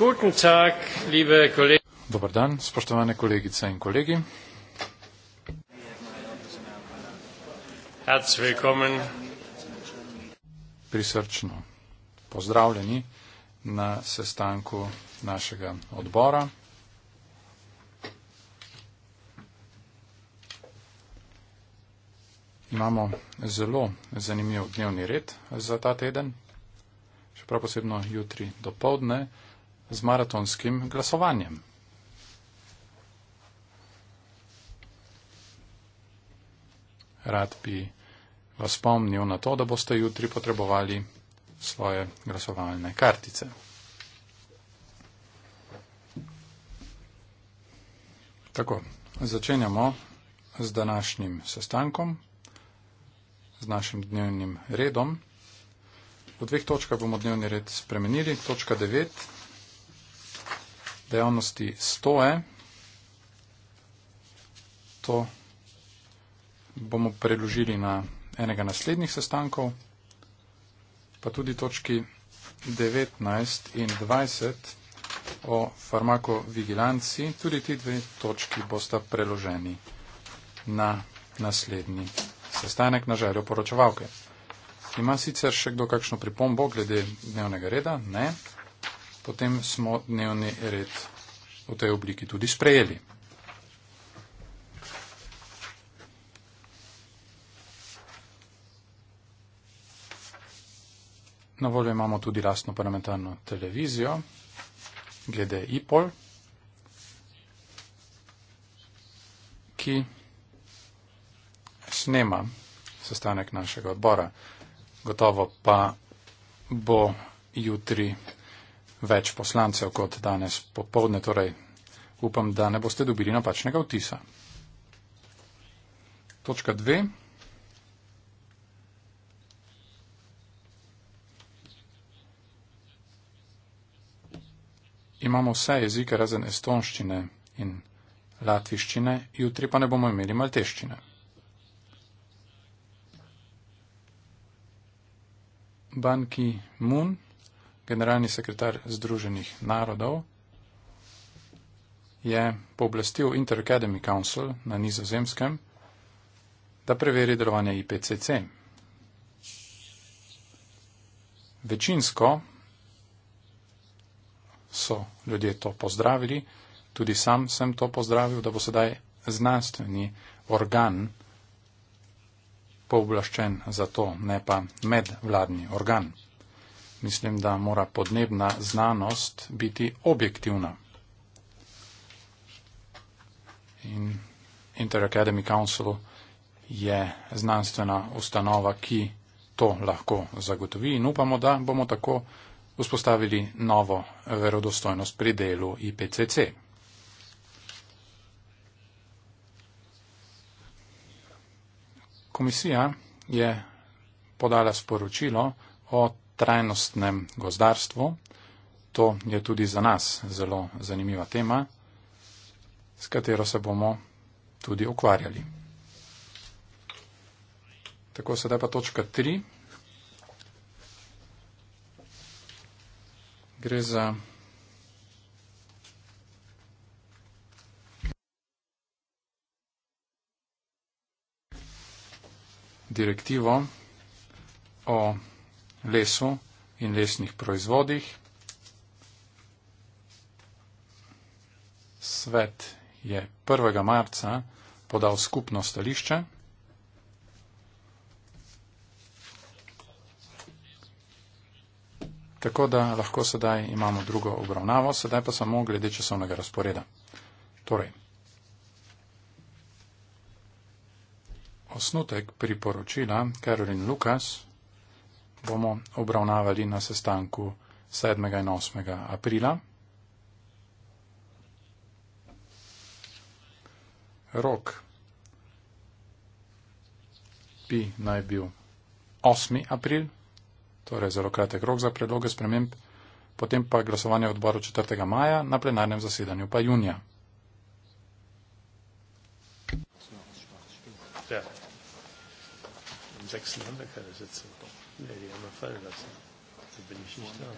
Guten Tag, liebe Kollegen. Dobar dan, spoštovane kolegice in kolegi. Herz willkommen. Prisrčno pozdravljeni na sestanku našega odbora. Imamo zelo zanimiv dnevni red za ta teden, še prav posebno jutri do povdne z maratonskim glasovanjem. Rad bi vas spomnil na to, da boste jutri potrebovali svoje glasovalne kartice. Tako, začenjamo z današnjim sestankom, z našim dnevnim redom. V dveh točkah bomo dnevni red spremenili. Točka 9 dejavnosti stoje. To bomo preložili na enega naslednjih sestankov, pa tudi točki 19 in 20 o farmakovigilanci. Tudi ti dve točki bosta preloženi na naslednji sestanek na željo poročevalke. Ima sicer še kdo kakšno pripombo glede dnevnega reda? Ne potem smo dnevni red v tej obliki tudi sprejeli. Na voljo imamo tudi lastno parlamentarno televizijo, glede IPOL, ki snema sestanek našega odbora. Gotovo pa bo jutri več poslancev kot danes popovdne, torej upam, da ne boste dobili napačnega vtisa. Točka dve. Imamo vse jezike razen estonščine in latviščine, jutri pa ne bomo imeli malteščine. Banki Mun generalni sekretar Združenih narodov, je pooblastil Inter-Academy Council na nizozemskem, da preveri delovanje IPCC. Večinsko so ljudje to pozdravili, tudi sam sem to pozdravil, da bo sedaj znanstveni organ pooblaščen za to, ne pa medvladni organ mislim, da mora podnebna znanost biti objektivna. In Inter Academy Council je znanstvena ustanova, ki to lahko zagotovi in upamo, da bomo tako vzpostavili novo verodostojnost pri delu IPCC. Komisija je podala sporočilo o trajnostnem gozdarstvu. To je tudi za nas zelo zanimiva tema, s katero se bomo tudi ukvarjali. Tako sedaj pa točka tri. Gre za. Direktivo o lesu in lesnih proizvodih. Svet je 1. marca podal skupno stališče. Tako da lahko sedaj imamo drugo obravnavo, sedaj pa samo glede časovnega razporeda. Torej, osnutek priporočila Karolin Lukas bomo obravnavali na sestanku 7. in 8. aprila. Rok bi naj bil 8. april, torej zelo kratek rok za predloge sprememb, potem pa glasovanje odboru 4. maja na plenarnem zasedanju pa junija. Ja. 6. Januar, kaj je zdaj celo to? Nee, die hebben we verder lassen. Dan ben ik niet daar.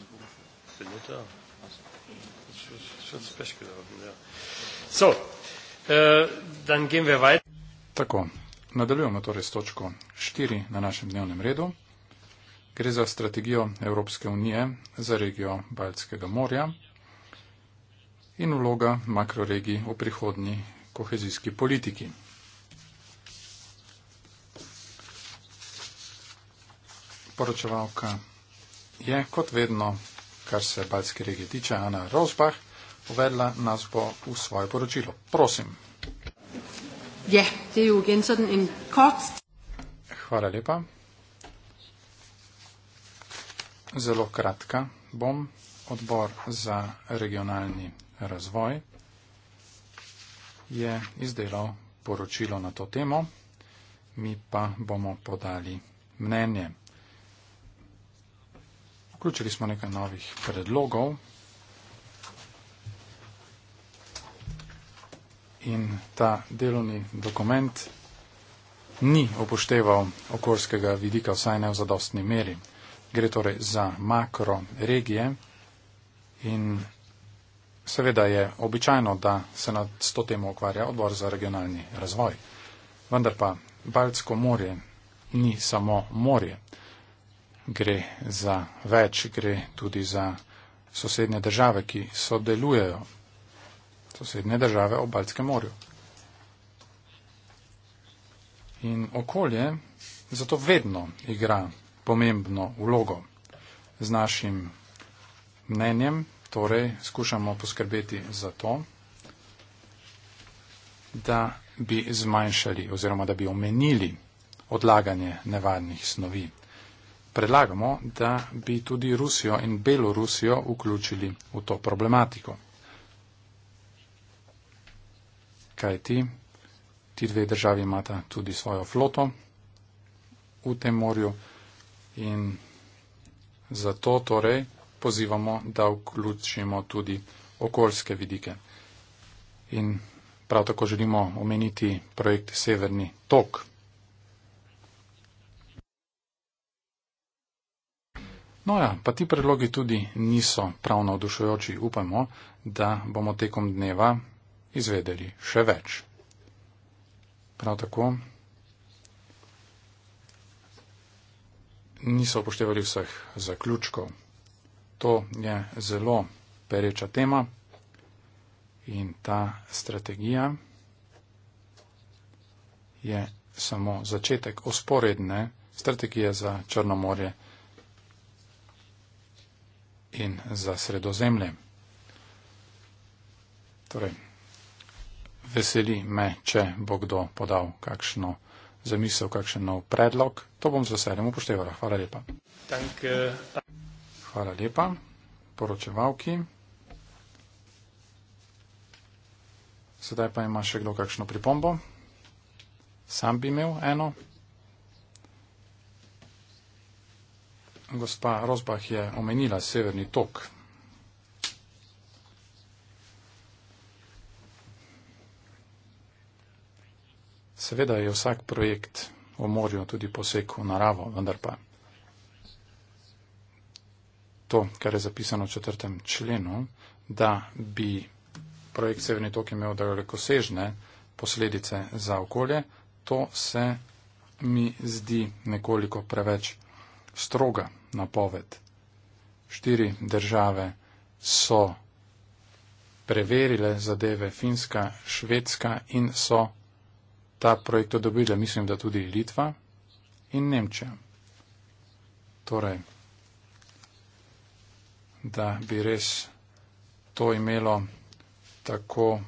Ik ben niet daar. Dat is wel spes gelopen, ja. Zo, so, uh, eh, dan gaan we verder. Tako, nadaljujemo torej s točko 4 na našem dnevnem redu. Gre za strategijo Evropske unije za regijo Baltskega morja in vloga makroregij v prihodnji kohezijski politiki. poročevalka je, kot vedno, kar se Baljske regije tiče, Ana Rozbah, uvedla nas bo v svoje poročilo. Prosim. Ja, det er jo igen sådan en kort... Hvala lepa. Zelo kratka bom. Odbor za regionalni razvoj je izdelal poročilo na to temo, mi pa bomo podali mnenje. Vključili smo nekaj novih predlogov in ta delovni dokument ni upošteval okoljskega vidika, vsaj ne v zadostni meri. Gre torej za makro regije in seveda je običajno, da se nad to temo ukvarja odbor za regionalni razvoj. Vendar pa Baltsko morje ni samo morje gre za več, gre tudi za sosednje države, ki sodelujejo, sosednje države ob Baltskem morju. In okolje zato vedno igra pomembno vlogo z našim mnenjem, torej skušamo poskrbeti za to, da bi zmanjšali oziroma da bi omenili odlaganje nevarnih snovi predlagamo, da bi tudi Rusijo in Belorusijo vključili v to problematiko. Kaj ti? Ti dve državi imata tudi svojo floto v tem morju in zato torej pozivamo, da vključimo tudi okoljske vidike. In prav tako želimo omeniti projekt Severni tok. No ja, pa ti predlogi tudi niso pravno odušujoči. Upamo, da bomo tekom dneva izvedeli še več. Prav tako niso upoštevali vseh zaključkov. To je zelo pereča tema in ta strategija je samo začetek osporedne strategije za Črno morje in za sredozemlje. Torej, veseli me, če bo kdo podal kakšno zamisel, kakšen nov predlog. To bom z veseljem upoštevala. Hvala lepa. Hvala lepa poročevalki. Sedaj pa ima še kdo kakšno pripombo. Sam bi imel eno. gospa Rozbah je omenila severni tok. Seveda je vsak projekt o morju tudi poseg v naravo, vendar pa to, kar je zapisano v četrtem členu, da bi projekt Severni tok imel dalekosežne posledice za okolje, to se mi zdi nekoliko preveč stroga napoved. Štiri države so preverile zadeve Finska, Švedska in so ta projekt odobrile, mislim, da tudi Litva in Nemčija. Torej, da bi res to imelo tako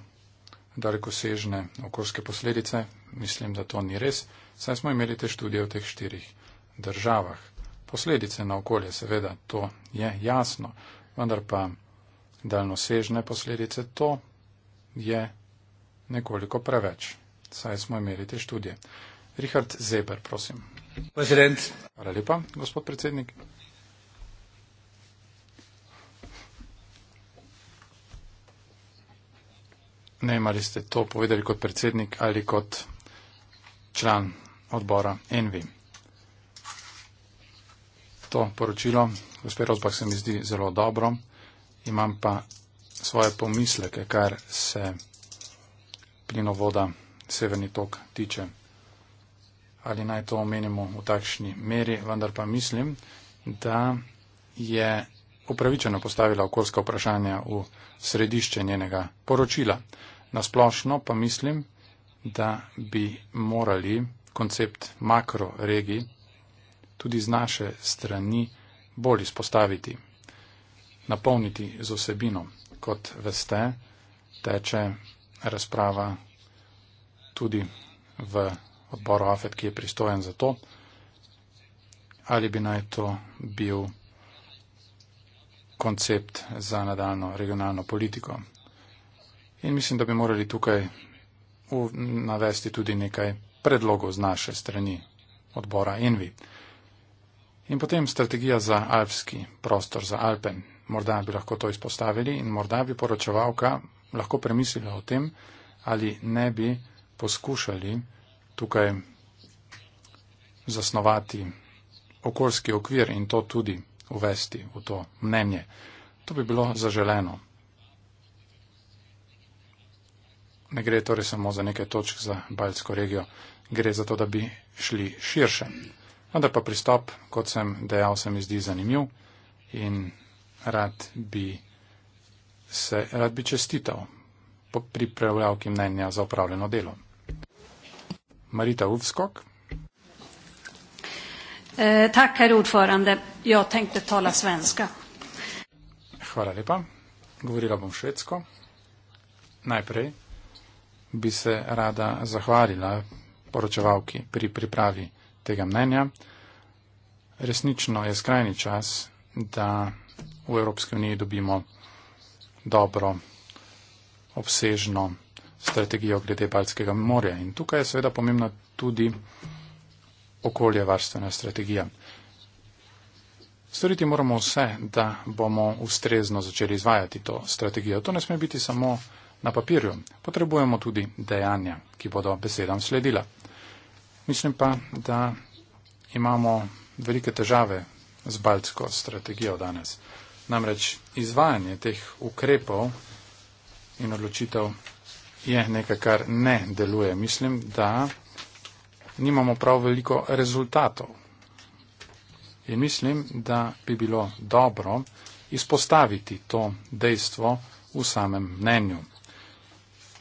dalekosežne okoljske posledice, mislim, da to ni res, saj smo imeli te študije v teh štirih državah posledice na okolje, seveda to je jasno, vendar pa daljnosežne posledice to je nekoliko preveč. Saj smo imeli te študije. Richard Zeber, prosim. Prezident. Hvala lepa, gospod predsednik. Ne, ali ste to povedali kot predsednik ali kot član odbora Envi to poročilo, gospod Rozbak, se mi zdi zelo dobro. Imam pa svoje pomisleke, kar se plinovoda Severni tok tiče. Ali naj to omenimo v takšni meri, vendar pa mislim, da je upravičeno postavila okoljska vprašanja v središče njenega poročila. Nasplošno pa mislim, da bi morali koncept makroregij tudi z naše strani bolj izpostaviti, napolniti z osebino. Kot veste, teče razprava tudi v odboru AFED, ki je pristojen za to, ali bi naj to bil koncept za nadaljno regionalno politiko. In mislim, da bi morali tukaj navesti tudi nekaj predlogov z naše strani odbora Envi. In potem strategija za alpski prostor, za Alpen. Morda bi lahko to izpostavili in morda bi poročevalka lahko premislila o tem, ali ne bi poskušali tukaj zasnovati okoljski okvir in to tudi uvesti v to mnenje. To bi bilo zaželeno. Ne gre torej samo za nekaj točk za Baljsko regijo, gre za to, da bi šli širše vendar pa pristop, kot sem dejal, se mi zdi zanimiv in rad bi, se, rad bi čestital pri prejavljavki mnenja za upravljeno delo. Marita Uvskok. Eh, tak, ker odforande, jo tenkte tola svenska. Hvala lepa. Govorila bom švedsko. Najprej bi se rada zahvalila poročevalki pri pripravi tega mnenja. Resnično je skrajni čas, da v Evropski uniji dobimo dobro, obsežno strategijo glede Balckega morja. In tukaj je seveda pomembna tudi okoljevarstvena strategija. Storiti moramo vse, da bomo ustrezno začeli izvajati to strategijo. To ne sme biti samo na papirju. Potrebujemo tudi dejanja, ki bodo besedam sledila. Mislim pa, da imamo velike težave z baltsko strategijo danes. Namreč izvajanje teh ukrepov in odločitev je nekaj, kar ne deluje. Mislim, da nimamo prav veliko rezultatov. In mislim, da bi bilo dobro izpostaviti to dejstvo v samem mnenju.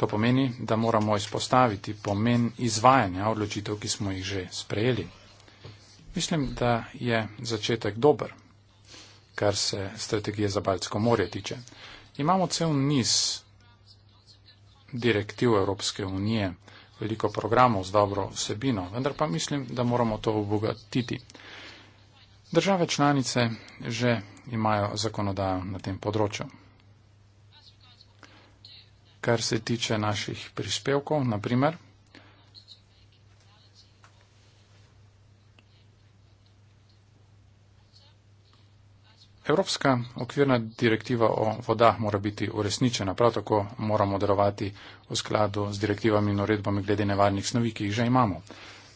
To pomeni, da moramo izpostaviti pomen izvajanja odločitev, ki smo jih že sprejeli. Mislim, da je začetek dober, kar se strategije za Baltsko morje tiče. Imamo cel niz direktiv Evropske unije, veliko programov z dobro vsebino, vendar pa mislim, da moramo to obogatiti. Države članice že imajo zakonodajo na tem področju kar se tiče naših prispevkov, naprimer. Evropska okvirna direktiva o vodah mora biti uresničena, prav tako moramo delovati v skladu z direktivami in uredbami glede nevarnih snovi, ki jih že imamo.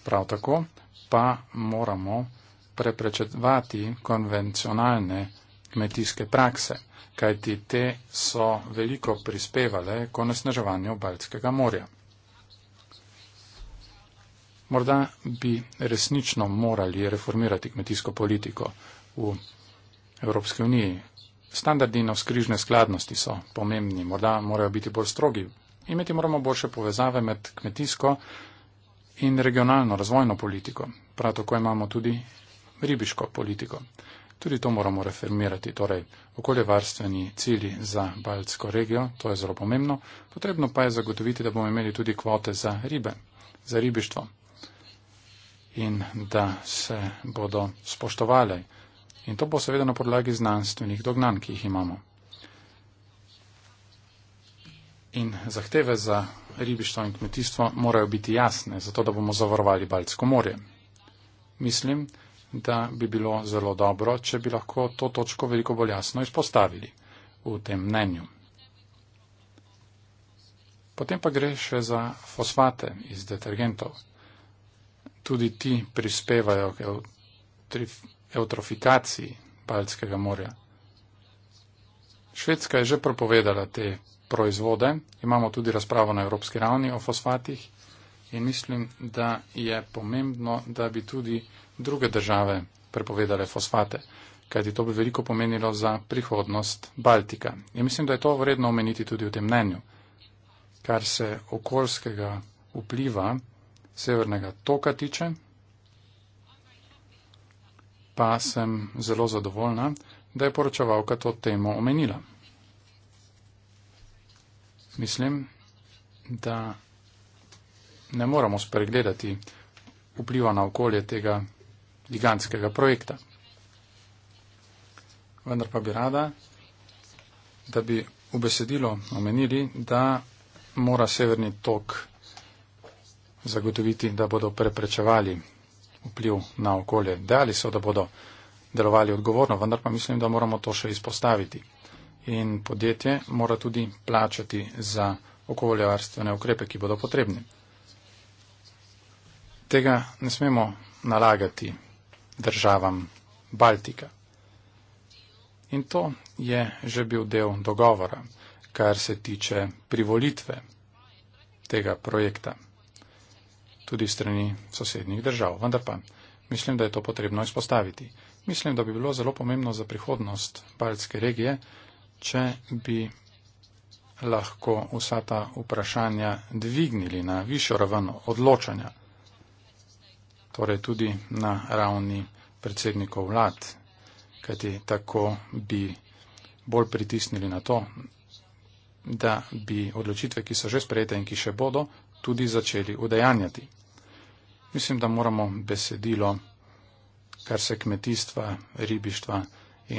Prav tako pa moramo preprečevati konvencionalne kmetijske prakse, kajti te so veliko prispevale k onesnaževanju Baltskega morja. Morda bi resnično morali reformirati kmetijsko politiko v Evropski uniji. Standardi in skrižne skladnosti so pomembni, morda morajo biti bolj strogi. Imeti moramo boljše povezave med kmetijsko in regionalno razvojno politiko. Prav tako imamo tudi ribiško politiko. Tudi to moramo reformirati, torej okoljevarstveni cilji za Baltsko regijo, to je zelo pomembno, potrebno pa je zagotoviti, da bomo imeli tudi kvote za ribe, za ribištvo in da se bodo spoštovali. In to bo seveda na podlagi znanstvenih dognanj, ki jih imamo. In zahteve za ribištvo in kmetijstvo morajo biti jasne, zato da bomo zavarovali Baltsko morje. Mislim, da bi bilo zelo dobro, če bi lahko to točko veliko bolj jasno izpostavili v tem mnenju. Potem pa gre še za fosfate iz detergentov. Tudi ti prispevajo k eutrofikaciji Baltskega morja. Švedska je že propovedala te proizvode, imamo tudi razpravo na evropski ravni o fosfatih in mislim, da je pomembno, da bi tudi druge države prepovedale fosfate, kajti to bi veliko pomenilo za prihodnost Baltika. In mislim, da je to vredno omeniti tudi v tem mnenju, kar se okoljskega vpliva severnega toka tiče, pa sem zelo zadovoljna, da je poročevalka to temo omenila. Mislim, da ne moramo spregledati vpliva na okolje tega gigantskega projekta. Vendar pa bi rada, da bi v besedilo omenili, da mora severni tok zagotoviti, da bodo preprečevali vpliv na okolje. Dali so, da bodo delovali odgovorno, vendar pa mislim, da moramo to še izpostaviti. In podjetje mora tudi plačati za okoljevarstvene ukrepe, ki bodo potrebni. Tega ne smemo nalagati državam Baltika. In to je že bil del dogovora, kar se tiče privolitve tega projekta tudi strani sosednjih držav. Vendar pa mislim, da je to potrebno izpostaviti. Mislim, da bi bilo zelo pomembno za prihodnost Baltske regije, če bi lahko vsa ta vprašanja dvignili na višjo raven odločanja torej tudi na ravni predsednikov vlad, kajti tako bi bolj pritisnili na to, da bi odločitve, ki so že sprejete in ki še bodo, tudi začeli udejanjati. Mislim, da moramo besedilo, kar se kmetijstva, ribištva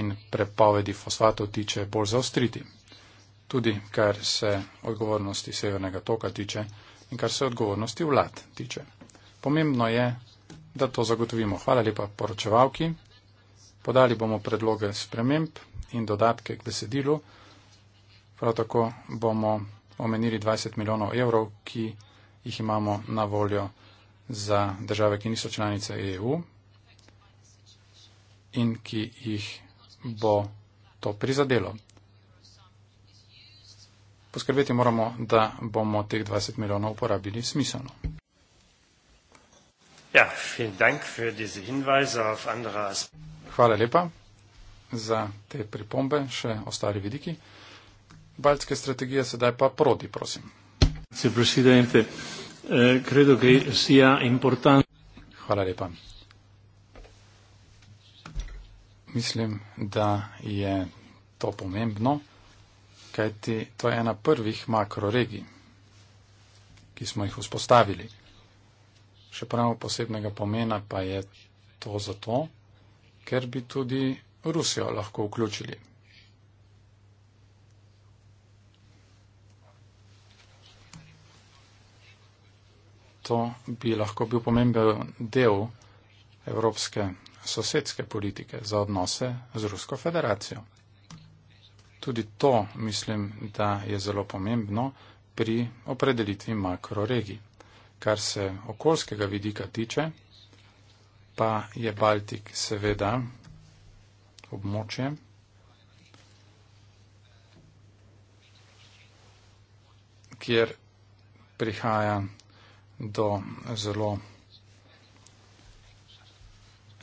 in prepovedi fosfatov tiče, bolj zaostriti. Tudi, kar se odgovornosti severnega toka tiče in kar se odgovornosti vlad tiče. Pomembno je, da to zagotovimo. Hvala lepa poročevalki. Podali bomo predloge sprememb in dodatke k besedilu. Prav tako bomo omenili 20 milijonov evrov, ki jih imamo na voljo za države, ki niso članice EU in ki jih bo to prizadelo. Poskrbeti moramo, da bomo teh 20 milijonov uporabili smiselno. Ja, dank für diese auf Hvala lepa za te pripombe, še ostali vidiki. Baltske strategije sedaj pa prodi, prosim. Eh, Hvala lepa. Mislim, da je to pomembno, kajti to je ena prvih makroregij, ki smo jih vzpostavili še prav posebnega pomena pa je to zato, ker bi tudi Rusijo lahko vključili. To bi lahko bil pomemben del evropske sosedske politike za odnose z Rusko federacijo. Tudi to mislim, da je zelo pomembno pri opredelitvi makroregij kar se okoljskega vidika tiče, pa je Baltik seveda območje, kjer prihaja do zelo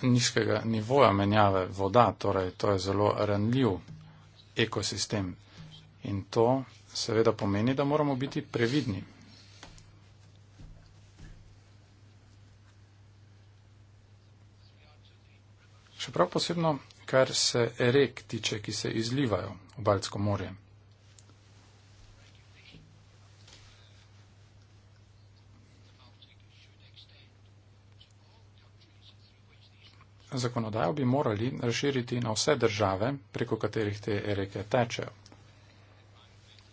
nizkega nivoja menjave voda, torej to je zelo ranljiv ekosistem. In to seveda pomeni, da moramo biti previdni. še prav posebno, kar se rek tiče, ki se izlivajo v Baltsko morje. Zakonodajo bi morali razširiti na vse države, preko katerih te reke tečejo.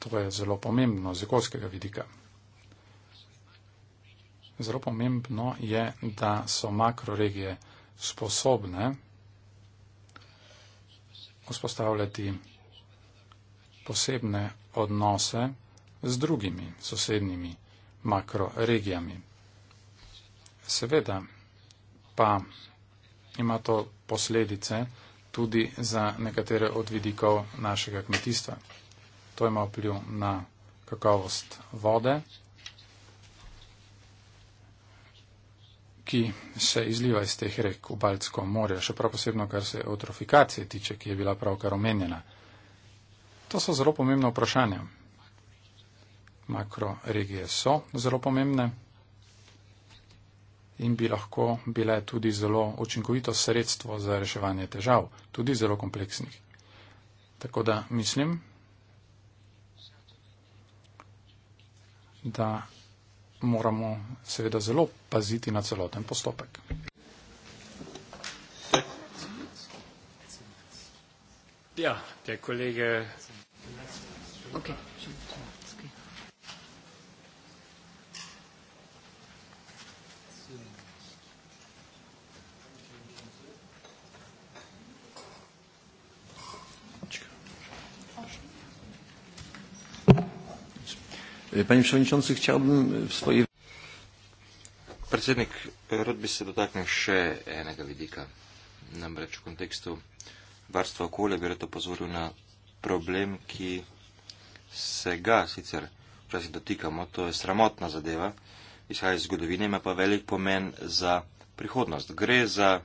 To je zelo pomembno z ekološkega vidika. Zelo pomembno je, da so makroregije sposobne vzpostavljati posebne odnose z drugimi sosednjimi makroregijami. Seveda pa ima to posledice tudi za nekatere od vidikov našega kmetijstva. To ima vpliv na kakovost vode, ki se izliva iz teh rek v Baltsko morje, še prav posebno, kar se eutrofikacije tiče, ki je bila pravkar omenjena. To so zelo pomembna vprašanja. Makroregije so zelo pomembne in bi lahko bile tudi zelo učinkovito sredstvo za reševanje težav, tudi zelo kompleksnih. Tako da mislim, da moramo seveda zelo paziti na celoten postopek. Ja, te kolege. Okay. E, panie Przewodniczący, chciałbym e, w swojej... Predsednik, e, rad bi se dotaknil še enega vidika. Namreč v kontekstu varstva okolja bi rad opozoril na problem, ki se ga sicer včasih dotikamo. To je sramotna zadeva, izhaja iz zgodovine, ima pa velik pomen za prihodnost. Gre za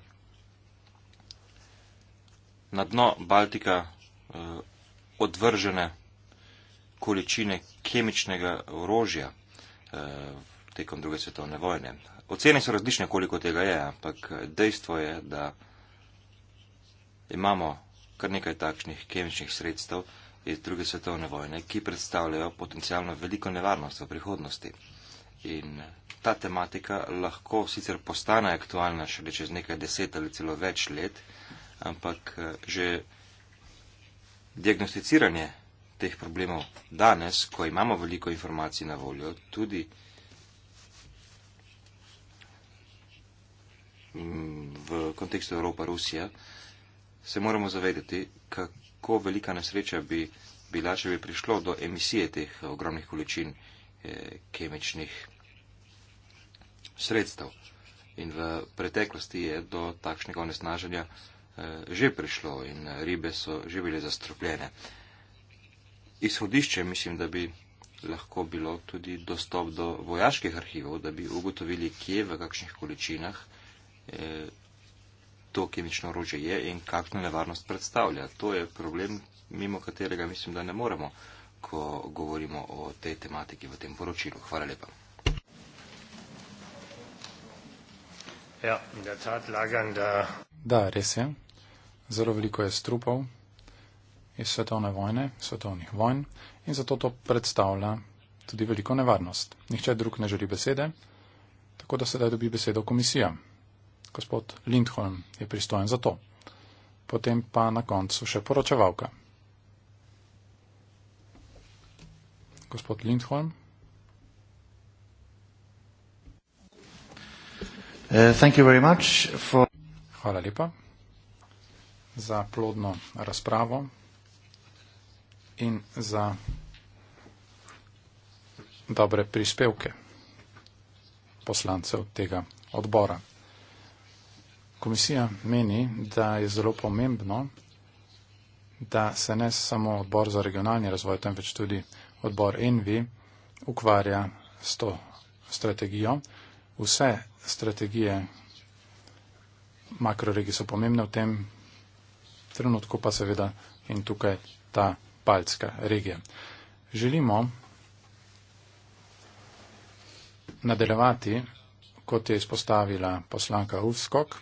na dno Baltika odvržene količine kemičnega orožja eh, tekom druge svetovne vojne. Ocene so različne, koliko tega je, ampak dejstvo je, da imamo kar nekaj takšnih kemičnih sredstev iz druge svetovne vojne, ki predstavljajo potencijalno veliko nevarnost v prihodnosti. In ta tematika lahko sicer postane aktualna šele čez nekaj deset ali celo več let, ampak eh, že diagnosticiranje teh problemov danes, ko imamo veliko informacij na voljo, tudi mm, v kontekstu Evropa-Rusija, se moramo zavedati, kako velika nesreča bi bila, če bi prišlo do emisije teh ogromnih količin eh, kemičnih sredstev. In v preteklosti je do takšnega onesnaženja eh, že prišlo in eh, ribe so že bile zastrupljene. Eh, izhodišče, mislim, da bi lahko bilo tudi dostop do vojaških arhivov, da bi ugotovili, kje v kakšnih količinah eh, to kemično orožje je in kakšno nevarnost predstavlja. To je problem, mimo katerega mislim, da ne moremo, ko govorimo o tej tematiki v tem poročilu. Hvala lepa. Ja, da, res je. Zelo veliko je strupov iz svetovne vojne, svetovnih vojn in zato to predstavlja tudi veliko nevarnost. Nihče drug ne želi besede, tako da sedaj dobi besedo komisija. Gospod Lindholm je pristojen za to. Potem pa na koncu še poročevalka. Gospod Lindholm. Uh, thank you very much for... Hvala lepa za plodno razpravo in za dobre prispevke poslancev tega odbora. Komisija meni, da je zelo pomembno, da se ne samo odbor za regionalni razvoj, temveč tudi odbor Envi ukvarja s to strategijo. Vse strategije makroregi so pomembne v tem trenutku, pa seveda in tukaj ta Baltska regija. Želimo nadaljevati, kot je izpostavila poslanka Uvskok,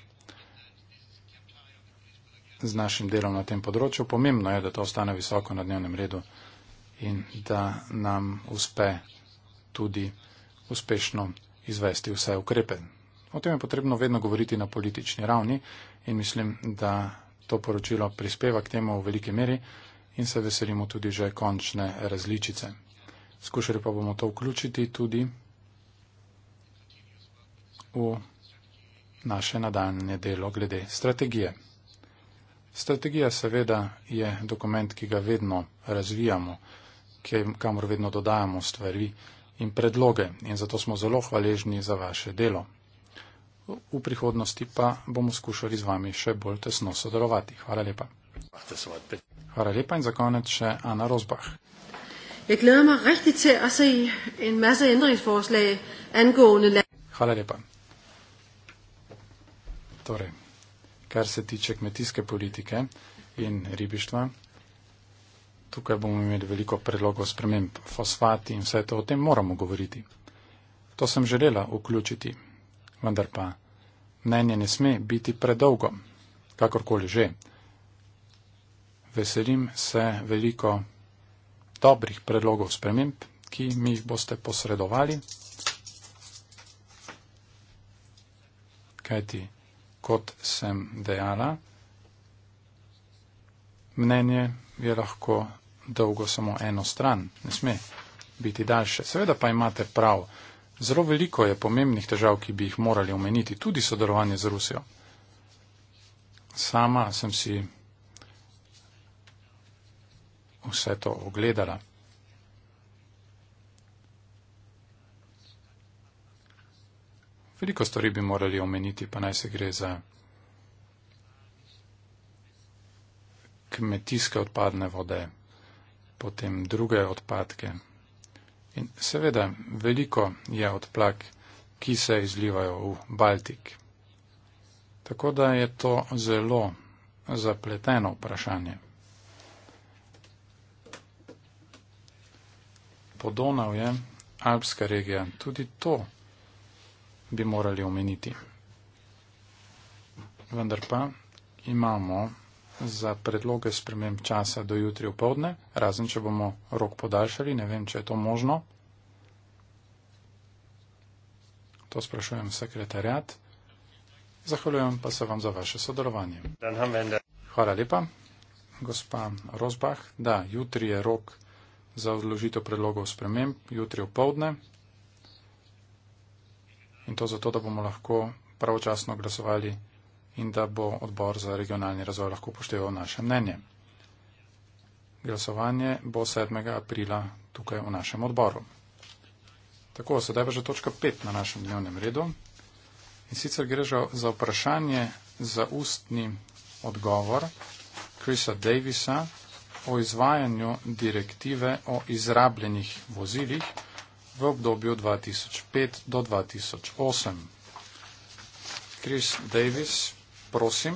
z našim delom na tem področju. Pomembno je, da to ostane visoko na dnevnem redu in da nam uspe tudi uspešno izvesti vse ukrepe. O tem je potrebno vedno govoriti na politični ravni in mislim, da to poročilo prispeva k temu v veliki meri in se veselimo tudi že končne različice. Skušali pa bomo to vključiti tudi v naše nadaljne delo glede strategije. Strategija seveda je dokument, ki ga vedno razvijamo, kamor vedno dodajamo stvari in predloge in zato smo zelo hvaležni za vaše delo. V prihodnosti pa bomo skušali z vami še bolj tesno sodelovati. Hvala lepa. Hvala lepa in za konec še Ana Rozbah. Hvala lepa. Torej, kar se tiče kmetijske politike in ribištva, tukaj bomo imeli veliko predlogov sprememb, fosfati in vse to, o tem moramo govoriti. To sem želela vključiti, vendar pa mnenje ne sme biti predolgo, kakorkoli že veselim se veliko dobrih predlogov sprememb, ki mi jih boste posredovali. Kajti, kot sem dejala, mnenje je lahko dolgo samo eno stran, ne sme biti daljše. Seveda pa imate prav, zelo veliko je pomembnih težav, ki bi jih morali omeniti, tudi sodelovanje z Rusijo. Sama sem si vse to ogledala. Veliko stvari bi morali omeniti, pa naj se gre za kmetijske odpadne vode, potem druge odpadke. In seveda, veliko je odplak, ki se izlivajo v Baltik. Tako da je to zelo zapleteno vprašanje. Podonavje, Alpska regija. Tudi to bi morali omeniti. Vendar pa imamo za predloge sprememb časa do jutri v povdne, razen če bomo rok podaljšali, ne vem, če je to možno. To sprašujem sekretarjat. Zahvaljujem pa se vam za vaše sodelovanje. Hvala lepa, gospa Rozbah. Da, jutri je rok za odložitev predlogov sprememb jutri v povdne. In to zato, da bomo lahko pravočasno glasovali in da bo odbor za regionalni razvoj lahko upošteval naše mnenje. Glasovanje bo 7. aprila tukaj v našem odboru. Tako, sedaj pa že točka 5 na našem dnevnem redu. In sicer gre za vprašanje za ustni odgovor Krisa Davisa o izvajanju direktive o izrabljenih vozilih v obdobju 2005 do 2008. Chris Davis, prosim,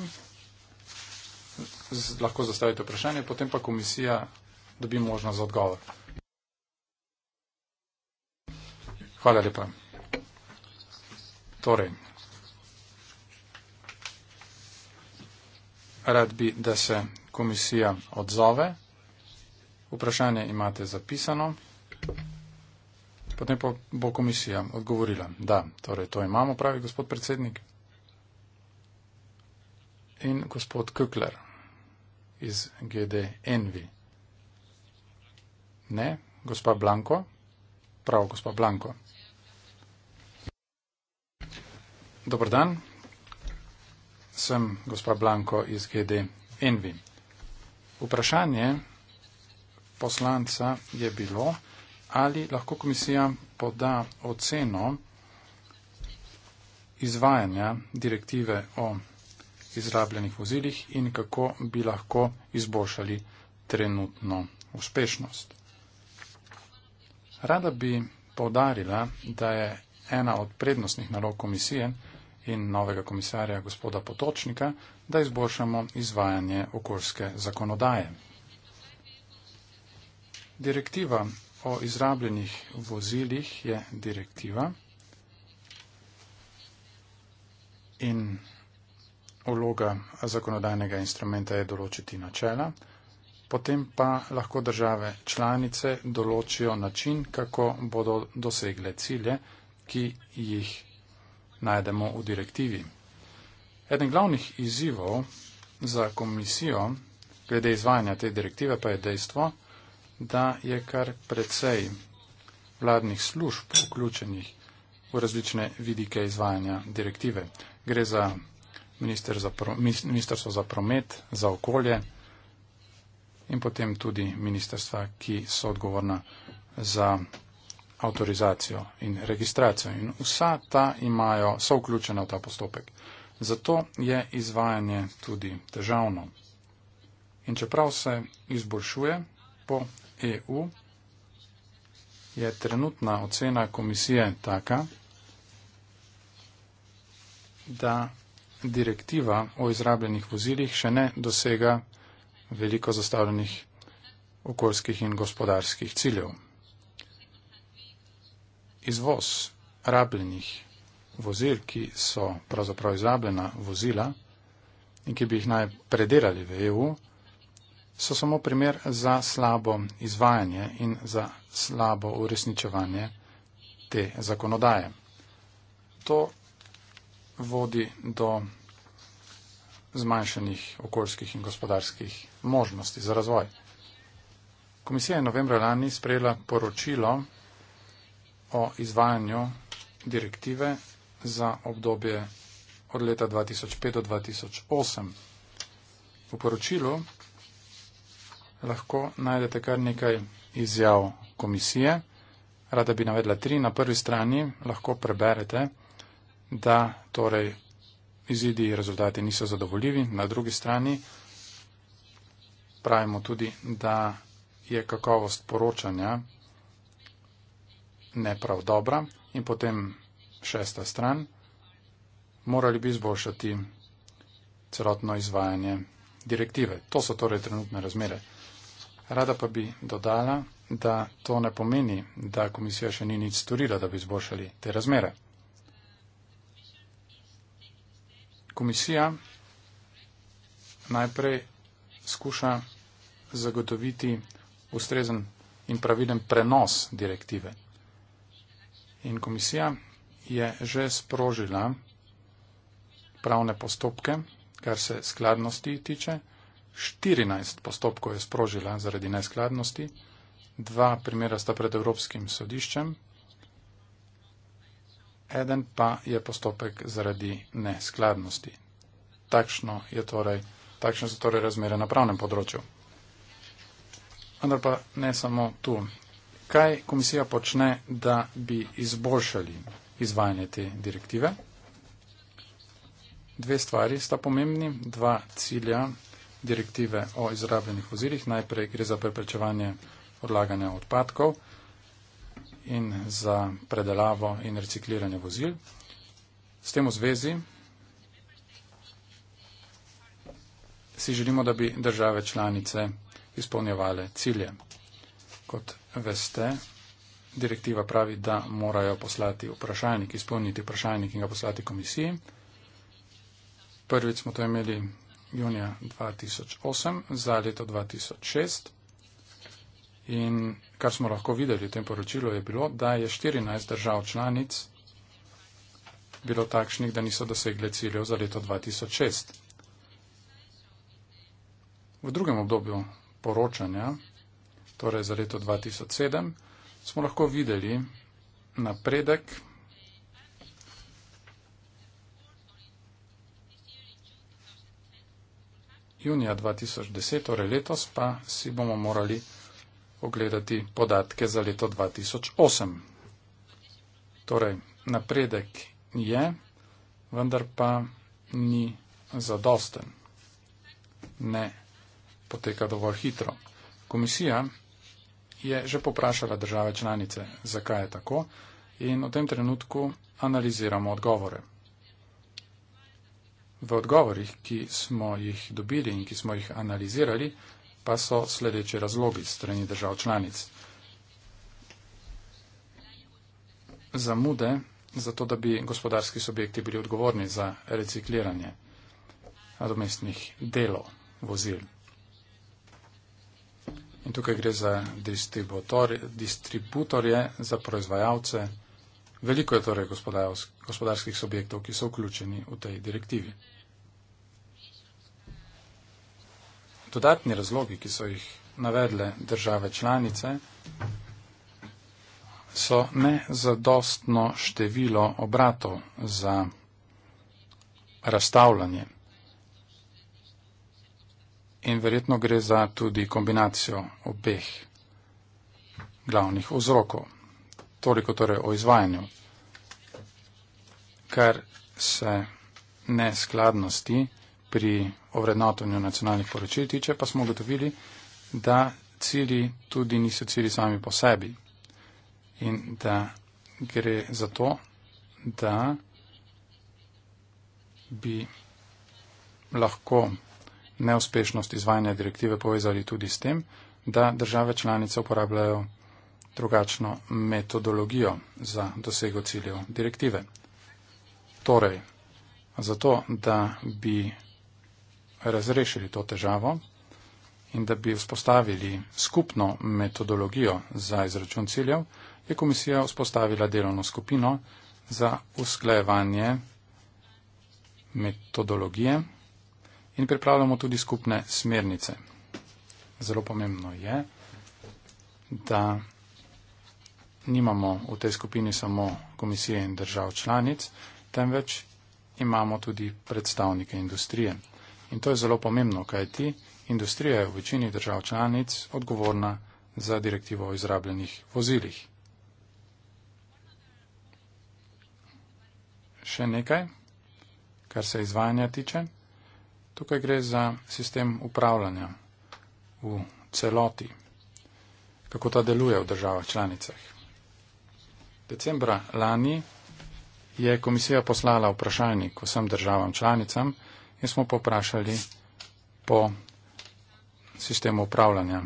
lahko zastavite vprašanje, potem pa komisija dobi možnost za odgovor. Hvala lepa. Torej, rad bi, da se komisija odzove. Vprašanje imate zapisano. Potem pa bo komisija odgovorila, da, torej to imamo, pravi gospod predsednik. In gospod Kukler iz GD Envi. Ne, gospa Blanko. Prav, gospa Blanko. Dobar dan. Sem gospa Blanko iz GD Envi. Vprašanje poslanca je bilo, ali lahko komisija poda oceno izvajanja direktive o izrabljenih vozilih in kako bi lahko izboljšali trenutno uspešnost. Rada bi povdarila, da je ena od prednostnih nalog komisije in novega komisarja gospoda Potočnika da izboljšamo izvajanje okoljske zakonodaje. Direktiva o izrabljenih vozilih je direktiva in vloga zakonodajnega instrumenta je določiti načela, potem pa lahko države članice določijo način, kako bodo dosegle cilje, ki jih najdemo v direktivi. Eden glavnih izzivov za komisijo glede izvajanja te direktive pa je dejstvo, da je kar precej vladnih služb vključenih v različne vidike izvajanja direktive. Gre za Ministrstvo za promet, za okolje in potem tudi ministrstva, ki so odgovorna za avtorizacijo in registracijo. In vsa ta imajo, so vključena v ta postopek. Zato je izvajanje tudi težavno. In čeprav se izboljšuje po EU, je trenutna ocena komisije taka, da direktiva o izrabljenih vozilih še ne dosega veliko zastavljenih okoljskih in gospodarskih ciljev. Izvoz rabljenih vozil, ki so pravzaprav izrabljena vozila in ki bi jih naj predelali v EU, so samo primer za slabo izvajanje in za slabo uresničevanje te zakonodaje. To vodi do zmanjšanih okoljskih in gospodarskih možnosti za razvoj. Komisija je novembra lani sprejela poročilo o izvajanju direktive za obdobje od leta 2005 do 2008. V poročilu lahko najdete kar nekaj izjav komisije. Rada bi navedla tri. Na prvi strani lahko preberete, da torej izidi rezultati niso zadovoljivi. Na drugi strani pravimo tudi, da je kakovost poročanja neprav dobra in potem šesta stran, morali bi izboljšati celotno izvajanje direktive. To so torej trenutne razmere. Rada pa bi dodala, da to ne pomeni, da komisija še ni nič storila, da bi izboljšali te razmere. Komisija najprej skuša zagotoviti ustrezen in pravilen prenos direktive. In komisija je že sprožila pravne postopke, kar se skladnosti tiče. 14 postopkov je sprožila zaradi neskladnosti, dva primera sta pred Evropskim sodiščem, eden pa je postopek zaradi neskladnosti. Takšno je torej, takšne so torej razmere na pravnem področju. Vendar pa ne samo tu. Kaj komisija počne, da bi izboljšali izvajanje te direktive. Dve stvari sta pomembni, dva cilja direktive o izrabljenih vozilih. Najprej gre za preprečevanje odlaganja odpadkov in za predelavo in recikliranje vozil. S tem v zvezi si želimo, da bi države članice izpolnjevale cilje. Kot veste, direktiva pravi, da morajo poslati vprašalnik, izpolniti vprašalnik in ga poslati komisiji. Prvič smo to imeli junija 2008 za leto 2006. In kar smo lahko videli v tem poročilu je bilo, da je 14 držav članic bilo takšnih, da niso dosegle ciljev za leto 2006. V drugem obdobju poročanja, torej za leto 2007, smo lahko videli napredek junija 2010, torej letos pa si bomo morali ogledati podatke za leto 2008. Torej, napredek je, vendar pa ni zadosten. Ne poteka dovolj hitro. Komisija je že poprašala države članice, zakaj je tako in v tem trenutku analiziramo odgovore. V odgovorih, ki smo jih dobili in ki smo jih analizirali, pa so sledeče razlogi strani držav članic. Zamude, zato da bi gospodarski subjekti bili odgovorni za recikliranje nadomestnih delov vozil. In tukaj gre za distributorje, za proizvajalce. Veliko je torej gospodarskih subjektov, ki so vključeni v tej direktivi. Dodatni razlogi, ki so jih navedle države članice, so nezadostno število obratov za razstavljanje in verjetno gre za tudi kombinacijo obeh glavnih vzrokov. Toliko torej o izvajanju, kar se neskladnosti pri ovrednotenju nacionalnih poročil tiče, pa smo ugotovili, da cilji tudi niso cilji sami po sebi in da gre za to, da bi lahko neuspešnost izvajanja direktive povezali tudi s tem, da države članice uporabljajo drugačno metodologijo za dosego ciljev direktive. Torej, zato, da bi razrešili to težavo in da bi vzpostavili skupno metodologijo za izračun ciljev, je komisija vzpostavila delovno skupino za usklajevanje metodologije in pripravljamo tudi skupne smernice. Zelo pomembno je, da nimamo v tej skupini samo komisije in držav članic, temveč imamo tudi predstavnike industrije. In to je zelo pomembno, kajti industrija je v večini držav članic odgovorna za direktivo o izrabljenih vozilih. Še nekaj, kar se izvajanja tiče. Tukaj gre za sistem upravljanja v celoti, kako ta deluje v državah članicah. Decembra lani je komisija poslala vprašanje k vsem državam članicam in smo poprašali po sistemu upravljanja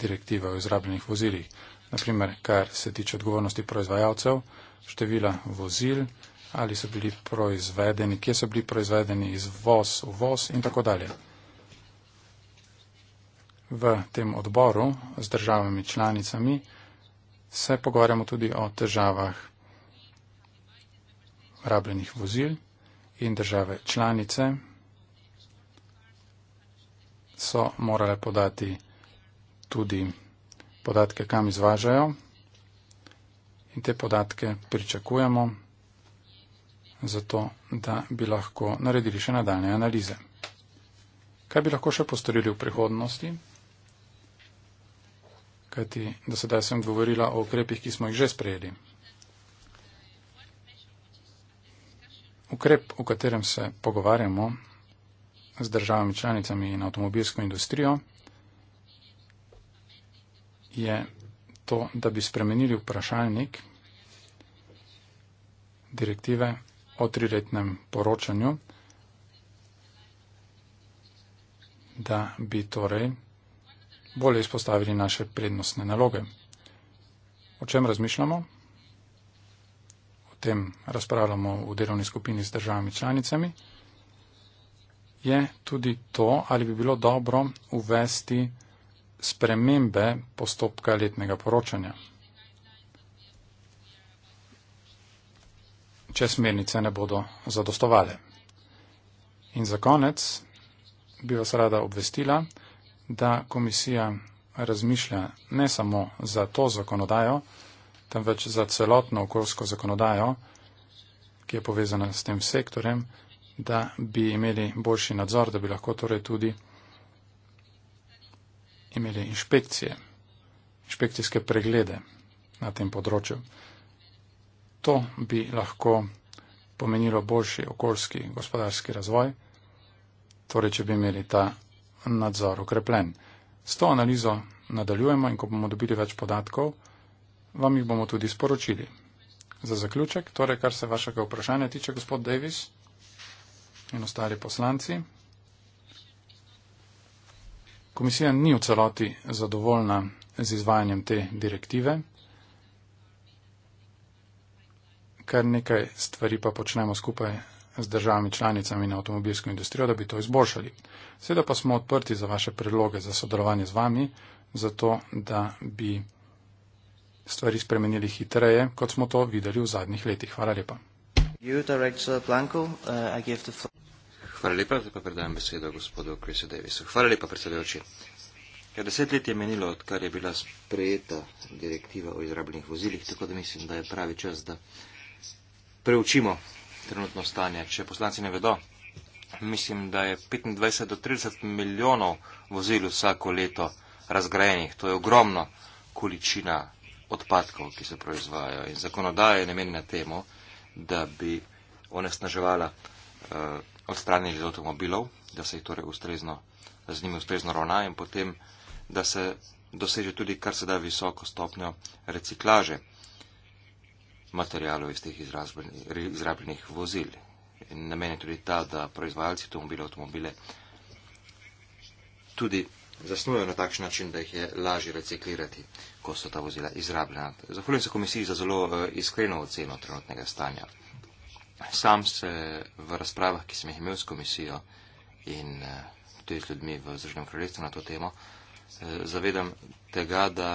direktive o izrabljenih vozilih. Naprimer, kar se tiče odgovornosti proizvajalcev, števila vozil, ali so bili proizvedeni, kje so bili proizvedeni, izvoz, uvoz in tako dalje. V tem odboru z državami članicami se pogovarjamo tudi o težavah rabljenih vozil in države članice so morale podati tudi podatke, kam izvažajo in te podatke pričakujemo zato da bi lahko naredili še nadaljne analize. Kaj bi lahko še postorili v prihodnosti? Kajti, da sedaj sem govorila o ukrepih, ki smo jih že sprejeli. Ukrep, o katerem se pogovarjamo z državami članicami in avtomobilsko industrijo, je to, da bi spremenili vprašalnik direktive o triletnem poročanju, da bi torej bolje izpostavili naše prednostne naloge. O čem razmišljamo? O tem razpravljamo v delovni skupini z državami članicami. Je tudi to, ali bi bilo dobro uvesti spremembe postopka letnega poročanja. če smernice ne bodo zadostovale. In za konec bi vas rada obvestila, da komisija razmišlja ne samo za to zakonodajo, temveč za celotno okoljsko zakonodajo, ki je povezana s tem sektorjem, da bi imeli boljši nadzor, da bi lahko torej tudi imeli inšpekcije, inšpekcijske preglede na tem področju. To bi lahko pomenilo boljši okoljski gospodarski razvoj, torej če bi imeli ta nadzor okrepljen. S to analizo nadaljujemo in ko bomo dobili več podatkov, vam jih bomo tudi sporočili. Za zaključek, torej kar se vašega vprašanja tiče, gospod Davis in ostali poslanci. Komisija ni v celoti zadovoljna z izvajanjem te direktive. kar nekaj stvari pa počnemo skupaj z državami članicami in avtomobilsko industrijo, da bi to izboljšali. Seveda pa smo odprti za vaše predloge za sodelovanje z vami, zato da bi stvari spremenili hitreje, kot smo to videli v zadnjih letih. Hvala lepa. You, Blanco, uh, Hvala lepa, zdaj pa predajam besedo gospodu Chrisu Davisu. Hvala lepa, predsedujoči. Ker deset let je menilo, odkar je bila sprejeta direktiva o izrabljenih vozilih, tako da mislim, da je pravi čas, da preučimo trenutno stanje. Če poslanci ne vedo, mislim, da je 25 do 30 milijonov vozil vsako leto razgrajenih. To je ogromna količina odpadkov, ki se proizvajajo. In zakonodaja je namenjena temu, da bi onesnaževala eh, odstranjenje avtomobilov, da se jih torej ustrezno, z njimi ustrezno ravna in potem, da se doseže tudi kar se da visoko stopnjo reciklaže materialov iz teh izrabljenih vozil. In namen je tudi ta, da proizvajalci avtomobile, avtomobile tudi zasnujejo na takšen način, da jih je lažje reciklirati, ko so ta vozila izrabljena. Zahvaljujem se komisiji za zelo eh, iskreno oceno trenutnega stanja. Sam se v razpravah, ki sem jih imel s komisijo in eh, tudi z ljudmi v Združenem kraljestvu na to temo, eh, zavedam tega, da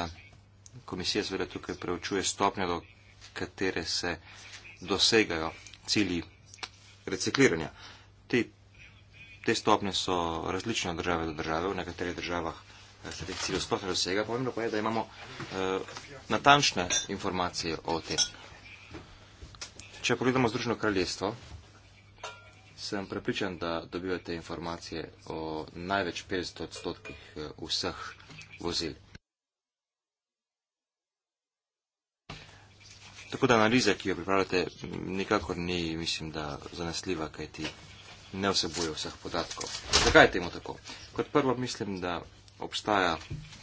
komisija seveda tukaj preučuje stopnjo, do katere se dosegajo cilji recikliranja. Te, te stopne so različne od države do države, v nekaterih državah eh, se teh ciljev sploh ne dosega, pomembno pa je, da imamo uh, natančne informacije o tem. Če pogledamo Združeno kraljestvo, sem prepričan, da dobivate informacije o največ 50 odstotkih eh, vseh vozil. Tako da analiza, ki jo pripravljate, nikakor ni, mislim, da zanesljiva, kaj ti ne vsebuje vseh podatkov. Zakaj je temu tako? Kot prvo mislim, da obstaja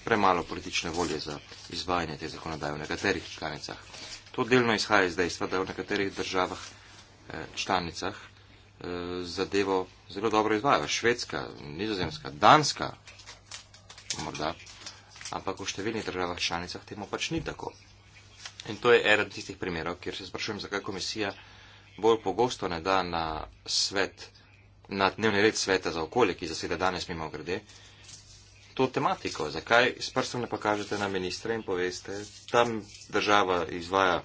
premalo politične volje za izvajanje te zakonodaje v nekaterih članicah. To delno izhaja iz dejstva, da je v nekaterih državah eh, članicah eh, zadevo zelo dobro izvajajo. Švedska, nizozemska, danska morda, ampak v številnih državah članicah temu pač ni tako. In to je eden tistih primerov, kjer se sprašujem, zakaj komisija bolj pogosto ne da na, svet, na dnevni red sveta za okolje, ki zaseda danes mimo grede, to tematiko. Zakaj s prstom ne pokažete na ministre in poveste, tam država izvaja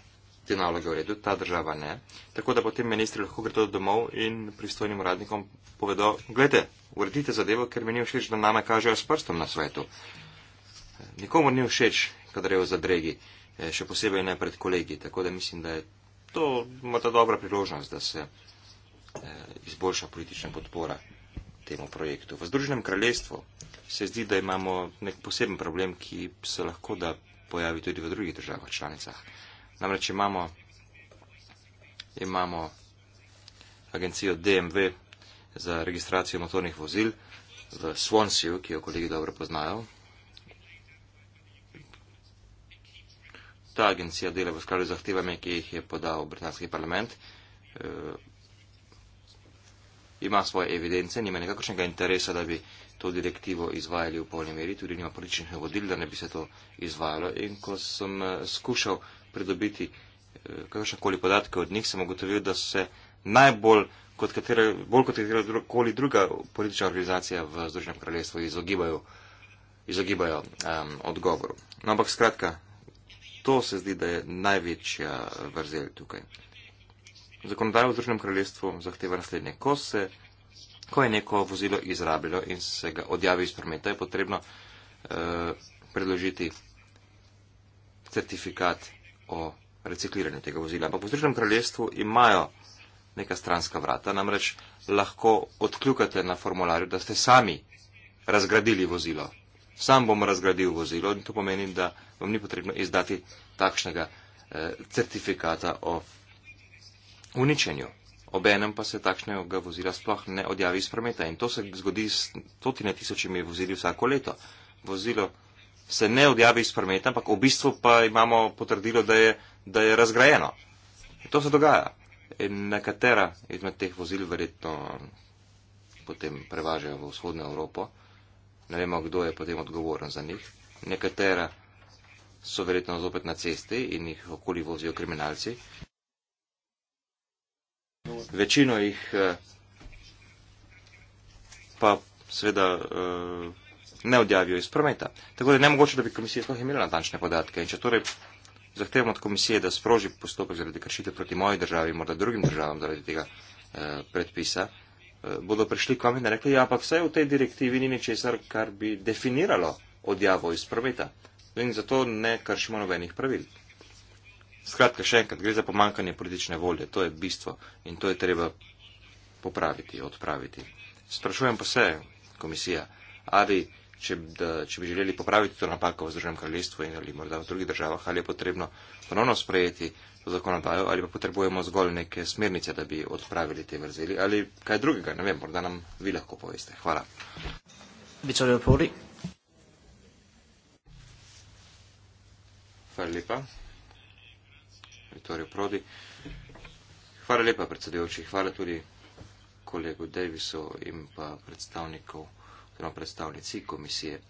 te naloge v redu, ta država ne. Tako da potem ministri lahko gredo domov in pristojnim uradnikom povedo, gledajte, uredite zadevo, ker mi ni všeč, da nama kažejo s prstom na svetu. Nikomu ni všeč, kadar je v zadregi. Eh, še posebej ne pred kolegi. Tako da mislim, da je to morda dobra priložnost, da se eh, izboljša politična podpora temu projektu. V Združenem kraljestvu se zdi, da imamo nek poseben problem, ki se lahko da pojavi tudi v drugih državah članicah. Namreč imamo, imamo agencijo DMV za registracijo motornih vozil v Swansea, ki jo kolegi dobro poznajo, ta agencija dela v skladu z zahtevami, ki jih je podal britanski parlament. Eh, ima svoje evidence, nima nekakšnega interesa, da bi to direktivo izvajali v polni meri, tudi nima političnih vodil, da ne bi se to izvajalo. In ko sem eh, skušal pridobiti eh, kakršnekoli podatke od njih, sem ugotovil, da se najbolj kot katera, bolj kot katera koli druga politična organizacija v Združenem kraljestvu izogibajo, izogibajo um, odgovoru. No, ampak skratka, to se zdi, da je največja vrzel tukaj. Zakonodaja v Združenem kraljestvu zahteva naslednje. Ko, se, ko je neko vozilo izrabilo in se ga odjavi iz prometa, je potrebno eh, predložiti certifikat o recikliranju tega vozila. Ampak v Združenem kraljestvu imajo neka stranska vrata, namreč lahko odkljukate na formularju, da ste sami razgradili vozilo sam bom razgradil vozilo in to pomeni, da vam ni potrebno izdati takšnega eh, certifikata o uničenju. Obenem pa se takšnega vozila sploh ne odjavi iz prometa in to se zgodi s stotine tisočimi vozili vsako leto. Vozilo se ne odjavi iz prometa, ampak v bistvu pa imamo potrdilo, da je, da je razgrajeno. In to se dogaja. In nekatera izmed teh vozil verjetno potem prevažajo v vzhodno Evropo ne vemo, kdo je potem odgovoren za njih. Nekatera so verjetno zopet na cesti in jih okoli vozijo kriminalci. Večino jih eh, pa seveda eh, ne odjavijo iz prometa. Tako da je nemogoče, da bi komisija sploh imela natančne podatke. In če torej zahtevamo od komisije, da sproži postopek zaradi kršitev proti moji državi, morda drugim državam zaradi tega eh, predpisa, Eh, bodo prišli kam in rekli, ja, ampak vsaj v tej direktivi ni ničesar, kar bi definiralo odjavo iz prometa. No, in zato ne kršimo nobenih pravil. Skratka, še enkrat, gre za pomankanje politične volje, to je bistvo in to je treba popraviti, odpraviti. Sprašujem pa se, komisija, ali če, da, če bi želeli popraviti to napako v Združenem kraljestvu in ali morda v drugih državah, ali je potrebno ponovno sprejeti zakonodajo ali pa potrebujemo zgolj neke smernice, da bi odpravili te vrzeli ali kaj drugega, ne vem, morda nam vi lahko poveste. Hvala. Vitorijo Poli. Hvala lepa. Vitorijo Prodi. Hvala lepa, predsedujoči. Hvala tudi kolegu Davisu in pa predstavnikov, oziroma predstavnici komisije.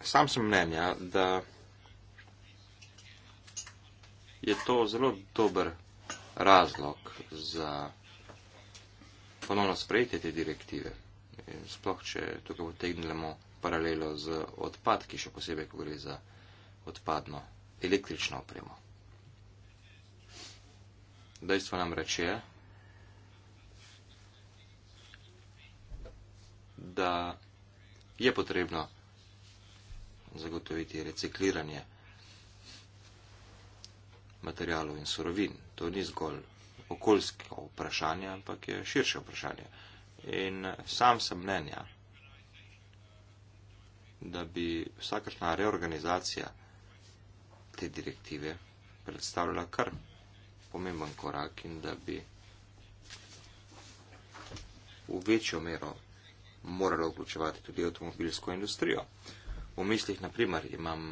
Sam sem mnenja, da je to zelo dober razlog za ponovno sprejetje te direktive. In sploh, če tukaj potegnemo paralelo z odpadki, še posebej, ko gre za odpadno električno opremo. Dejstvo nam reče, da je potrebno zagotoviti recikliranje materialov in surovin. To ni zgolj okoljsko vprašanje, ampak je širše vprašanje. In sam sem mnenja, da bi vsakašna reorganizacija te direktive predstavljala kar pomemben korak in da bi v večjo mero moralo vključevati tudi avtomobilsko industrijo. V mislih, na primer, imam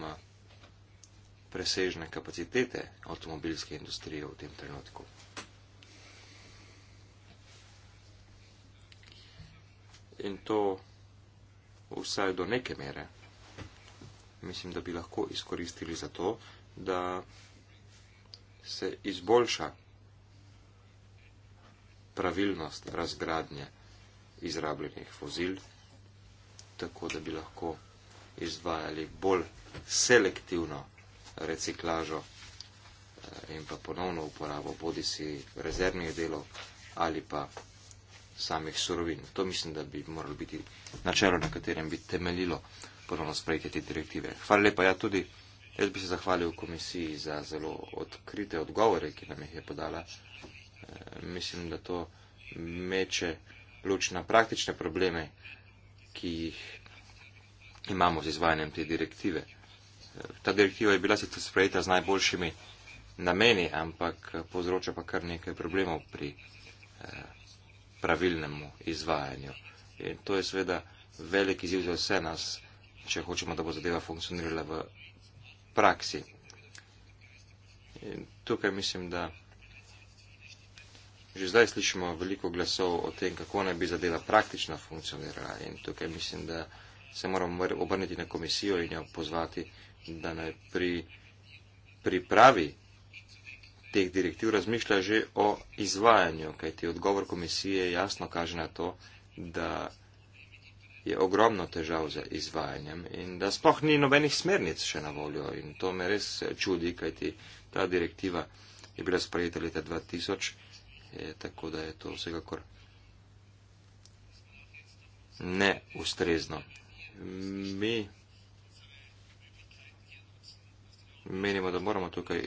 presežne kapacitete avtomobilske industrije v tem trenutku. In to vsaj do neke mere. Mislim, da bi lahko izkoristili za to, da se izboljša pravilnost razgradnje izrabljenih vozil, tako da bi lahko izvajali bolj selektivno reciklažo eh, in pa ponovno uporabo, bodi si rezervnih delov ali pa samih surovin. To mislim, da bi moralo biti načelo, na katerem bi temeljilo ponovno sprejeti te direktive. Hvala lepa, ja tudi jaz bi se zahvalil komisiji za zelo odkrite odgovore, ki nam jih je podala. E, mislim, da to meče luč na praktične probleme, ki jih imamo z izvajanjem te direktive ta direktiva je bila sicer sprejeta z najboljšimi nameni, ampak povzroča pa kar nekaj problemov pri eh, pravilnemu izvajanju. In to je seveda velik izziv za vse nas, če hočemo, da bo zadeva funkcionirala v praksi. In tukaj mislim, da že zdaj slišimo veliko glasov o tem, kako naj bi zadeva praktično funkcionirala. In tukaj mislim, da se moramo obrniti na komisijo in jo pozvati, da naj pri pripravi teh direktiv razmišlja že o izvajanju, kajti odgovor komisije jasno kaže na to, da je ogromno težav za izvajanjem in da spoh ni nobenih smernic še na voljo. In to me res čudi, kajti ta direktiva je bila sprejeta leta 2000, je, tako da je to vsekakor neustrezno. Mi menimo, da moramo tukaj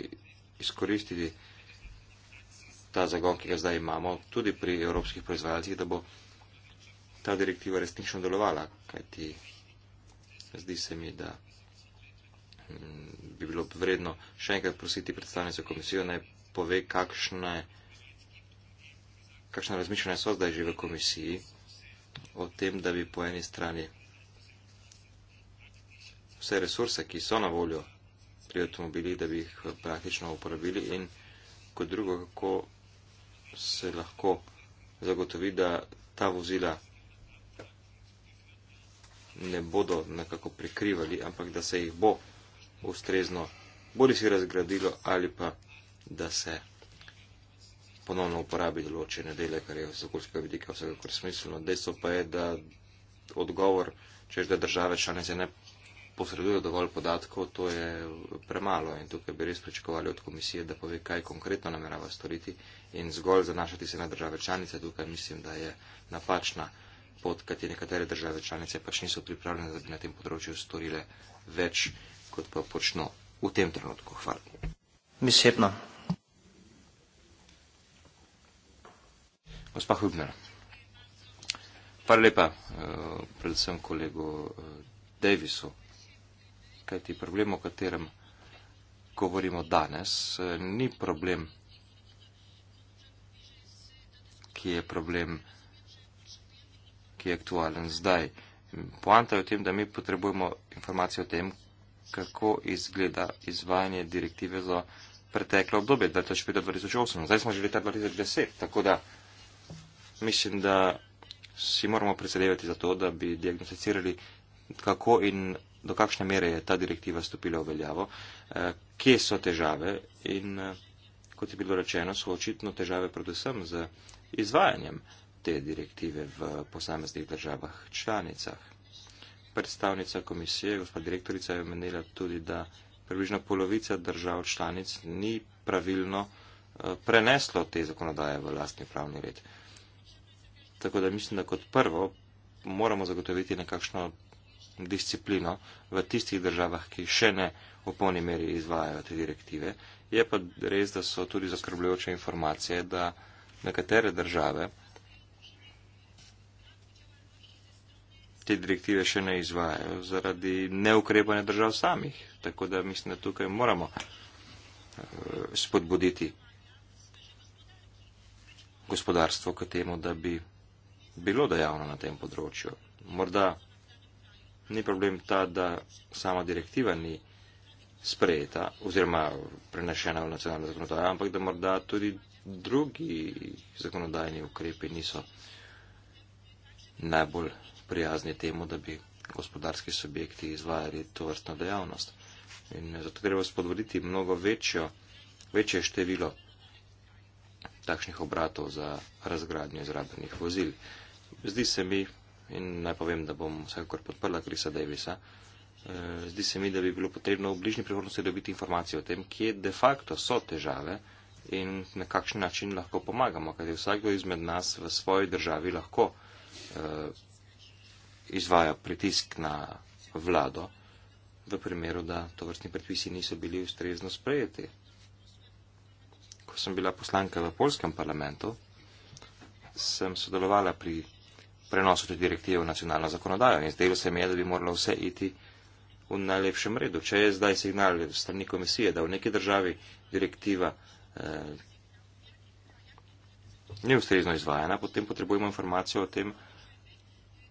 izkoristiti ta zagon, ki ga zdaj imamo, tudi pri evropskih proizvajalcih, da bo ta direktiva resnično delovala, kajti zdi se mi, da mm, bi bilo vredno še enkrat prositi predstavnice komisijo, naj pove, kakšne, kakšne razmišljanja so zdaj že v komisiji o tem, da bi po eni strani vse resurse, ki so na voljo, pri avtomobilih, da bi jih eh, praktično uporabili in kot drugo, kako se lahko zagotovi, da ta vozila ne bodo nekako prikrivali, ampak da se jih bo ustrezno bolj si razgradilo ali pa da se ponovno uporabi določene dele, kar je z okoljskega vidika vsekakor smiselno. Dejstvo pa je, da odgovor, če že države članice ne posredujejo dovolj podatkov, to je premalo in tukaj bi res pričakovali od komisije, da pove, kaj konkretno namerava storiti in zgolj zanašati se na države članice. Tukaj mislim, da je napačna pot, kajti nekatere države članice pač niso pripravljene, da bi na tem področju storile več, kot pa počno v tem trenutku. Hvala. Misepno. Gospa Hübner. Hvala lepa eh, predvsem kolegu eh, Davisu. Kajti problem, o katerem govorimo danes, eh, ni problem, ki je problem, ki je aktualen zdaj. Poanta je v tem, da mi potrebujemo informacije o tem, kako izgleda izvajanje direktive za preteklo obdobje 2005-2008. Zdaj smo že leta 2010, tako da mislim, da si moramo predsedevati za to, da bi diagnosticirali, kako in do kakšne mere je ta direktiva stopila v veljavo, eh, kje so težave in, eh, kot je bilo rečeno, so očitno težave predvsem z izvajanjem te direktive v posameznih državah članicah. Predstavnica komisije, gospod direktorica, je menila tudi, da približno polovica držav članic ni pravilno eh, preneslo te zakonodaje v lastni pravni red. Tako da mislim, da kot prvo moramo zagotoviti nekakšno disciplino v tistih državah, ki še ne v polni meri izvajajo te direktive. Je pa res, da so tudi zaskrbljujoče informacije, da nekatere države te direktive še ne izvajajo zaradi neukrepanja držav samih. Tako da mislim, da tukaj moramo eh, spodbuditi gospodarstvo k temu, da bi bilo dejavno na tem področju. Morda ni problem ta, da sama direktiva ni sprejeta oziroma prenešena v nacionalno zakonodajo, ampak da morda tudi drugi zakonodajni ukrepi niso najbolj prijazni temu, da bi gospodarski subjekti izvajali to vrstno dejavnost. In zato treba spodbuditi mnogo večjo, večje število takšnih obratov za razgradnjo izrabljenih vozil. Zdi se mi, in naj povem, da bom vsekakor podprla Krisa Davisa. E, zdi se mi, da bi bilo potrebno v bližnji prihodnosti dobiti informacije o tem, kje de facto so težave in na kakšen način lahko pomagamo, kajti vsakdo izmed nas v svoji državi lahko e, izvaja pritisk na vlado v primeru, da to vrstni predpisi niso bili ustrezno sprejeti. Ko sem bila poslanka v polskem parlamentu, sem sodelovala pri prenosu te direktive v nacionalno zakonodajo. In zdelo se mi je, da bi moralo vse iti v najlepšem redu. Če je zdaj signal strani komisije, da v neki državi direktiva eh, ni ustrezno izvajana, potem potrebujemo informacijo o tem,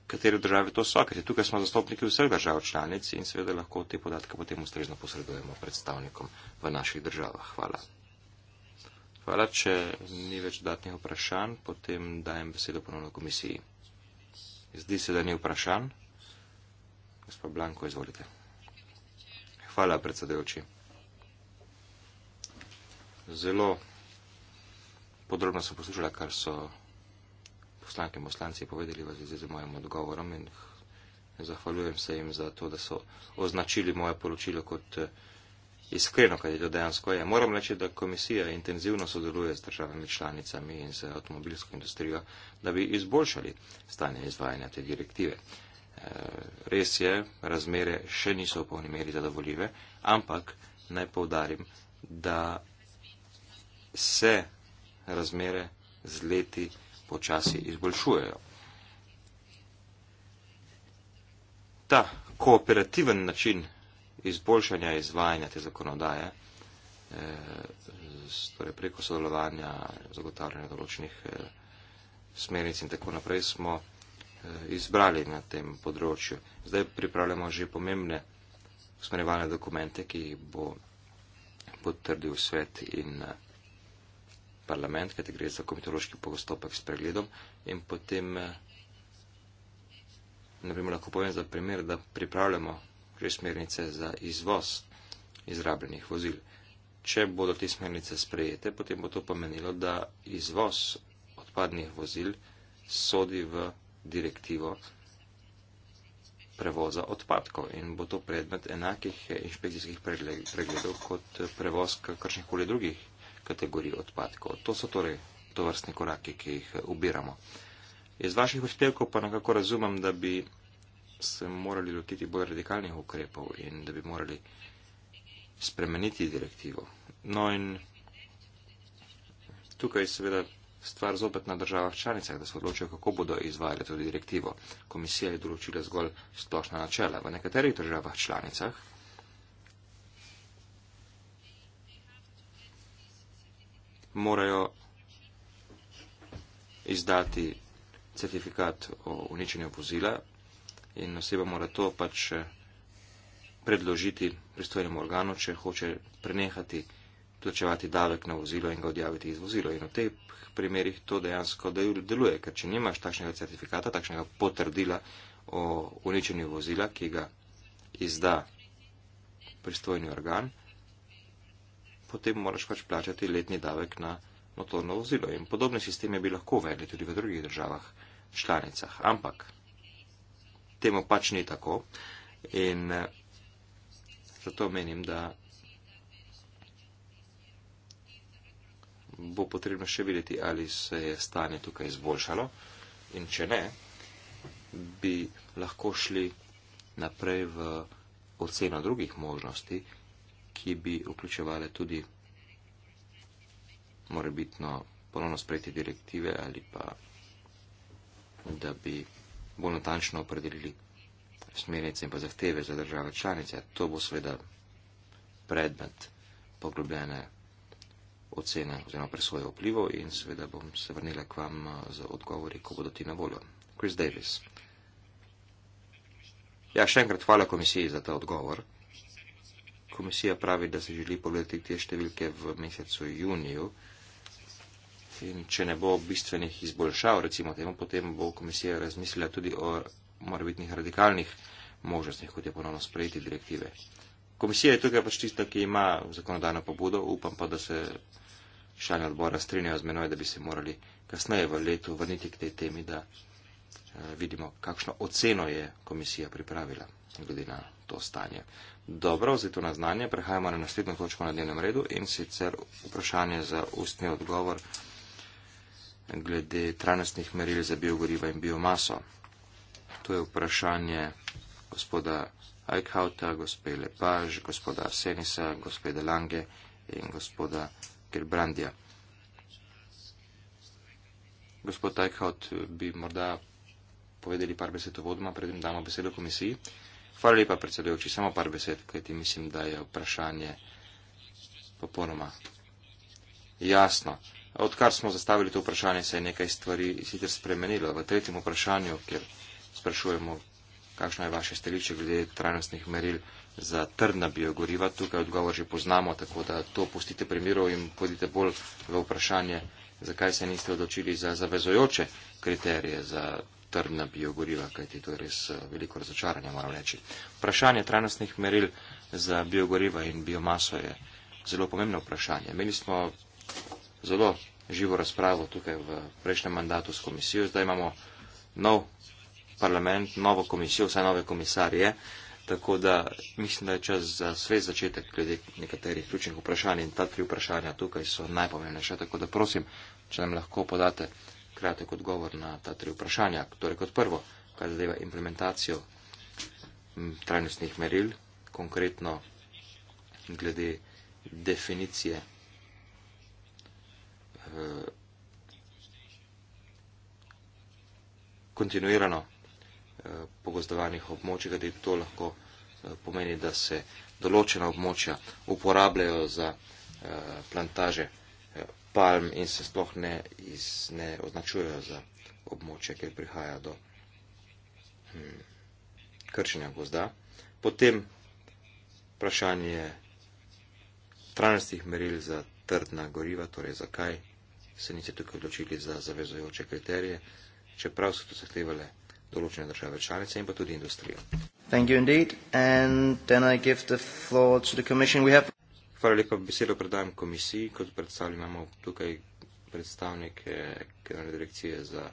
katere države to so. Ker tukaj smo zastopniki vseh držav članic in seveda lahko te podatke potem ustrezno posredujemo predstavnikom v naših državah. Hvala. Hvala, če ni več dodatnih vprašanj, potem dajem besedo ponovno komisiji. Zdi se, da ni vprašan. Gospod Blanko, izvolite. Hvala, predsedujoči. Zelo podrobno sem poslušala, kar so poslanke in poslanci povedali v zvezi z mojim odgovorom in zahvaljujem se jim za to, da so označili moje poročilo kot. Eh, iskreno, kaj to dejansko je. Moram reči, da komisija intenzivno sodeluje z državami članicami in z avtomobilsko industrijo, da bi izboljšali stanje izvajanja te direktive. E, res je, razmere še niso v polni meri zadovoljive, ampak naj povdarim, da se razmere z leti počasi izboljšujejo. Ta kooperativen način izboljšanja izvajanja te zakonodaje, eh, torej preko sodelovanja, zagotavljanja določenih eh, smernic in tako naprej, smo eh, izbrali na tem področju. Zdaj pripravljamo že pomembne usmerjevalne dokumente, ki jih bo potrdil svet in eh, parlament, kajte gre za komitološki postopek s pregledom in potem, eh, na primer, lahko povem za primer, da pripravljamo že smernice za izvoz izrabljenih vozil. Če bodo te smernice sprejete, potem bo to pomenilo, da izvoz odpadnih vozil sodi v direktivo prevoza odpadkov in bo to predmet enakih inšpekcijskih pregledov kot prevoz kakršnih koli drugih kategorij odpadkov. To so torej to vrstne korake, ki jih ubiramo. Iz vaših prispevkov pa nekako razumem, da bi se morali lotiti bolj radikalnih ukrepov in da bi morali spremeniti direktivo. No in tukaj seveda stvar zopet na državah članicah, da se odločijo, kako bodo izvajali to direktivo. Komisija je določila zgolj splošna načela. V nekaterih državah članicah morajo izdati certifikat o uničenju vozila, in oseba mora to pač eh, predložiti pristojnemu organu, če hoče prenehati plačevati davek na vozilo in ga odjaviti iz vozila. In v teh primerjih to dejansko deluje, ker če nimaš takšnega certifikata, takšnega potrdila o uničenju vozila, ki ga izda pristojni organ, potem moraš pač plačati letni davek na motorno vozilo. In podobne sisteme bi lahko uvedli tudi v drugih državah članicah. Ampak temu pač ni tako. In eh, zato menim, da bo potrebno še videti, ali se je stanje tukaj izboljšalo. In če ne, bi lahko šli naprej v oceno drugih možnosti, ki bi vključevale tudi morebitno ponovno sprejeti direktive ali pa da bi bolj natančno opredelili smernice in pa zahteve za države članice. To bo seveda predmet poglobljene ocene oziroma presoje vplivov in seveda bom se vrnila k vam eh, z odgovori, ko bodo ti na voljo. Chris Davis. Ja, še enkrat hvala komisiji za ta odgovor. Komisija pravi, da se želi pogledati te številke v mesecu juniju. In če ne bo bistvenih izboljšav, recimo temu, potem bo komisija razmislila tudi o morbitnih radikalnih možnostih, kot je ponovno sprejeti direktive. Komisija je tukaj pač tista, ki ima zakonodajno pobudo, upam pa, da se šalje odbora strinjajo z menoj, da bi se morali kasneje v letu vrniti k tej temi, da eh, vidimo, kakšno oceno je komisija pripravila glede na to stanje. Dobro, zdaj to na znanje, prehajamo na naslednjo točko na dnevnem redu in sicer vprašanje za ustni odgovor glede trajnostnih meril za biogoriva in biomaso. To je vprašanje gospoda Eichhauta, gospe Lepage, gospoda Arsenisa, gospoda Lange in gospoda Gerbrandija. Gospod Eichhaut bi morda povedali par besed uvodoma, predem damo besedo komisiji. Hvala lepa, predsedujoči, samo par besed, kajti mislim, da je vprašanje popolnoma jasno. Odkar smo zastavili to vprašanje, se je nekaj stvari sicer spremenilo. V tretjem vprašanju, kjer sprašujemo, kakšno je vaše stališče glede trajnostnih meril za trdna biogoriva, tukaj odgovor že poznamo, tako da to pustite pri miru in pojdite bolj v vprašanje, zakaj se niste odločili za zavezojoče kriterije za trdna biogoriva, kajti to je res eh, veliko razočaranje, moram reči. Vprašanje trajnostnih meril za biogoriva in biomaso je. Zelo pomembno vprašanje. Imeli smo zelo živo razpravo tukaj v prejšnjem mandatu s komisijo. Zdaj imamo nov parlament, novo komisijo, vse nove komisarje, tako da mislim, da je čas za svež začetek glede nekaterih ključnih vprašanj in ta tri vprašanja tukaj so najpomembnejša. Tako da prosim, če nam lahko podate kratek odgovor na ta tri vprašanja. Torej kot prvo, kar zadeva implementacijo trajnostnih meril, konkretno glede definicije kontinuirano eh, pogozdovanih območij, da to lahko eh, pomeni, da se določena območja uporabljajo za eh, plantaže palm in se sploh ne, iz, ne označujejo za območje, kjer prihaja do hm, krčenja gozda. Potem vprašanje trajnostnih meril za trdna goriva, torej zakaj se niso tukaj odločili za zavezojoče kriterije, čeprav so to zahtevale določene države članice in pa tudi industrija. Hvala lepa, besedo predajam komisiji, kot predstavljam, imamo tukaj predstavnike generalne direkcije za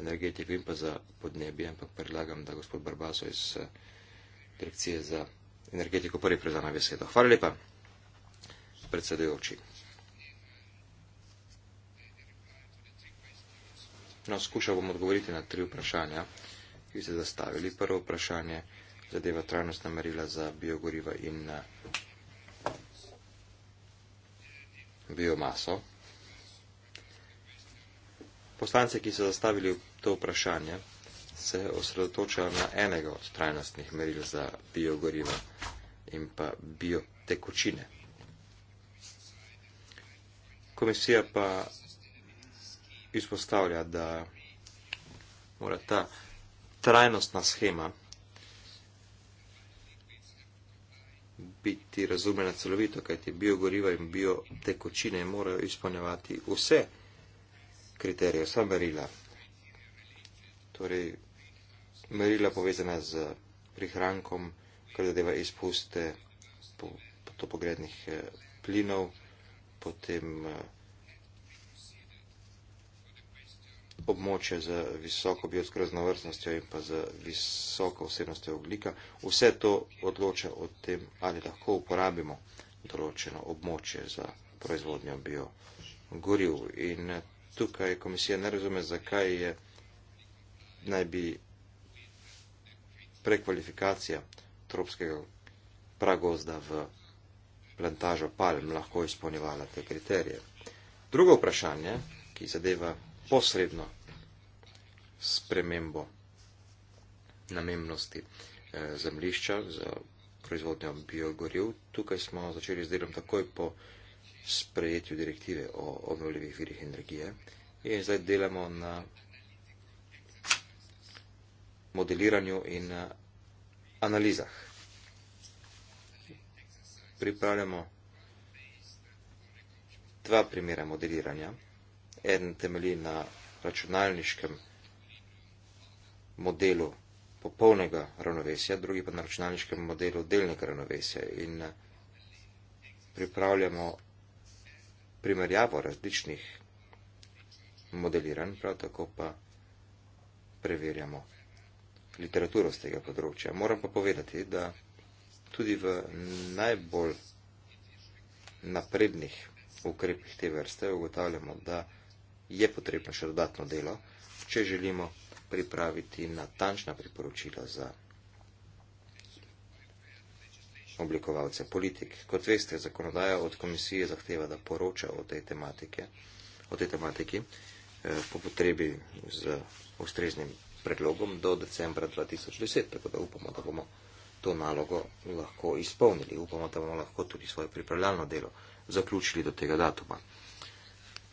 energetiko in pa za podnebje, ampak predlagam, da gospod Barbaso iz eh, direkcije za energetiko prvi predana besedo. Hvala lepa, predsedujoči. No, skušal bom odgovoriti na tri vprašanja, ki ste zastavili. Prvo vprašanje zadeva trajnostna merila za biogoriva in eh, biomaso. Poslance, ki so zastavili to vprašanje, se osredotočajo na enega od trajnostnih meril za biogoriva in pa biotekočine. Komisija pa izpostavlja, da mora ta trajnostna schema biti razumljena celovito, kajti biogoriva in biotekočine morajo izpolnjevati vse kriterije, vsa merila. Torej, merila povezana z prihrankom, kar zadeva izpuste po, po topogrednih eh, plinov, potem eh, območje z visoko biotsko raznovrstnostjo in pa z visoko vsebnostjo oglika. Vse to odloča o tem, ali lahko uporabimo določeno območje za proizvodnjo biogoriv. In tukaj komisija ne razume, zakaj je naj bi prekvalifikacija tropskega pragozda v plantažo palm lahko izpolnjevala te kriterije. Drugo vprašanje, ki zadeva posredno spremembo namembnosti eh, zemlišča za proizvodnjo biogoriv. Tukaj smo začeli z delom takoj po sprejetju direktive o obnovljivih virih energije in zdaj delamo na modeliranju in eh, analizah. Pripravljamo dva primera modeliranja. Eden temelji na računalniškem modelu popolnega ravnovesja, drugi pa na računalniškem modelu delnega ravnovesja. In eh, pripravljamo primerjavo različnih modeliranj, prav tako pa preverjamo literaturo z tega področja. Moram pa povedati, da tudi v najbolj naprednih ukrepih te vrste ugotavljamo, da je potrebno še dodatno delo, če želimo pripraviti natančna priporočila za oblikovalce politik. Kot veste, zakonodaja od komisije zahteva, da poroča o tej tematike, o tej tematiki eh, po potrebi z ustreznim predlogom do decembra 2010, tako da upamo, da bomo to nalogo lahko izpolnili. Upamo, da bomo lahko tudi svoje pripravljalno delo zaključili do tega datuma.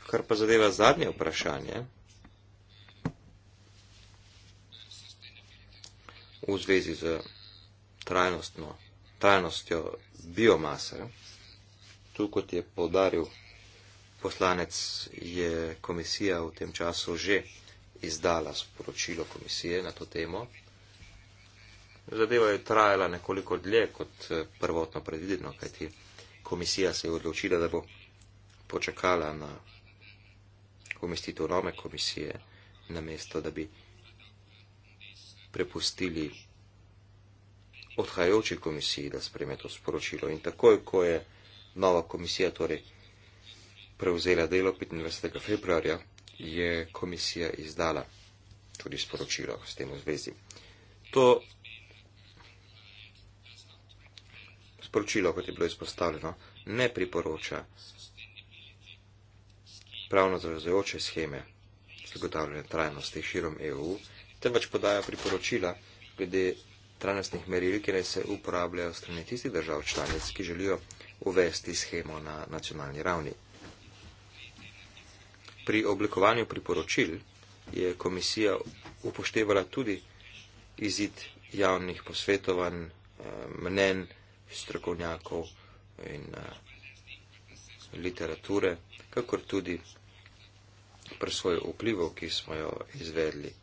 Kar pa zadeva zadnje vprašanje, v zvezi z trajnostno, trajnostjo biomase. Tu, kot je podaril poslanec, je komisija v tem času že izdala sporočilo komisije na to temo. Zadeva je trajala nekoliko dlje kot eh, prvotno predvideno, kajti komisija se je odločila, da bo počakala na umestitev Rome komisije, namesto da bi prepustili odhajajoči komisiji, da spreme to sporočilo. In takoj, ko je nova komisija torej prevzela delo 25. februarja, je komisija izdala tudi sporočilo s tem v zvezi. To sporočilo, kot je bilo izpostavljeno, ne priporoča pravno zavezojoče scheme zagotavljanja trajnosti širom EU, temveč podaja priporočila glede trajnostnih meril, ki naj se uporabljajo strani tistih držav članic, ki želijo uvesti schemo na nacionalni ravni. Pri oblikovanju priporočil je komisija upoštevala tudi izid javnih posvetovanj, eh, mnen strokovnjakov in eh, literature, kakor tudi presvojo vplivov, ki smo jo izvedli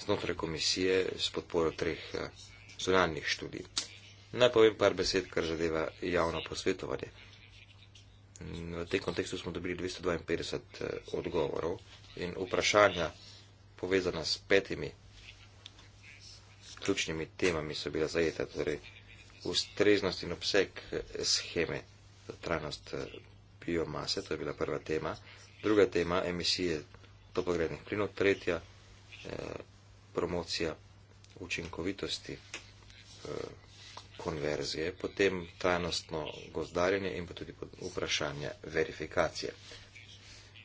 znotraj komisije s podporo treh eh, zunanjih študij. Naj povem par besed, kar zadeva javno posvetovanje. V tem kontekstu smo dobili 252 eh, odgovorov in vprašanja povezana s petimi ključnimi temami so bila zajeta, torej ustreznost in obseg eh, scheme za trajnost biomase, to je bila prva tema, druga tema emisije topogrednih plinov, tretja promocija učinkovitosti eh, konverzije, potem trajnostno gozdarjenje in pa tudi vprašanje verifikacije.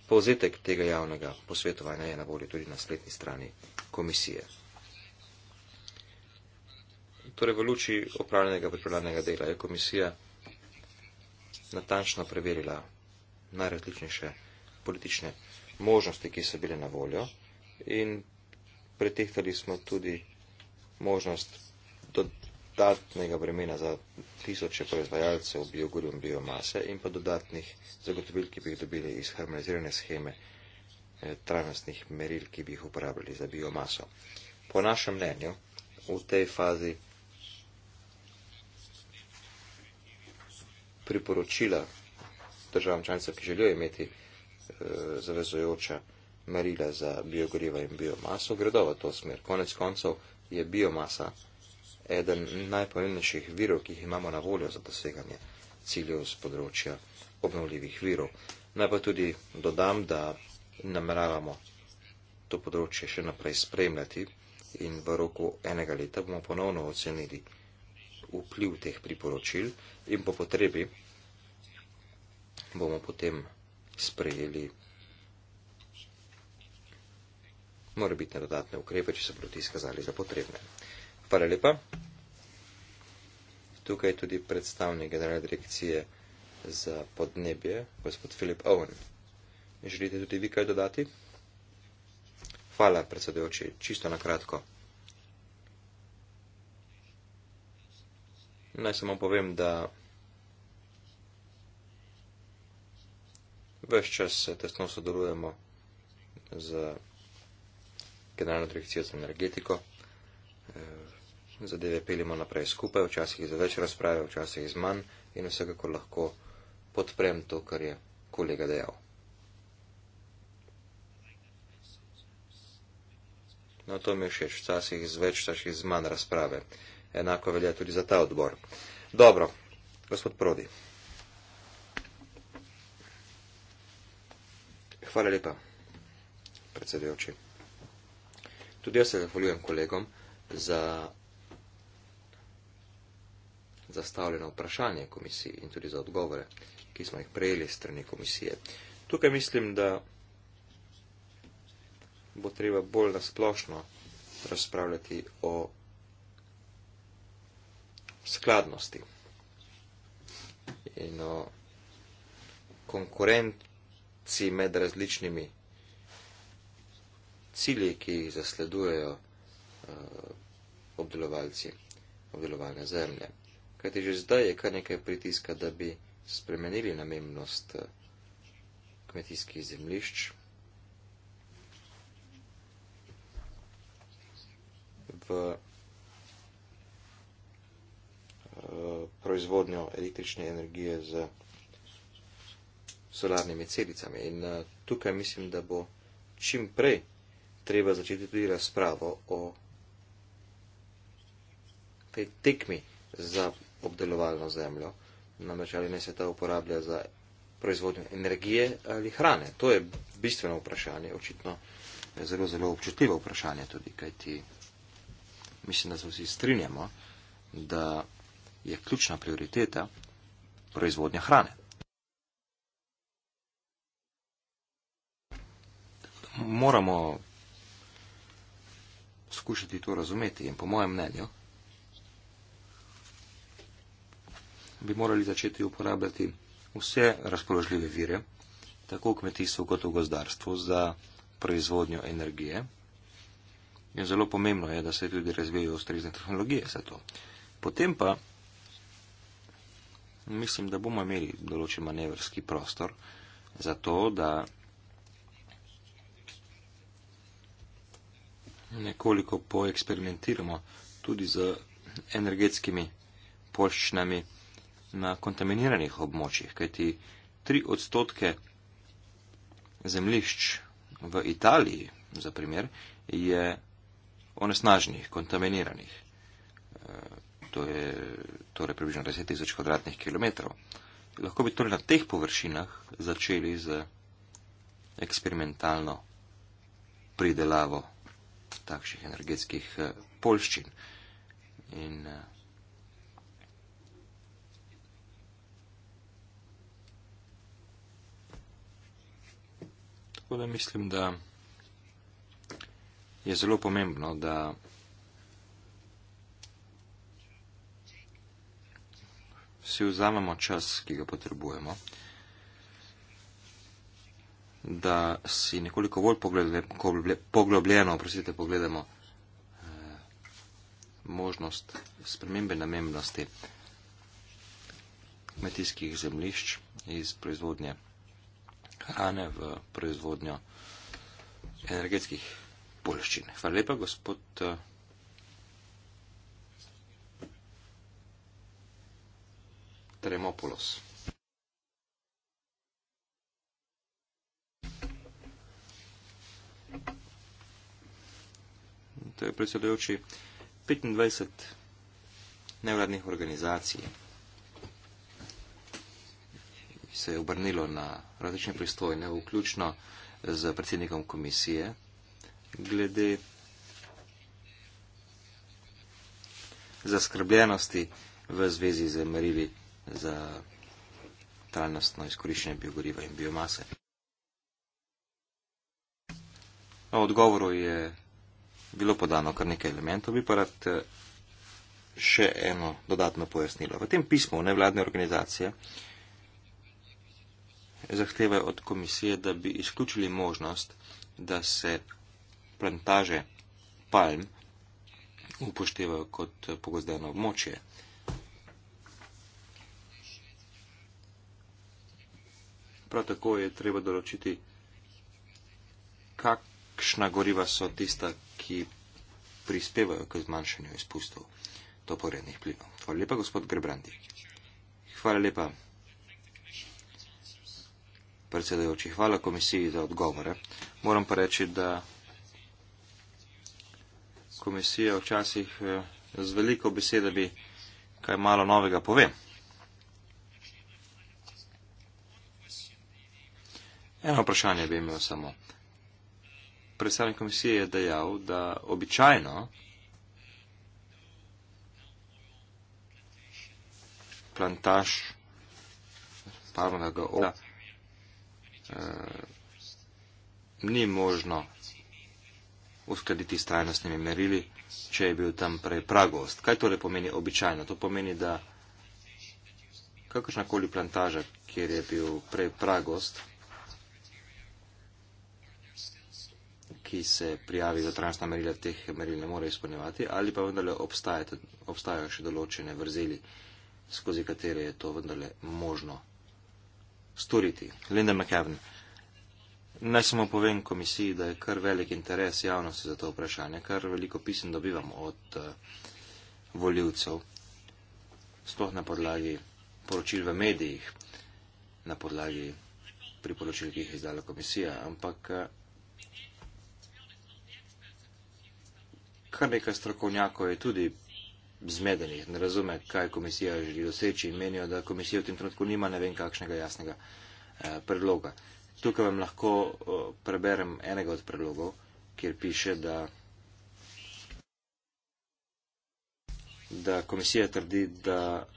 Povzetek tega javnega posvetovanja je na voljo tudi na spletni strani komisije. Torej, v luči opravljenega pripravljenega dela je komisija natančno preverila najrazličnejše politične možnosti, ki so bile na voljo in pretehtali smo tudi možnost dodatnega bremena za tisoče proizvajalcev biogorjev in biomase in pa dodatnih zagotovil, ki bi jih dobili iz harmonizirane scheme eh, trajnostnih meril, ki bi jih uporabljali za biomaso. Po našem mnenju, v tej fazi priporočila državam članicam, ki želijo imeti eh, zavezojoča merila za biogoriva in biomaso gredo v to smer. Konec koncev je biomasa eden najpomembnejših virov, ki jih imamo na voljo za doseganje ciljev z področja obnovljivih virov. Naj pa tudi dodam, da nameravamo to področje še naprej spremljati in v roku enega leta bomo ponovno ocenili vpliv teh priporočil in po potrebi bomo potem sprejeli mora biti na dodatne ukrepe, če se bodo ti izkazali za potrebne. Hvala lepa. Tukaj je tudi predstavnik generalne direkcije za podnebje, gospod Filip Owen. Želite tudi vi kaj dodati? Hvala, predsedujoči, čisto na kratko. Naj samo povem, da vse čas tesno sodelujemo z generalno direkcijo za energetiko. Eh, zadeve pelimo naprej skupaj, včasih za več razprave, včasih iz manj in vsekakor lahko podprem to, kar je kolega dejal. No, to mi je všeč, včasih iz več, včasih iz manj razprave. Enako velja tudi za ta odbor. Dobro, gospod Prodi. Hvala lepa, predsedujoči. Tudi jaz se zahvaljujem kolegom za zastavljeno vprašanje komisiji in tudi za odgovore, ki smo jih prejeli strani komisije. Tukaj mislim, da bo treba bolj nasplošno razpravljati o skladnosti in o konkurenci med različnimi cilji, ki jih zasledujejo uh, obdelovalci, obdelovalna zemlja. Kajti že zdaj je kar nekaj pritiska, da bi spremenili namennost eh, kmetijskih zemljišč. V eh, proizvodnjo električne energije z solarnimi celicami. In tukaj mislim, da bo čim prej treba začeti tudi razpravo o tej tekmi za obdelovalno zemljo, namreč ali naj se ta uporablja za proizvodnjo energije ali hrane. To je bistveno vprašanje, očitno je zelo, zelo občutljivo vprašanje tudi, kajti mislim, da se vsi strinjamo, da je ključna prioriteta proizvodnja hrane. Moramo skušati to razumeti in po mojem mnenju bi morali začeti uporabljati vse razpoložljive vire, tako v kmetijstvu kot v gozdarstvu, za proizvodnjo energije. In zelo pomembno je, da se tudi razvijajo ustrezne tehnologije za to. Potem pa mislim, da bomo imeli določen manevrski prostor za to, da nekoliko poeksperimentiramo tudi z energetskimi polščinami na kontaminiranih območjih, kajti tri odstotke zemlišč v Italiji, za primer, je onesnaženih, kontaminiranih. Eh, to je torej približno 10 tisoč kvadratnih kilometrov. Lahko bi torej na teh površinah začeli z eksperimentalno pridelavo takšnih energetskih eh, polščin. In eh, tako da mislim, da je zelo pomembno, da si vzamemo čas, ki ga potrebujemo da si nekoliko bolj poglobljeno prosite, pogledamo eh, možnost spremembe namembnosti kmetijskih zemlišč iz proizvodnje hrane v proizvodnjo energetskih poliščin. Hvala lepa, gospod. Eh, Tremopolos. predsedujoči, 25 nevladnih organizacij se je obrnilo na različne pristojne, vključno z predsednikom komisije, glede zaskrbljenosti v zvezi z merili za trajnostno izkoriščenje biogoriva in biomase. Na odgovoru je bilo podano kar nekaj elementov, bi pa rad eh, še eno dodatno pojasnilo. V tem pismu nevladne organizacije zahtevajo od komisije, da bi izključili možnost, da se plantaže palm upoštevajo kot eh, pogozdeno območje. Prav tako je treba določiti, kak, kakšna goriva so tista, ki prispevajo k zmanjšanju izpustov toporednih plinov. Hvala lepa, gospod Grebrandi. Hvala lepa, predsedajoči. Hvala komisiji za odgovore. Moram pa reči, da komisija včasih eh, z veliko besedami kaj malo novega pove. Eno vprašanje bi imel samo predstavnik komisije je dejal, da običajno plantaž palmovega olja eh, ni možno uskladiti s trajnostnimi merili, če je bil tam prej pragost. Kaj torej pomeni običajno? To pomeni, da kakršnakoli plantaža, kjer je bil prej pragost, ki se prijavi za trajnostna merila, teh meril ne more izpolnjevati, ali pa vendarle obstajajo še določene vrzeli, skozi katere je to vendarle možno storiti. Linda McKevn. Naj samo povem komisiji, da je kar velik interes javnosti za to vprašanje, kar veliko pisem dobivam od uh, eh, voljivcev, sploh na podlagi poročil v medijih, na podlagi priporočil, ki jih je izdala komisija, ampak eh, kar nekaj strokovnjakov je tudi zmedenih, ne razume, kaj komisija želi doseči in menijo, da komisija v tem trenutku nima ne vem kakšnega jasnega eh, predloga. Tukaj vam lahko eh, preberem enega od predlogov, kjer piše, da, da komisija trdi, da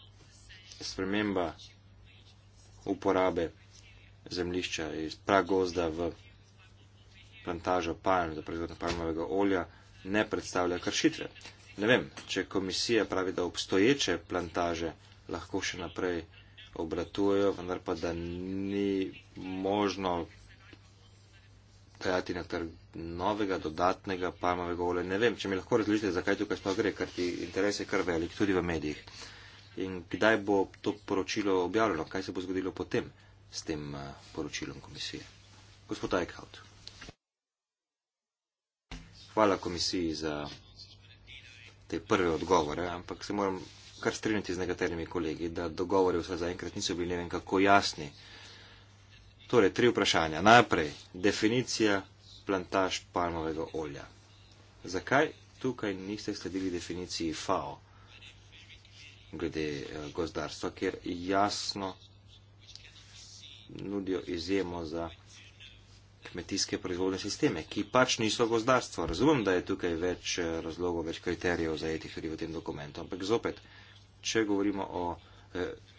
sprememba uporabe zemlišča iz pragozda v plantažo palm, za proizvodnjo palmovega olja, ne predstavlja kršitve. Ne vem, če komisija pravi, da obstoječe plantaže lahko še naprej obratujejo, vendar pa da ni možno dajati na trg novega, dodatnega palmovega olja. Ne vem, če mi lahko razložite, zakaj tukaj sploh gre, ker ti interes je kar velik, tudi v medijih. In kdaj bo to poročilo objavljeno, kaj se bo zgodilo potem s tem eh, poročilom komisije. Gospod Eichhout hvala komisiji za te prve odgovore, ampak se moram kar strinjati z nekaterimi kolegi, da dogovori vse zaenkrat niso bili ne vem kako jasni. Torej, tri vprašanja. Najprej, definicija plantaž palmovega olja. Zakaj tukaj niste sledili definiciji FAO glede eh, gozdarstva, kjer jasno nudijo izjemo za kmetijske proizvodne sisteme, ki pač niso gozdarstvo. Razumem, da je tukaj več eh, razlogov, več kriterijev zajetih tudi v tem dokumentu, ampak zopet, če govorimo o eh,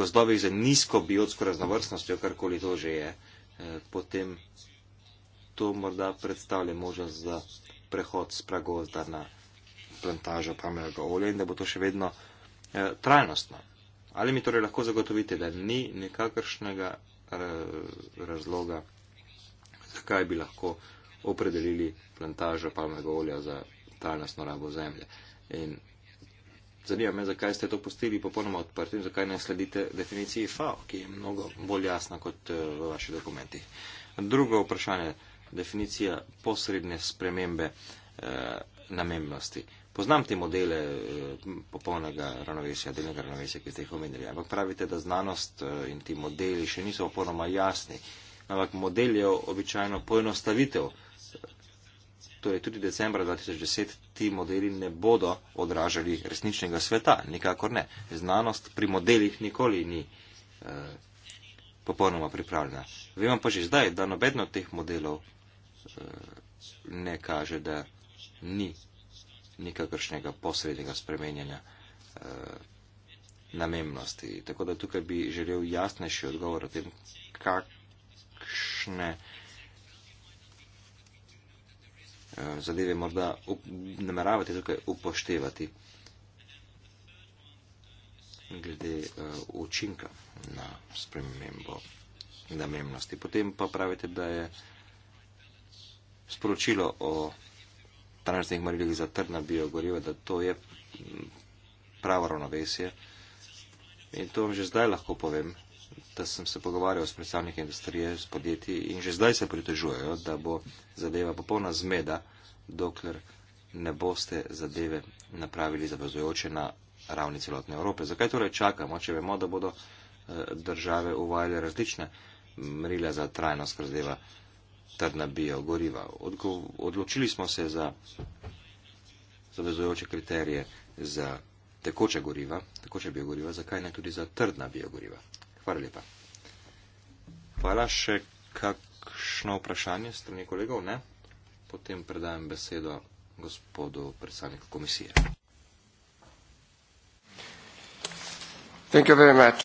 gozdovih za nizko biotsko raznovrstnostjo, karkoli to že je, eh, potem to morda predstavlja možnost za prehod z pragozda na plantažo pamelega olja in da bo to še vedno eh, trajnostno. Ali mi torej lahko zagotovite, da ni nekakršnega eh, razloga, zakaj bi lahko opredelili plantažo palmega olja za trajnostno rabo zemlje. In zanima me, zakaj ste to postili popolnoma odprti in zakaj ne sledite definiciji FAO, ki je mnogo bolj jasna kot eh, v vaših dokumentih. Drugo vprašanje, definicija posredne spremembe eh, namembnosti. Poznam te modele eh, popolnega ravnovesja, delnega ravnovesja, ki ste jih omenili, ampak pravite, da znanost eh, in ti modeli še niso popolnoma jasni ampak model je običajno poenostavitev. To je tudi decembra 2010, ti modeli ne bodo odražali resničnega sveta, nikakor ne. Znanost pri modelih nikoli ni eh, popolnoma pripravljena. Vemo pa že zdaj, da noben od teh modelov eh, ne kaže, da ni nikakršnega posrednjega spremenjanja eh, namennosti. Tako da tukaj bi želel jasnejši odgovor o tem, kako kakšne eh, zadeve morda nameravate tukaj upoštevati glede eh, učinka na spremembo namemnosti. Potem pa pravite, da je sporočilo o tranzitnih marilih za trdna biogoriva, da to je mm, pravo ravnovesje. In to vam že zdaj lahko povem, da sem se pogovarjal s predstavniki industrije, s podjetji in že zdaj se pritožujejo, da bo zadeva popolna zmeda, dokler ne boste zadeve napravili zavezujoče na ravni celotne Evrope. Zakaj torej čakamo, če vemo, da bodo eh, države uvajale različne merila za trajnost, kar zadeva trdna biogoriva? Odločili smo se za zavezujoče kriterije za tekoče goriva, tekoče biogoriva, zakaj ne tudi za trdna biogoriva? Hvala lepa. Hvala še kakšno vprašanje strani kolegov, ne? Potem predajem besedo gospodu predstavniku komisije. Thank you very much.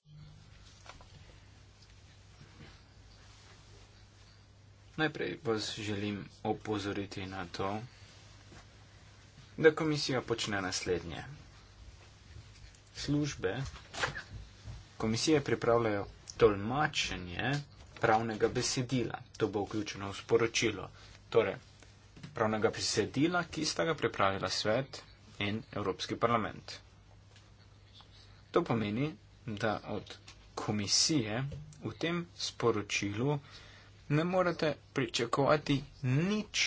Najprej vas želim opozoriti na to, da komisija počne naslednje. Službe Komisije pripravljajo tolmačenje pravnega besedila. To bo vključeno v sporočilo. Torej, pravnega besedila, ki sta ga pripravila svet in Evropski parlament. To pomeni, da od komisije v tem sporočilu ne morete pričakovati nič,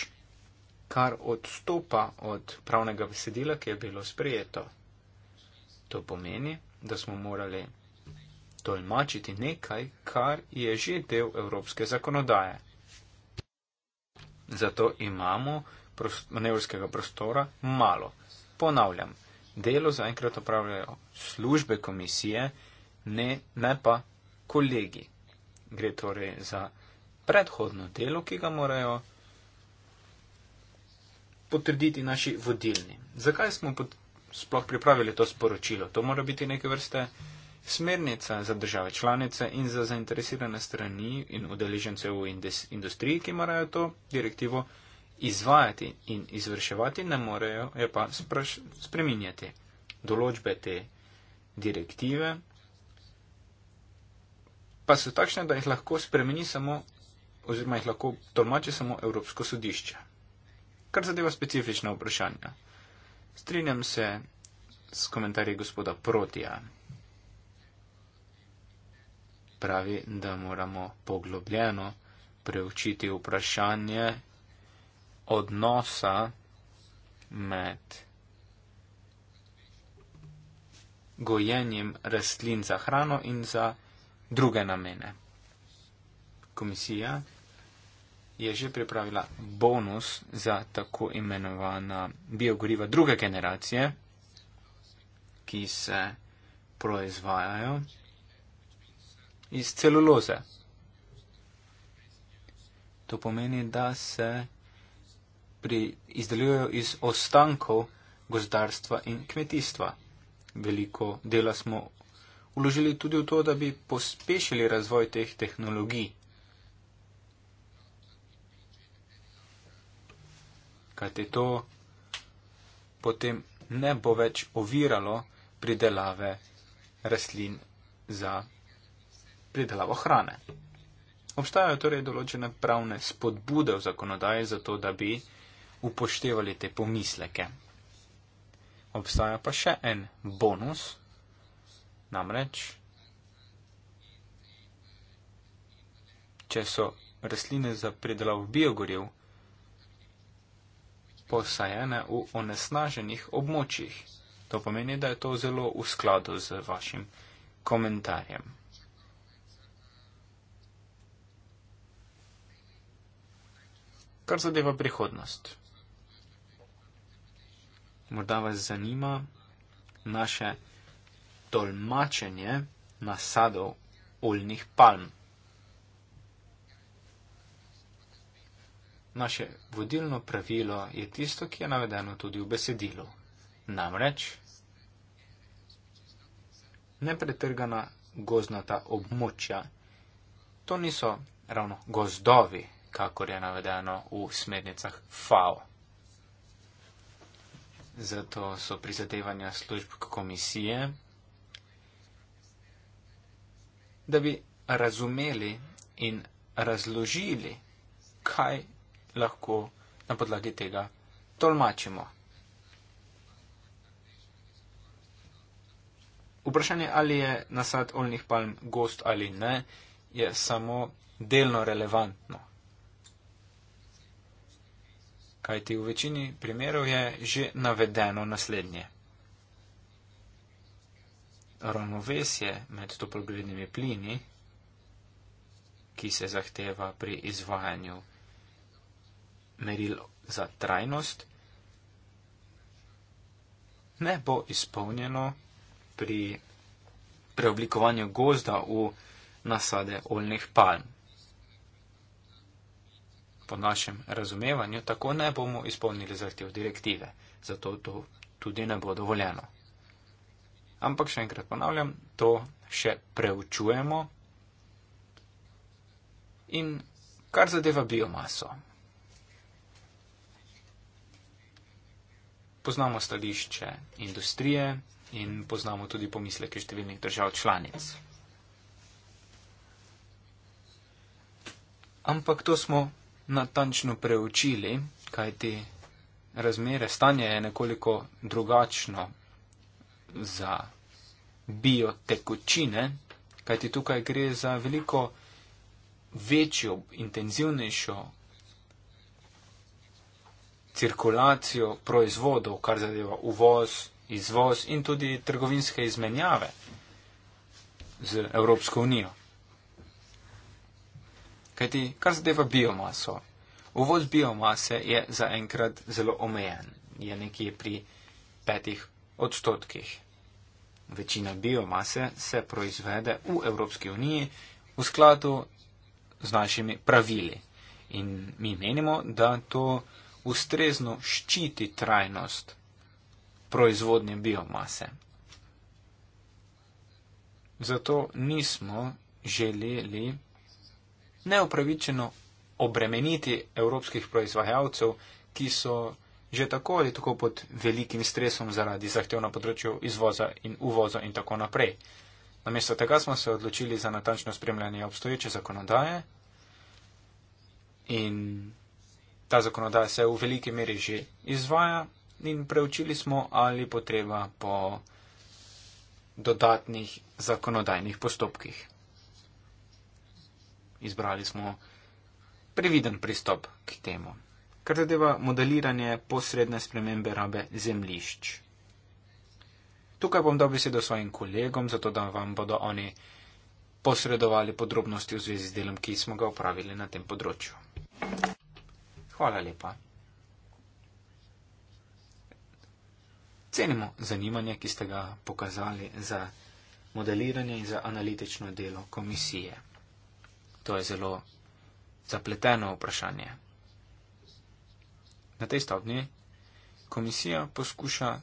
kar odstopa od pravnega besedila, ki je bilo sprejeto. To pomeni, da smo morali tolmačiti nekaj, kar je že del evropske zakonodaje. Zato imamo prost, manevrskega prostora malo. Ponavljam, delo zaenkrat opravljajo službe komisije, ne, ne pa kolegi. Gre torej za predhodno delo, ki ga morajo potrditi naši vodilni. Zakaj smo pot, sploh pripravili to sporočilo? To mora biti neke vrste. Smernica za države članice in za zainteresirane strani in udeležence v industriji, ki morajo to direktivo izvajati in izvrševati, ne morejo jo pa spraš, spreminjati. Določbe te direktive pa so takšne, da jih lahko spremeni samo oziroma jih lahko tolmači samo Evropsko sodišče. Kar zadeva specifična vprašanja. Strinjam se s komentarji gospoda Protija pravi, da moramo poglobljeno preučiti vprašanje odnosa med gojenjem rastlin za hrano in za druge namene. Komisija je že pripravila bonus za tako imenovana biogoriva druge generacije, ki se proizvajajo iz celuloze. To pomeni, da se pri, izdelujejo iz ostankov gozdarstva in kmetijstva. Veliko dela smo uložili tudi v to, da bi pospešili razvoj teh tehnologij. Kajte to potem ne bo več oviralo pridelave rastlin za pridelavo hrane. Obstajajo torej določene pravne spodbude v zakonodaji za to, da bi upoštevali te pomisleke. Obstaja pa še en bonus, namreč, če so rastline za pridelavo biogorjev posajene v onesnaženih območjih. To pomeni, da je to zelo v skladu z vašim komentarjem. kar zadeva prihodnost. Morda vas zanima naše tolmačenje nasadov oljnih palm. Naše vodilno pravilo je tisto, ki je navedeno tudi v besedilu. Namreč, nepretrgana gozdnata območja, to niso ravno gozdovi, kakor je navedeno v smernicah FAO. Zato so prizadevanja služb komisije, da bi razumeli in razložili, kaj lahko na podlagi tega tolmačimo. Vprašanje, ali je nasad oljnih palm gost ali ne, je samo delno relevantno kajti v večini primerov je že navedeno naslednje. Ravnovesje med toplogrednimi plini, ki se zahteva pri izvajanju meril za trajnost, ne bo izpolnjeno pri preoblikovanju gozda v nasade oljnih palm po našem razumevanju, tako ne bomo izpolnili zahtev direktive. Zato to tudi ne bo dovoljeno. Ampak še enkrat ponavljam, to še preučujemo. In kar zadeva biomaso. Poznamo stališče industrije in poznamo tudi pomisleke številnih držav članic. Ampak to smo natančno preučili, kajti razmere stanje je nekoliko drugačno za biotekočine, kajti tukaj gre za veliko večjo, intenzivnejšo cirkulacijo proizvodov, kar zadeva uvoz, izvoz in tudi trgovinske izmenjave z Evropsko unijo. Kajti, kar zadeva biomaso, uvoz biomase je zaenkrat zelo omejen, je nekje pri petih odstotkih. Večina biomase se proizvede v Evropski uniji v skladu z našimi pravili in mi menimo, da to ustrezno ščiti trajnost proizvodnje biomase. Zato nismo želeli neopravičeno obremeniti evropskih proizvajalcev, ki so že tako ali tako pod velikim stresom zaradi zahtev na področju izvoza in uvoza in tako naprej. Namesto tega smo se odločili za natančno spremljanje obstoječe zakonodaje in ta zakonodaja se v veliki meri že izvaja in preučili smo, ali potreba po dodatnih zakonodajnih postopkih izbrali smo previden pristop k temu, kar zadeva modeliranje posredne spremembe rabe zemljišč. Tukaj bom dal besedo svojim kolegom, zato da vam bodo oni posredovali podrobnosti v zvezi z delom, ki smo ga upravili na tem področju. Hvala lepa. Cenimo zanimanje, ki ste ga pokazali za modeliranje in za analitično delo komisije. To je zelo zapleteno vprašanje. Na tej stopni komisija poskuša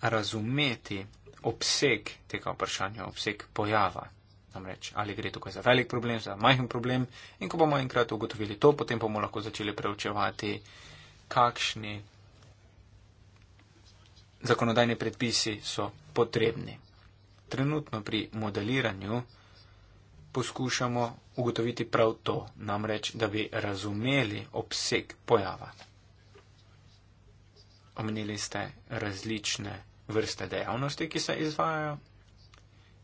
razumeti obseg tega vprašanja, obseg pojava. Namreč, ali gre tukaj za velik problem, za majhen problem in ko bomo enkrat ugotovili to, potem bomo lahko začeli preučevati, kakšni zakonodajni predpisi so potrebni. Trenutno pri modeliranju poskušamo ugotoviti prav to, namreč, da bi razumeli obseg pojava. Omenili ste različne vrste dejavnosti, ki se izvajajo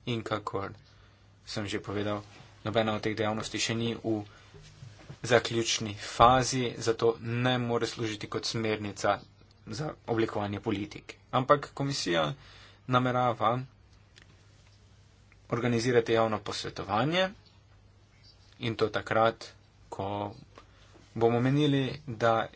in kakor sem že povedal, nobena od teh dejavnosti še ni v zaključni fazi, zato ne more služiti kot smernica za oblikovanje politik. Ampak komisija namerava organizirate javno posvetovanje in to takrat, ko bomo menili, da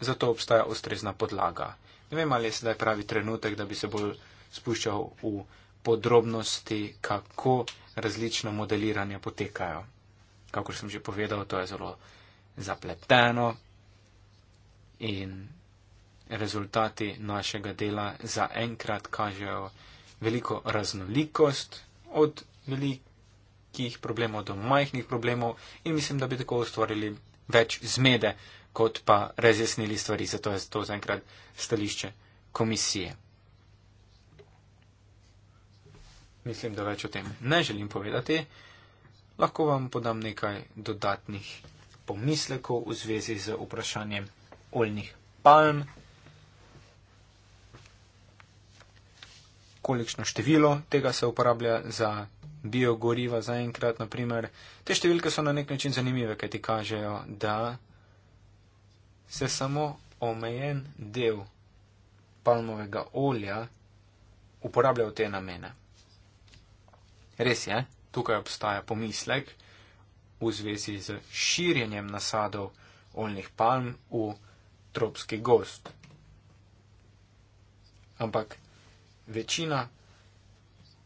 za to obstaja ustrezna podlaga. Ne vem, ali je sedaj pravi trenutek, da bi se bolj spuščal v podrobnosti, kako različna modeliranja potekajo. Kakor sem že povedal, to je zelo zapleteno in rezultati našega dela zaenkrat kažejo veliko raznolikost od velikih problemov do majhnih problemov in mislim, da bi tako ustvarili več zmede, kot pa razjasnili stvari. Zato je to zaenkrat stališče komisije. Mislim, da več o tem ne želim povedati. Lahko vam podam nekaj dodatnih pomislekov v zvezi z vprašanjem oljnih palm kolikšno število tega se uporablja za biogoriva zaenkrat. Te številke so na nek način zanimive, kaj ti kažejo, da se samo omejen del palmovega olja uporablja v te namene. Res je, tukaj obstaja pomislek v zvezi z širjenjem nasadov oljnih palm v tropski gost. Ampak večina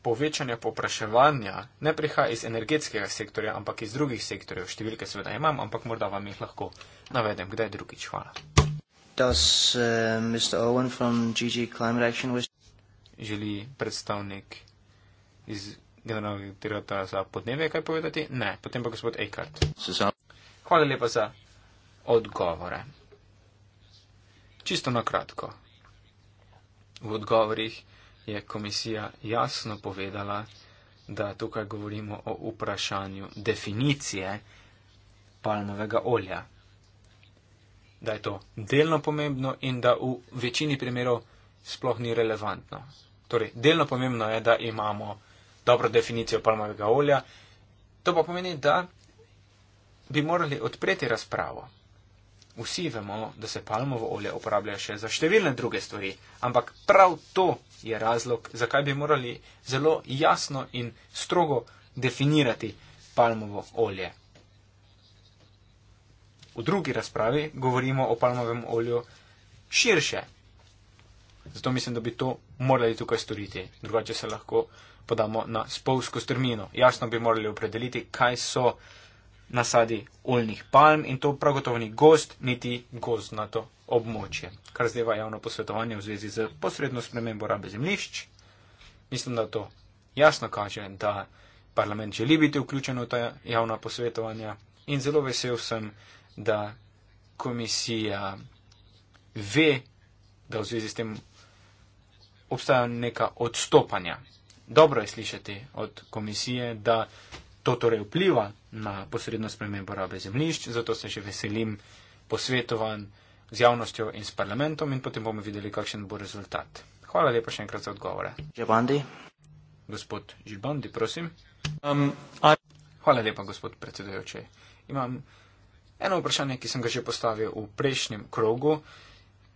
povečanja popraševanja ne prihaja iz energetskega sektorja, ampak iz drugih sektorjev. Številke seveda imam, ampak morda vam jih lahko navedem, kdaj drugič. Hvala. Does, uh, Mr. Owen from GG Climate Action wish... Želi predstavnik iz generalnega direktorata za podnebje kaj povedati? Ne, potem pa gospod Eckhart. Hvala lepa za odgovore. Čisto na kratko. V odgovorih je komisija jasno povedala, da tukaj govorimo o vprašanju definicije palmovega olja. Da je to delno pomembno in da v večini primerov sploh ni relevantno. Torej, delno pomembno je, da imamo dobro definicijo palmovega olja. To pa pomeni, da bi morali odpreti razpravo, Vsi vemo, da se palmovo olje uporablja še za številne druge stvari, ampak prav to je razlog, zakaj bi morali zelo jasno in strogo definirati palmovo olje. V drugi razpravi govorimo o palmovem olju širše. Zato mislim, da bi to morali tukaj storiti. Drugače se lahko podamo na spolsko strmino. Jasno bi morali opredeliti, kaj so nasadi oljnih palm in to prav gotovo ni gost, niti gozdnato območje, kar zdaj je javno posvetovanje v zvezi z posredno spremembo rabe zemljišč. Mislim, da to jasno kaže, da parlament želi biti vključen v ta javna posvetovanja in zelo vesel sem, da komisija ve, da v zvezi s tem obstajajo neka odstopanja. Dobro je slišati od komisije, da To torej vpliva na posredno spremembo rabe zemljišč, zato se že veselim posvetovan z javnostjo in s parlamentom in potem bomo videli, kakšen bo rezultat. Hvala lepa še enkrat za odgovore. Žibandi. Gospod Žibandi, prosim. Um, I... Hvala lepa, gospod predsedojoče. Imam eno vprašanje, ki sem ga že postavil v prejšnjem krogu.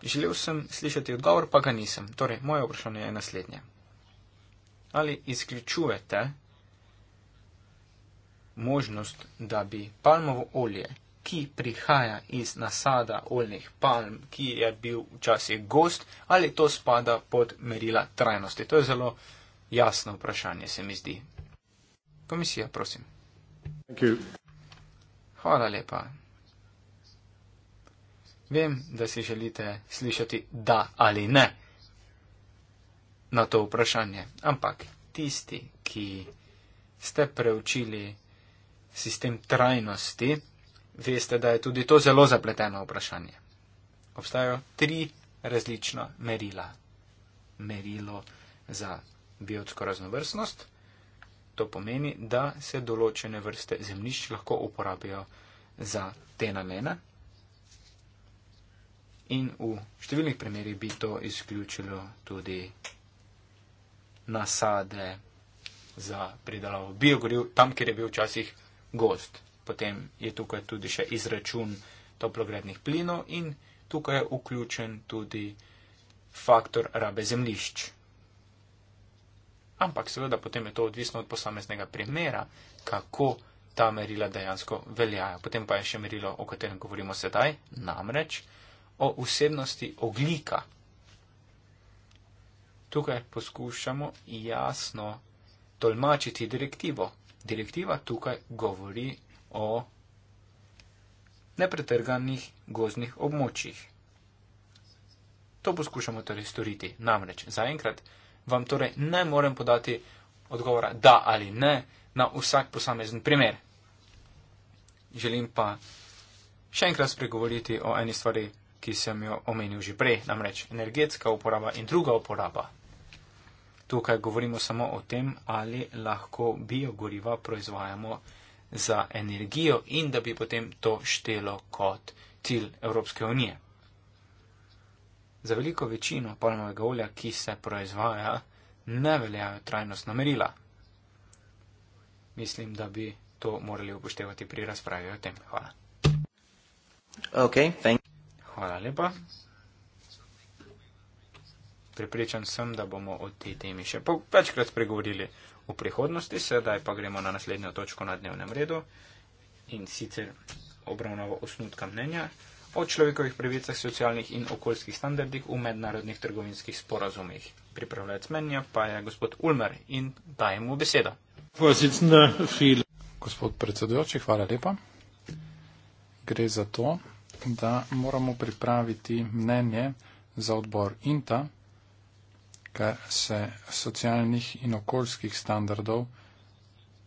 Želel sem slišati odgovor, pa ga nisem. Torej, moje vprašanje je naslednje. Ali izključujete možnost, da bi palmovo olje, ki prihaja iz nasada oljnih palm, ki je bil včasih gost, ali to spada pod merila trajnosti. To je zelo jasno vprašanje, se mi zdi. Komisija, prosim. Hvala lepa. Vem, da si želite slišati da ali ne na to vprašanje, ampak tisti, ki ste preučili sistem trajnosti, veste, da je tudi to zelo zapleteno vprašanje. Obstajajo tri različna merila. Merilo za biotsko raznovrstnost, to pomeni, da se določene vrste zemljišč lahko uporabijo za te namene. In v številnih primerjih bi to izključilo tudi nasade za pridelavo biogoriv, tam, kjer je bil včasih gost. Potem je tukaj tudi še izračun toplogrednih plinov in tukaj je vključen tudi faktor rabe zemlišč. Ampak seveda potem je to odvisno od posameznega primera, kako ta merila dejansko veljajo. Potem pa je še merilo, o katerem govorimo sedaj, namreč o vsebnosti oglika. Tukaj poskušamo jasno tolmačiti direktivo, Direktiva tukaj govori o nepretrganih gozdnih območjih. To poskušamo torej storiti. Namreč, zaenkrat vam torej ne morem podati odgovora da ali ne na vsak posamezen primer. Želim pa še enkrat spregovoriti o eni stvari, ki sem jo omenil že prej, namreč energetska uporaba in druga uporaba. Tukaj govorimo samo o tem, ali lahko biogoriva proizvajamo za energijo in da bi potem to štelo kot cilj Evropske unije. Za veliko večino palmovega olja, ki se proizvaja, ne veljajo trajnostna merila. Mislim, da bi to morali upoštevati pri razpravi o tem. Hvala. Okay, Hvala lepa. Pripričan sem, da bomo o tej temi še večkrat spregovorili v prihodnosti, sedaj pa gremo na naslednjo točko na dnevnem redu in sicer obravnavo osnutka mnenja o človekovih pravicah, socialnih in okoljskih standardih v mednarodnih trgovinskih sporazumih. Pripravljajc mnenja pa je gospod Ulmer in dajem mu besedo. Gospod predsedujoči, hvala lepa. Gre za to, da moramo pripraviti mnenje za odbor INTA kar se socialnih in okoljskih standardov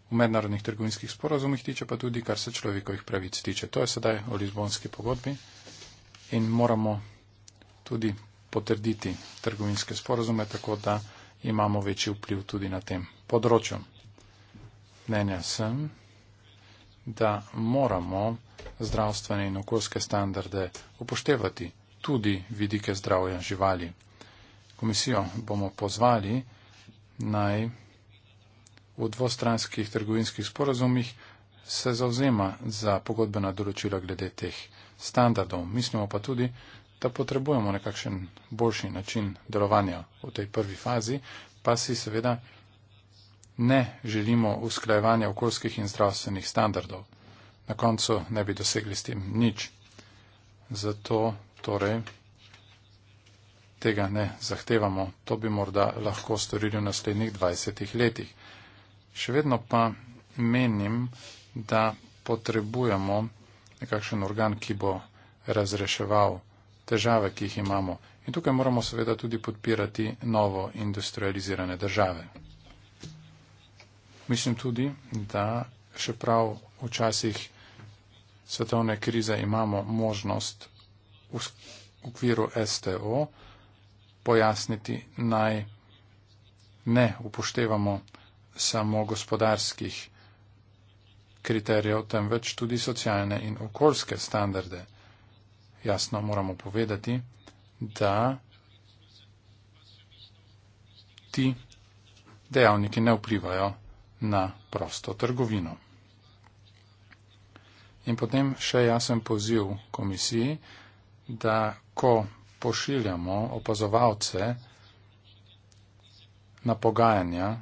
v mednarodnih trgovinskih sporazumih tiče, pa tudi kar se človekovih pravic tiče. To je sedaj o Lizbonski pogodbi in moramo tudi potrditi trgovinske sporazume, tako da imamo večji vpliv tudi na tem področju. Mnenja sem, da moramo zdravstvene in okoljske standarde upoštevati tudi vidike zdravja živali komisijo bomo pozvali naj v dvostranskih trgovinskih sporazumih se zauzema za pogodbena določila glede teh standardov. Mislimo pa tudi, da potrebujemo nekakšen boljši način delovanja v tej prvi fazi, pa si seveda ne želimo usklajevanja okoljskih in zdravstvenih standardov. Na koncu ne bi dosegli s tem nič. Zato torej tega ne zahtevamo. To bi morda lahko storili v naslednjih 20 letih. Še vedno pa menim, da potrebujemo nekakšen organ, ki bo razreševal težave, ki jih imamo. In tukaj moramo seveda tudi podpirati novo industrializirane države. Mislim tudi, da še prav včasih svetovne krize imamo možnost v okviru STO pojasniti, naj ne upoštevamo samo gospodarskih kriterijev, temveč tudi socialne in okoljske standarde. Jasno moramo povedati, da ti dejavniki ne vplivajo na prosto trgovino. In potem še jasen poziv komisiji, da ko pošiljamo opazovalce na pogajanja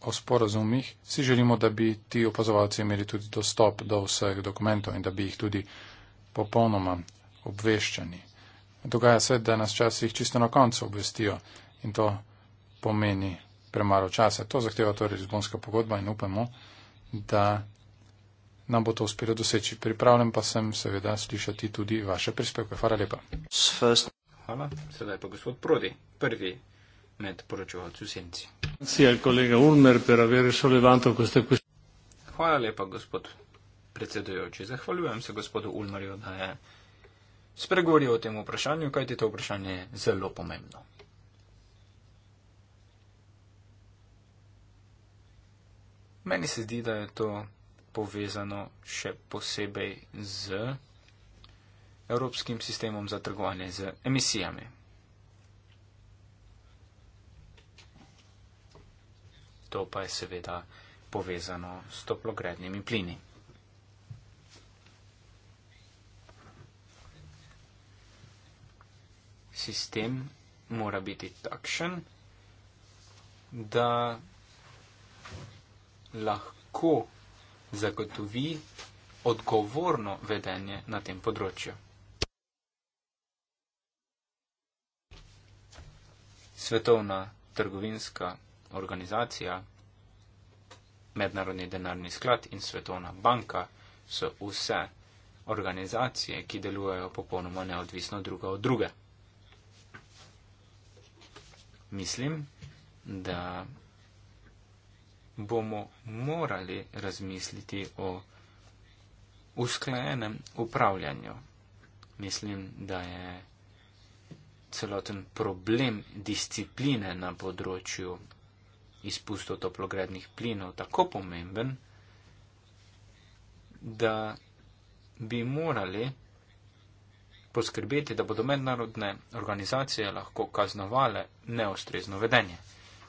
o sporazumih, si želimo, da bi ti opazovalci imeli tudi dostop do vseh dokumentov in da bi jih tudi popolnoma obveščani. Dogaja se, da nas časih čisto na koncu obvestijo in to pomeni premalo časa. To zahteva torej Lizbonska pogodba in upamo, da nam bo to uspelo doseči. Pripravljen pa sem seveda slišati tudi vaše prispevke. Hvala lepa. Hvala. Sedaj pa gospod Prodi, prvi med poročevalci v senci. Hvala lepa, gospod predsedujoči. Zahvaljujem se gospodu Ulmarju, da je spregovoril o tem vprašanju, kajti to vprašanje je zelo pomembno. Meni se zdi, da je to povezano še posebej z Evropskim sistemom za trgovanje z emisijami. To pa je seveda povezano s toplogrednimi plini. Sistem mora biti takšen, da lahko zagotovi odgovorno vedenje na tem področju. Svetovna trgovinska organizacija, Mednarodni denarni sklad in Svetovna banka so vse organizacije, ki delujejo popolnoma neodvisno druga od druge. Mislim, da bomo morali razmisliti o usklajenem upravljanju. Mislim, da je celoten problem discipline na področju izpustov toplogrednih plinov tako pomemben, da bi morali poskrbeti, da bodo mednarodne organizacije lahko kaznovale neostrezno vedenje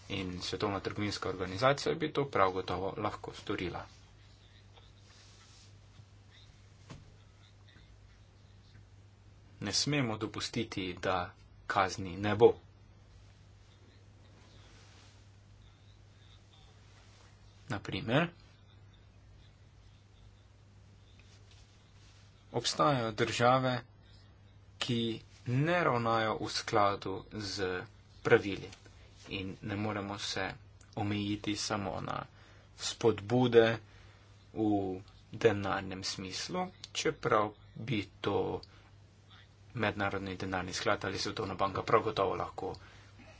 in Svetovna trgovinska organizacija bi to prav gotovo lahko storila. Ne smemo dopustiti, da kazni ne bo. Naprimer, obstajajo države, ki ne ravnajo v skladu z pravili, in ne moremo se omejiti samo na spodbude v denarnem smislu, čeprav bi to Mednarodni denarni sklad ali Svetovna banka prav gotovo lahko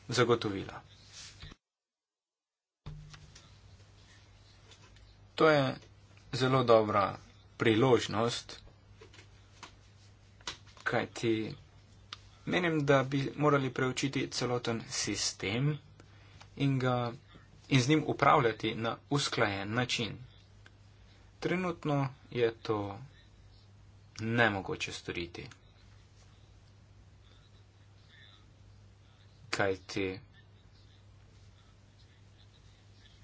zagotovila. To je zelo dobra priložnost, kajti Menim, da bi morali preučiti celoten sistem in, ga, in z njim upravljati na usklajen način. Trenutno je to nemogoče storiti. Kaj ti?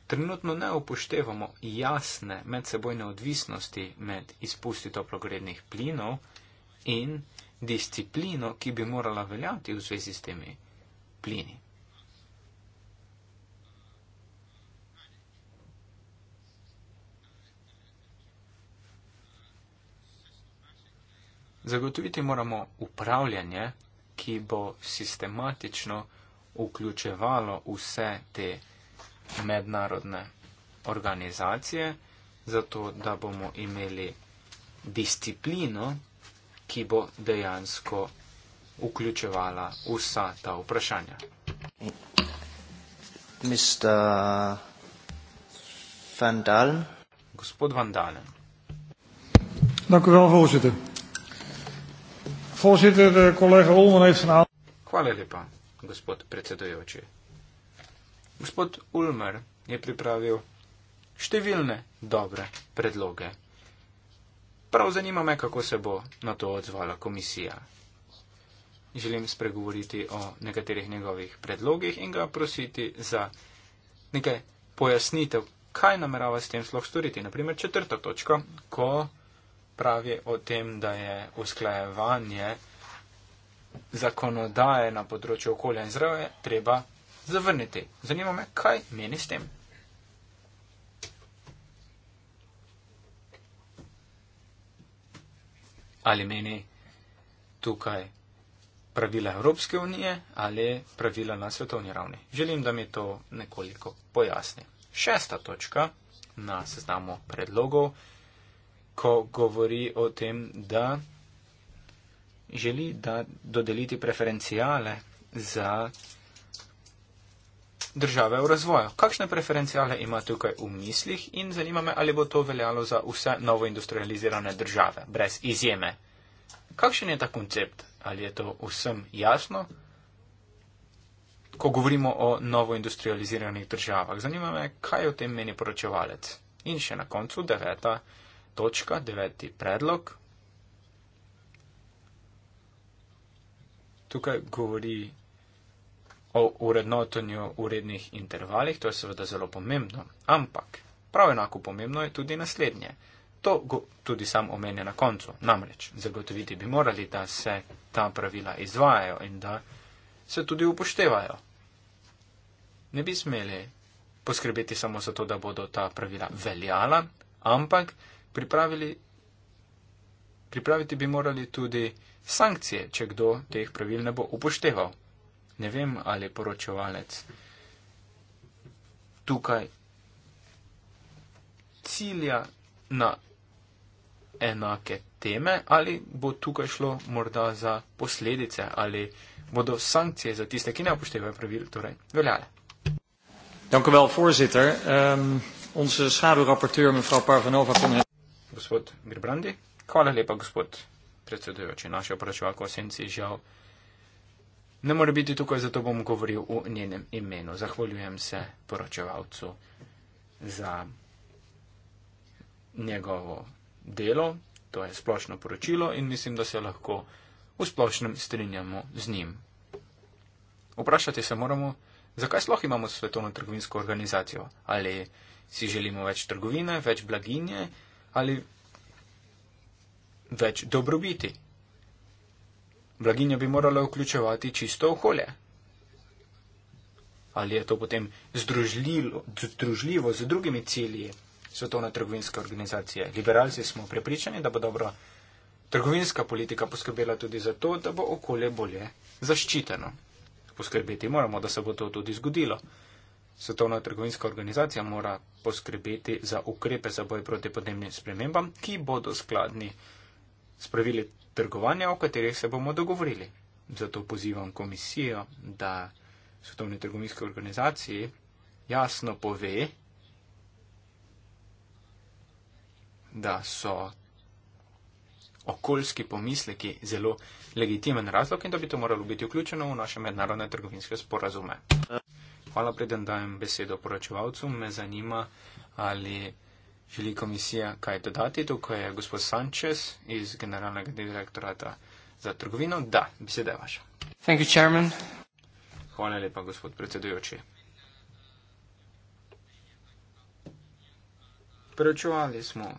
Trenutno ne upoštevamo jasne medsebojne odvisnosti med izpusti toplogrednih plinov in disciplino, ki bi morala veljati v zvezi s temi plini. Zagotoviti moramo upravljanje, ki bo sistematično vključevalo vse te mednarodne organizacije, zato da bomo imeli disciplino, ki bo dejansko vključevala vsa ta vprašanja. Mr. Van Dalen. Gospod Van Dalen. Dank u wel, voorzitter. Voorzitter, de collega Ulman heeft een aantal. Hvala lepa, gospod predsedujoči. Gospod Ulmer je pripravil številne dobre predloge Prav zanima me, kako se bo na to odzvala komisija. Želim spregovoriti o nekaterih njegovih predlogih in ga prositi za nekaj pojasnitev, kaj namerava s tem sloh storiti. Naprimer, četrta točka, ko pravi o tem, da je usklajevanje zakonodaje na področju okolja in zdravja treba zavrniti. Zanima me, kaj meni s tem. ali meni tukaj pravila Evropske unije ali pravila na svetovni ravni. Želim, da mi to nekoliko pojasni. Šesta točka na seznamu predlogov, ko govori o tem, da želi da dodeliti preferencijale za države v razvoju. Kakšne preferencijale ima tukaj v mislih in zanima me, ali bo to veljalo za vse novo industrializirane države, brez izjeme. Kakšen je ta koncept? Ali je to vsem jasno? Ko govorimo o novo industrializiranih državah, zanima me, kaj o tem meni poročevalec. In še na koncu deveta točka, deveti predlog. Tukaj govori o urednotenju urednih intervalih, to je seveda zelo pomembno, ampak prav enako pomembno je tudi naslednje. To tudi sam omenja na koncu. Namreč zagotoviti bi morali, da se ta pravila izvajajo in da se tudi upoštevajo. Ne bi smeli poskrbeti samo za to, da bodo ta pravila veljala, ampak pripravili, pripraviti bi morali tudi sankcije, če kdo teh pravil ne bo upošteval ne vem, ali je poročevalec tukaj cilja na enake teme, ali bo tukaj šlo morda za posledice, ali bodo sankcije za tiste, ki ne upoštevajo pravil, torej veljale. Dank u wel, voorzitter. Um, onze schaduwrapporteur, mevrouw Parvanova, kon... Gospod Gribrandi, hvala lepa, gospod predsedujoči. Naše opračevalko o senci žal ne more biti tukaj, zato bom govoril v njenem imenu. Zahvaljujem se poročevalcu za njegovo delo, to je splošno poročilo in mislim, da se lahko v splošnem strinjamo z njim. Vprašati se moramo, zakaj sploh imamo svetovno trgovinsko organizacijo? Ali si želimo več trgovine, več blaginje ali več dobrobiti? blaginja bi morala vključevati čisto okolje. Ali je to potem združljivo z drugimi cilji svetovne trgovinske organizacije? Liberalci smo prepričani, da bo dobro trgovinska politika poskrbela tudi za to, da bo okolje bolje zaščiteno. Poskrbeti moramo, da se bo to tudi zgodilo. Svetovna trgovinska organizacija mora poskrbeti za ukrepe za boj proti podnebnim spremembam, ki bodo skladni s pravili trgovanja, o katerih se bomo dogovorili. Zato pozivam komisijo, da Svetovni trgovinski organizaciji jasno pove, da so okoljski pomisleki zelo legitimen razlog in da bi to moralo biti vključeno v naše mednarodne trgovinske sporazume. Hvala, preden dajem besedo poročevalcu. Me zanima, ali Želi komisija kaj dodati? Tukaj je gospod Sanchez iz Generalnega direktorata za trgovino. Da, beseda je vaša. Thank you, chairman. Hvala lepa, gospod predsedujoči. Preučevali smo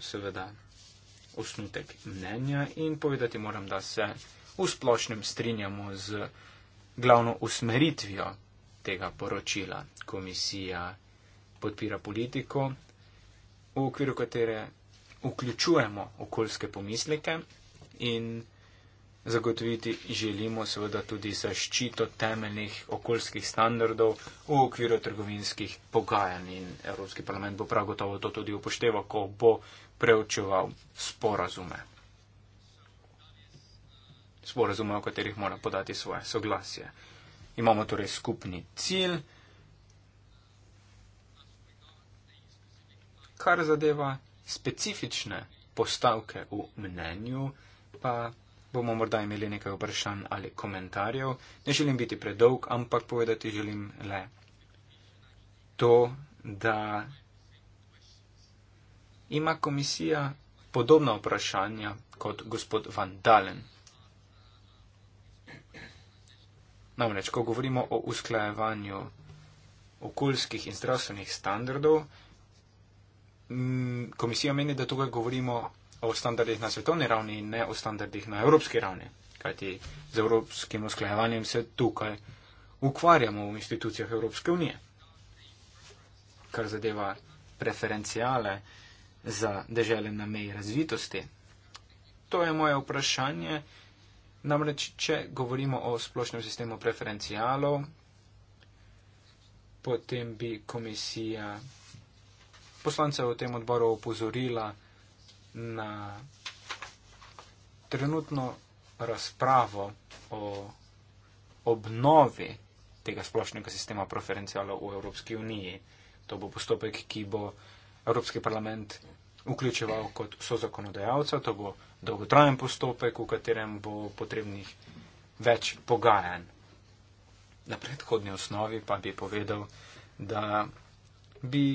seveda osnutek mnenja in povedati moram, da se v splošnem strinjamo z glavno usmeritvijo tega poročila. Komisija podpira politiko v okviru katere vključujemo okoljske pomisleke in zagotoviti želimo seveda tudi zaščito temeljnih okoljskih standardov v okviru trgovinskih pogajanj in Evropski parlament bo prav gotovo to tudi upošteval, ko bo preučeval sporazume. Sporazume, o katerih mora podati svoje soglasje. Imamo torej skupni cilj. kar zadeva specifične postavke v mnenju, pa bomo morda imeli nekaj vprašanj ali komentarjev. Ne želim biti predolg, ampak povedati želim le to, da ima komisija podobna vprašanja kot gospod Van Dalen. Namreč, ko govorimo o usklajevanju okoljskih in zdravstvenih standardov, Mm, komisija meni, da tukaj govorimo o standardih na svetovni ravni in ne o standardih na evropski ravni, kajti z evropskim usklajevanjem se tukaj ukvarjamo v institucijah Evropske unije, kar zadeva preferencijale za države na meji razvitosti. To je moje vprašanje. Namreč, če govorimo o splošnem sistemu preferencijalov, potem bi komisija poslance v tem odboru opozorila na trenutno razpravo o obnovi tega splošnega sistema preferencijala v Evropski uniji. To bo postopek, ki bo Evropski parlament vključeval kot sozakonodajalca, to bo dolgotrajen postopek, v katerem bo potrebnih več pogajanj. Na predhodni osnovi pa bi povedal, da bi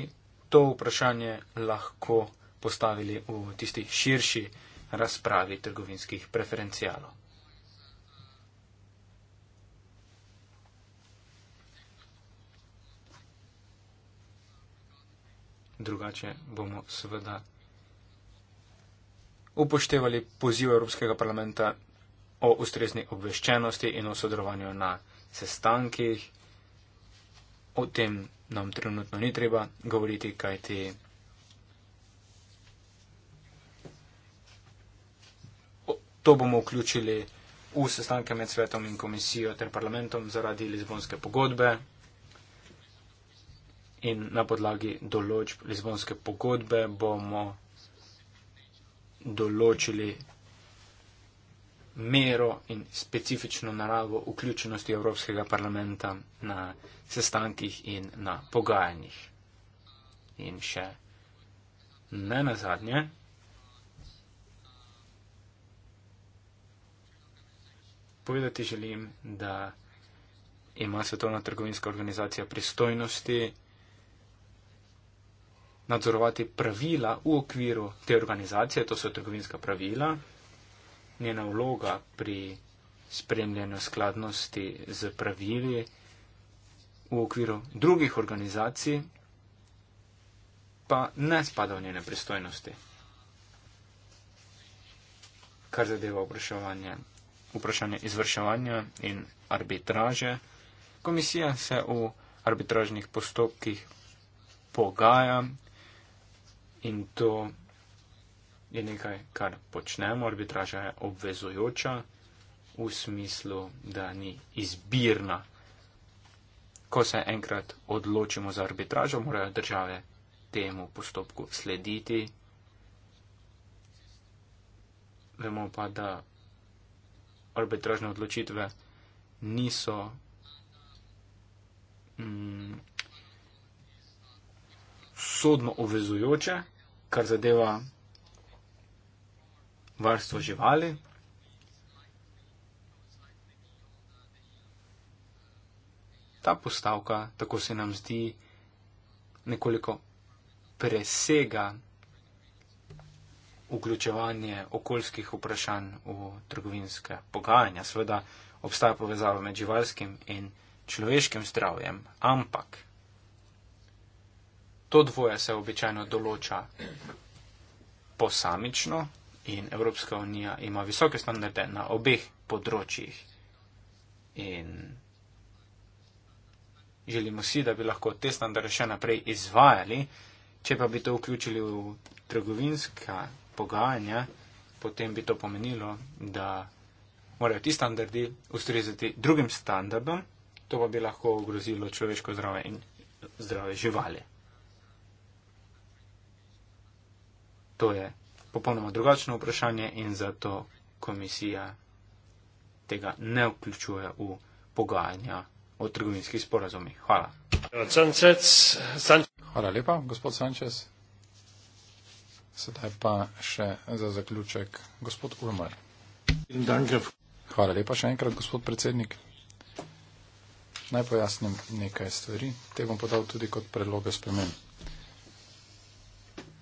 to vprašanje lahko postavili v tisti širši razpravi trgovinskih preferencijalov. Drugače bomo seveda upoštevali poziv Evropskega parlamenta o ustrezni obveščenosti in o sodelovanju na sestankih, o tem, nam trenutno ni treba govoriti, kaj ti to bomo vključili v sestanke med svetom in komisijo ter parlamentom zaradi Lizbonske pogodbe in na podlagi določb Lizbonske pogodbe bomo določili mero in specifično naravo vključenosti Evropskega parlamenta na sestankih in na pogajanjih. In še ne na zadnje. Povedati želim, da ima Svetovna trgovinska organizacija pristojnosti nadzorovati pravila v okviru te organizacije, to so trgovinska pravila, njena vloga pri spremljanju skladnosti z pravili v okviru drugih organizacij pa ne spada v njene pristojnosti. Kar zadeva vprašanje, vprašanje izvrševanja in arbitraže, komisija se v arbitražnih postopkih pogaja in to je nekaj, kar počnemo, arbitraža je obvezujoča v smislu, da ni izbirna. Ko se enkrat odločimo za arbitražo, morajo države temu postopku slediti. Vemo pa, da arbitražne odločitve niso. Mm, sodno obvezujoče, kar zadeva varstvo živali. Ta postavka, tako se nam zdi, nekoliko presega vključevanje okoljskih vprašanj v trgovinske pogajanja. Sveda obstaja povezava med živalskim in človeškim zdravjem, ampak to dvoje se običajno določa posamično, in Evropska unija ima visoke standarde na obeh področjih. In želimo si, da bi lahko te standarde še naprej izvajali, če pa bi to vključili v trgovinska pogajanja, potem bi to pomenilo, da morajo ti standardi ustrezati drugim standardom, to pa bi lahko ogrozilo človeško zdravje in zdrave živali. To je popolnoma drugačno vprašanje in zato komisija tega ne vključuje v pogajanja o trgovinskih sporazumih. Hvala. Hvala lepa, gospod Sančes. Sedaj pa še za zaključek gospod Ulmar. Hvala lepa še enkrat, gospod predsednik. Naj pojasnim nekaj stvari. Te bom podal tudi kot predloge spremen.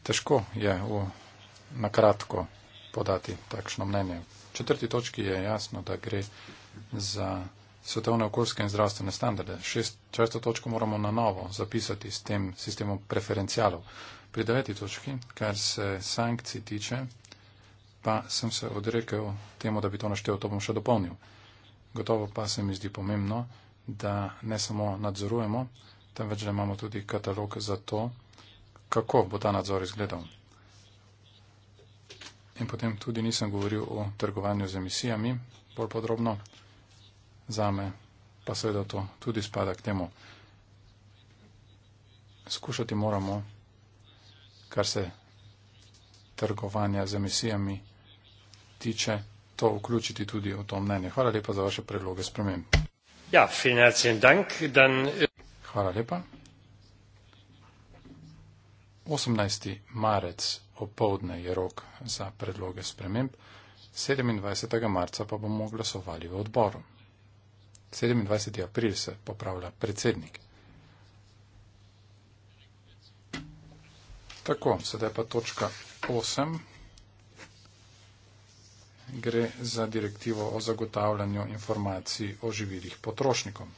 Težko je v na kratko podati takšno mnenje. V četrti točki je jasno, da gre za svetovne okoljske in zdravstvene standarde. Šest, često točko moramo na novo zapisati s tem sistemom preferencialov. Pri deveti točki, kar se sankcij tiče, pa sem se odrekel temu, da bi to naštel, to bom še dopolnil. Gotovo pa se mi zdi pomembno, da ne samo nadzorujemo, temveč da imamo tudi katalog za to, kako bo ta nadzor izgledal. In potem tudi nisem govoril o trgovanju z emisijami bolj podrobno. Za me pa seveda to tudi spada k temu. Skušati moramo, kar se trgovanja z emisijami tiče, to vključiti tudi v to mnenje. Hvala lepa za vaše predloge spremem. Ja, financijen dank. Dan... Äh, Hvala lepa. 18. marec opoldne je rok za predloge sprememb, 27. marca pa bomo glasovali v odboru. 27. april se popravlja predsednik. Tako, sedaj pa točka 8. Gre za direktivo o zagotavljanju informacij o živilih potrošnikom.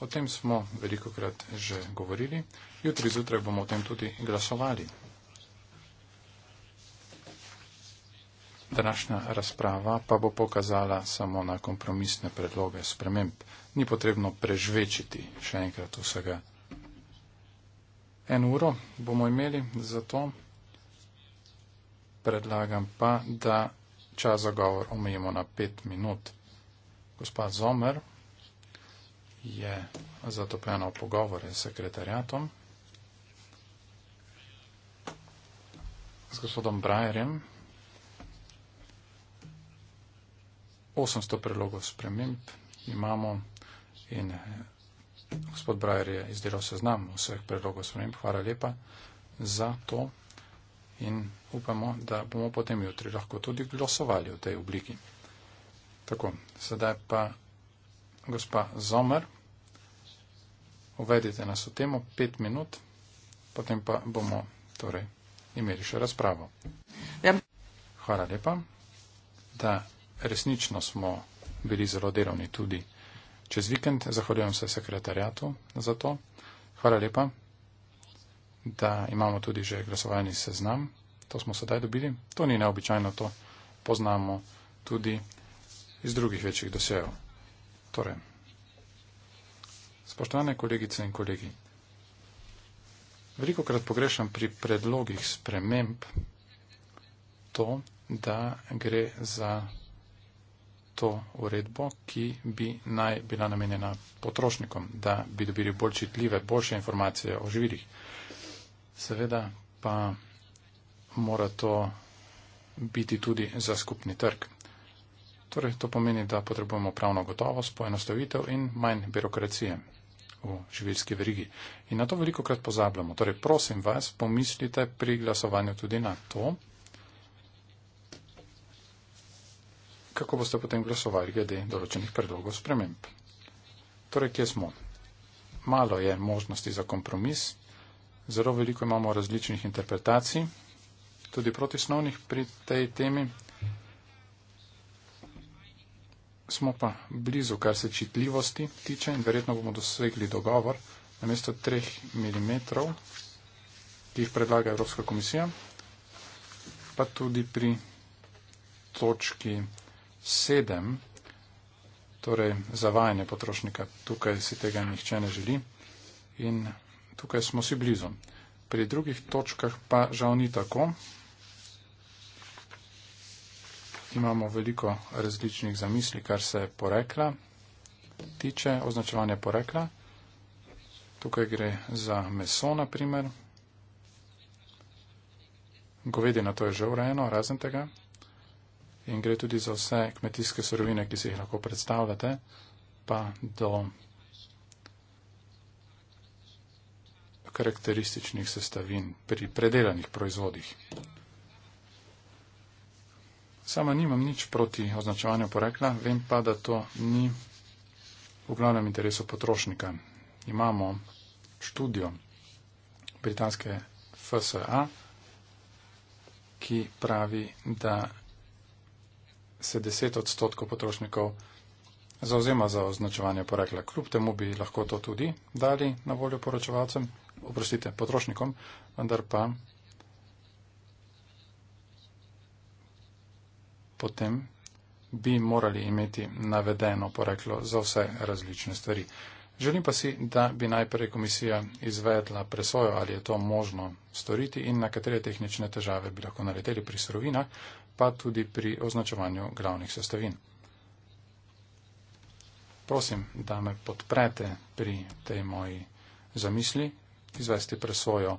O tem smo veliko krat že govorili. Jutri zjutraj bomo o tem tudi glasovali. Današnja razprava pa bo pokazala samo na kompromisne predloge sprememb. Ni potrebno prežvečiti še enkrat vsega. En uro bomo imeli za to. Predlagam pa, da čas za govor omejimo na pet minut. Gospod Zomer je zatopljeno v pogovore s sekretarjatom, s gospodom Brajerjem. 800 predlogov sprememb imamo in eh, gospod Brajer je izdelal seznam vseh predlogov sprememb. Hvala lepa za to in upamo, da bomo potem jutri lahko tudi glasovali v tej obliki. Tako, sedaj pa gospa Zomer uvedite nas v temo pet minut, potem pa bomo torej, imeli še razpravo. Ja. Hvala lepa, da resnično smo bili zelo delovni tudi čez vikend. Zahvaljujem se sekretarjatu za to. Hvala lepa, da imamo tudi že glasovalni seznam. To smo sedaj dobili. To ni neobičajno, to poznamo tudi iz drugih večjih dosejev. Torej, Spoštovane kolegice in kolegi, veliko krat pogrešam pri predlogih sprememb to, da gre za to uredbo, ki bi naj bila namenjena potrošnikom, da bi dobili bolj čitljive, boljše informacije o živilih. Seveda pa mora to biti tudi za skupni trg. Torej, to pomeni, da potrebujemo pravno gotovost, poenostavitev in manj birokracije v živilski verigi. In na to veliko krat pozabljamo. Torej, prosim vas, pomislite pri glasovanju tudi na to, kako boste potem glasovali glede določenih predlogov sprememb. Torej, kje smo? Malo je možnosti za kompromis, zelo veliko imamo različnih interpretacij, tudi protisnovnih pri tej temi smo pa blizu, kar se čitljivosti tiče in verjetno bomo dosegli dogovor. Na mesto 3 mm, ki jih predlaga Evropska komisija, pa tudi pri točki 7, torej zavajanje potrošnika, tukaj si tega nihče ne želi in tukaj smo si blizu. Pri drugih točkah pa žal ni tako imamo veliko različnih zamisli, kar se porekla tiče, označevanje porekla. Tukaj gre za meso, na primer. Govedina to je že urejeno, razen tega. In gre tudi za vse kmetijske sorovine, ki si jih lahko predstavljate, pa do karakterističnih sestavin pri predelanih proizvodih. Sama nimam nič proti označevanju porekla, vem pa, da to ni v glavnem interesu potrošnika. Imamo študijo britanske FSA, ki pravi, da se 10 odstotkov potrošnikov zauzema za označevanje porekla. Kljub temu bi lahko to tudi dali na voljo poročevalcem, oprostite, potrošnikom, vendar pa potem bi morali imeti navedeno poreklo za vse različne stvari. Želim pa si, da bi najprej komisija izvedla presojo, ali je to možno storiti in na katere tehnične težave bi lahko naredili pri surovinah, pa tudi pri označevanju glavnih sestavin. Prosim, da me podprete pri tej moji zamisli, izvesti presojo,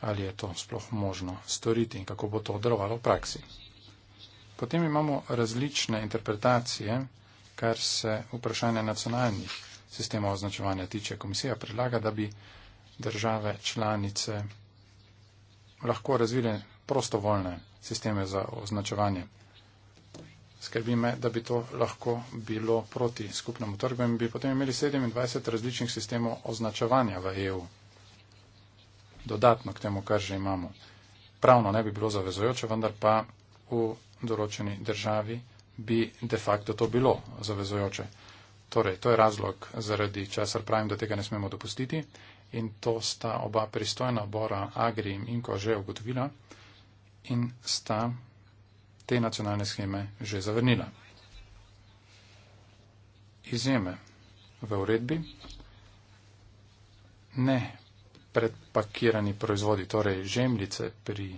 ali je to sploh možno storiti in kako bo to delovalo v praksi. Potem imamo različne interpretacije, kar se vprašanja nacionalnih sistemov označevanja tiče. Komisija predlaga, da bi države članice lahko razvile prostovoljne sisteme za označevanje. Skrbi me, da bi to lahko bilo proti skupnemu trgu in bi potem imeli 27 različnih sistemov označevanja v EU. Dodatno k temu, kar že imamo. Pravno ne bi bilo zavezojoče, vendar pa v določeni državi bi de facto to bilo zavezojoče. Torej, to je razlog, zaradi česar pravim, da tega ne smemo dopustiti in to sta oba pristojna obora Agri in Inko že ugotovila in sta te nacionalne scheme že zavrnila. Izjeme v uredbi, ne predpakirani proizvodi, torej žemljice pri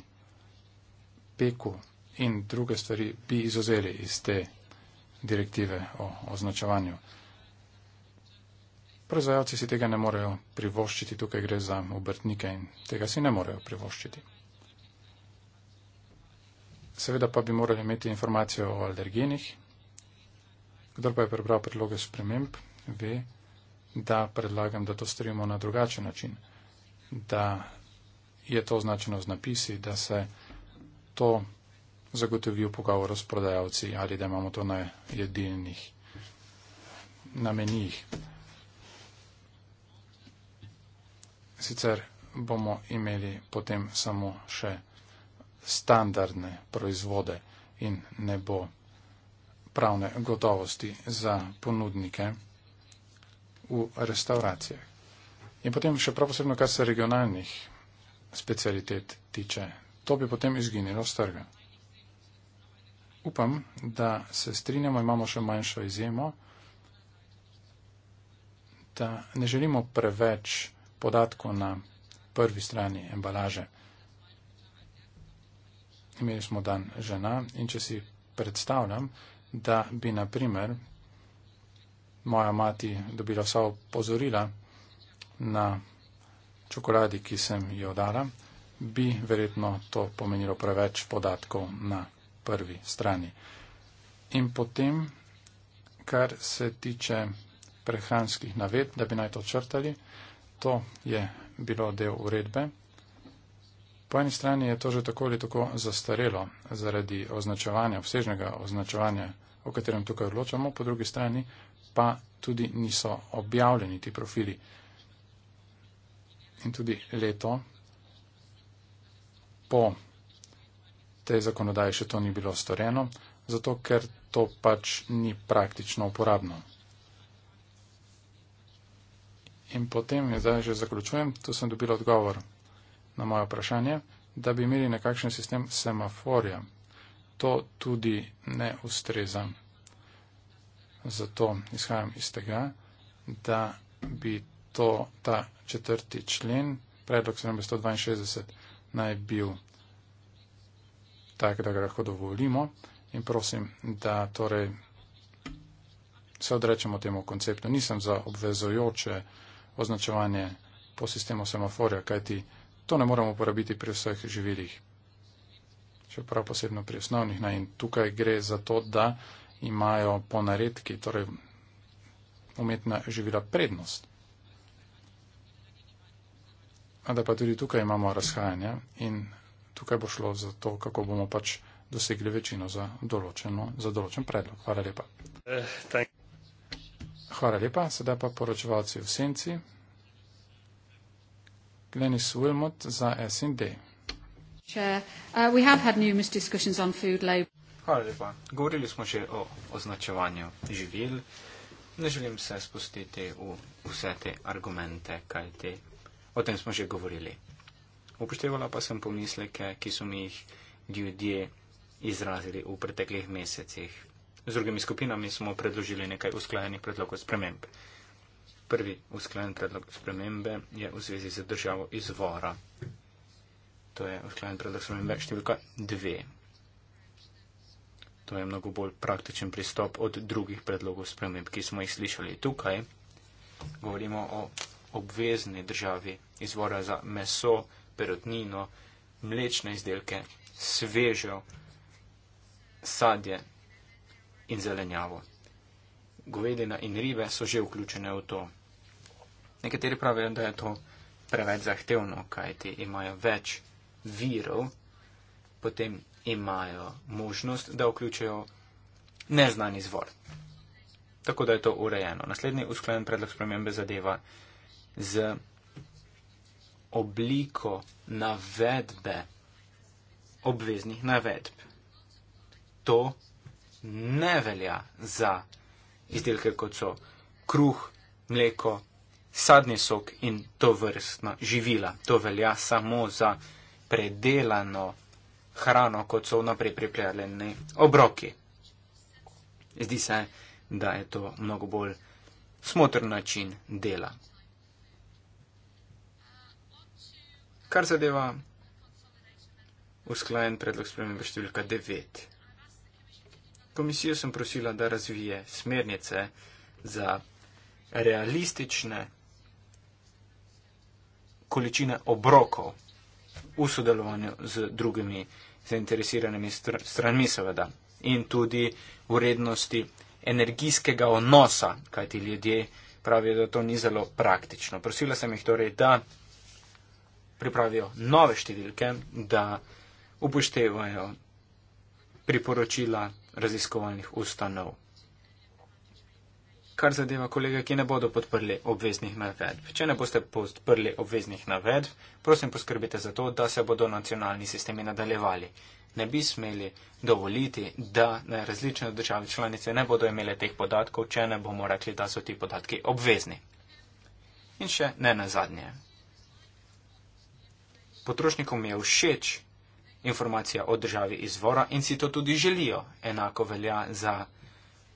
peku in druge stvari bi izuzeli iz te direktive o označevanju. Proizvajalci si tega ne morejo privoščiti, tukaj gre za obrtnike in tega si ne morejo privoščiti. Seveda pa bi morali imeti informacijo o alergenih. Kdor pa je prebral predloge sprememb, ve, da predlagam, da to storimo na drugačen način, da je to označeno z napisi, da se to zagotovil pogovor s prodajalci ali da imamo to na jedilnih namenjih. Sicer bomo imeli potem samo še standardne proizvode in ne bo pravne gotovosti za ponudnike v restauracijah. In potem še prav posebno, kar se regionalnih specialitet tiče, to bi potem izginilo z trga upam, da se strinjamo, imamo še manjšo izjemo, da ne želimo preveč podatkov na prvi strani embalaže. Imeli smo dan žena in če si predstavljam, da bi naprimer moja mati dobila vsa opozorila na čokoladi, ki sem jo dala, bi verjetno to pomenilo preveč podatkov na prvi strani. In potem, kar se tiče prehranskih naved, da bi naj to črtali, to je bilo del uredbe. Po eni strani je to že tako ali tako zastarelo zaradi označevanja, obsežnega označevanja, o katerem tukaj odločamo, po drugi strani pa tudi niso objavljeni ti profili. In tudi leto po tej zakonodaji še to ni bilo storjeno, zato ker to pač ni praktično uporabno. In potem, zdaj že zaključujem, tu sem dobil odgovor na moje vprašanje, da bi imeli nekakšen sistem semaforja. To tudi ne ustreza. Zato izhajam iz tega, da bi to, ta četrti člen, predlog 762, naj bil tak, da ga lahko dovolimo in prosim, da torej se odrečemo temu konceptu. Nisem za obvezojoče označevanje po sistemu semaforja, kajti to ne moremo uporabiti pri vseh živilih, še prav posebno pri osnovnih. Ne? In tukaj gre za to, da imajo po naredki torej umetna živila prednost. A da pa tudi tukaj imamo razhajanje in tukaj bo šlo za to, kako bomo pač dosegli večino za, za določen predlog. Hvala lepa. Hvala lepa. Sedaj pa poročevalci v senci. Glenis Wilmot za SND. Uh, Hvala lepa. Govorili smo že o označevanju živil. Ne želim se spustiti v vse te argumente, kaj te. O tem smo že govorili upoštevala pa sem pomisleke, ki so mi jih ljudje izrazili v preteklih mesecih. Z drugimi skupinami smo predložili nekaj usklajenih predlogov sprememb. Prvi usklajen predlog spremembe je v zvezi z državo izvora. To je usklajen predlog spremembe številka dve. To je mnogo bolj praktičen pristop od drugih predlogov sprememb, ki smo jih slišali tukaj. Govorimo o obvezni državi izvora za meso, perutnino, mlečne izdelke, svežo, sadje in zelenjavo. Govedina in ribe so že vključene v to. Nekateri pravijo, da je to preveč zahtevno, kajti imajo več virov, potem imajo možnost, da vključijo neznan izvor. Tako da je to urejeno. Naslednji usklajen predlog spremembe zadeva z obliko navedbe, obveznih navedb. To ne velja za izdelke, kot so kruh, mleko, sadni sok in to vrstna živila. To velja samo za predelano hrano, kot so vnaprej pripravljeni obroki. Zdi se, da je to mnogo bolj smotr način dela. Kar zadeva usklajen predlog spremembe številka 9. Komisijo sem prosila, da razvije smernice za realistične količine obrokov v sodelovanju z drugimi zainteresiranimi str stranmi, seveda, in tudi urednosti energijskega odnosa, kaj ti ljudje pravijo, da to ni zelo praktično. Prosila sem jih torej, da pripravijo nove številke, da upoštevajo priporočila raziskovalnih ustanov. Kar zadeva kolege, ki ne bodo podprli obveznih navedb. Če ne boste podprli obveznih navedb, prosim poskrbite za to, da se bodo nacionalni sistemi nadaljevali. Ne bi smeli dovoliti, da ne, različne države članice ne bodo imele teh podatkov, če ne bomo rekli, da so ti podatki obvezni. In še ne nazadnje. Potrošnikom je všeč informacija o državi izvora in si to tudi želijo. Enako velja za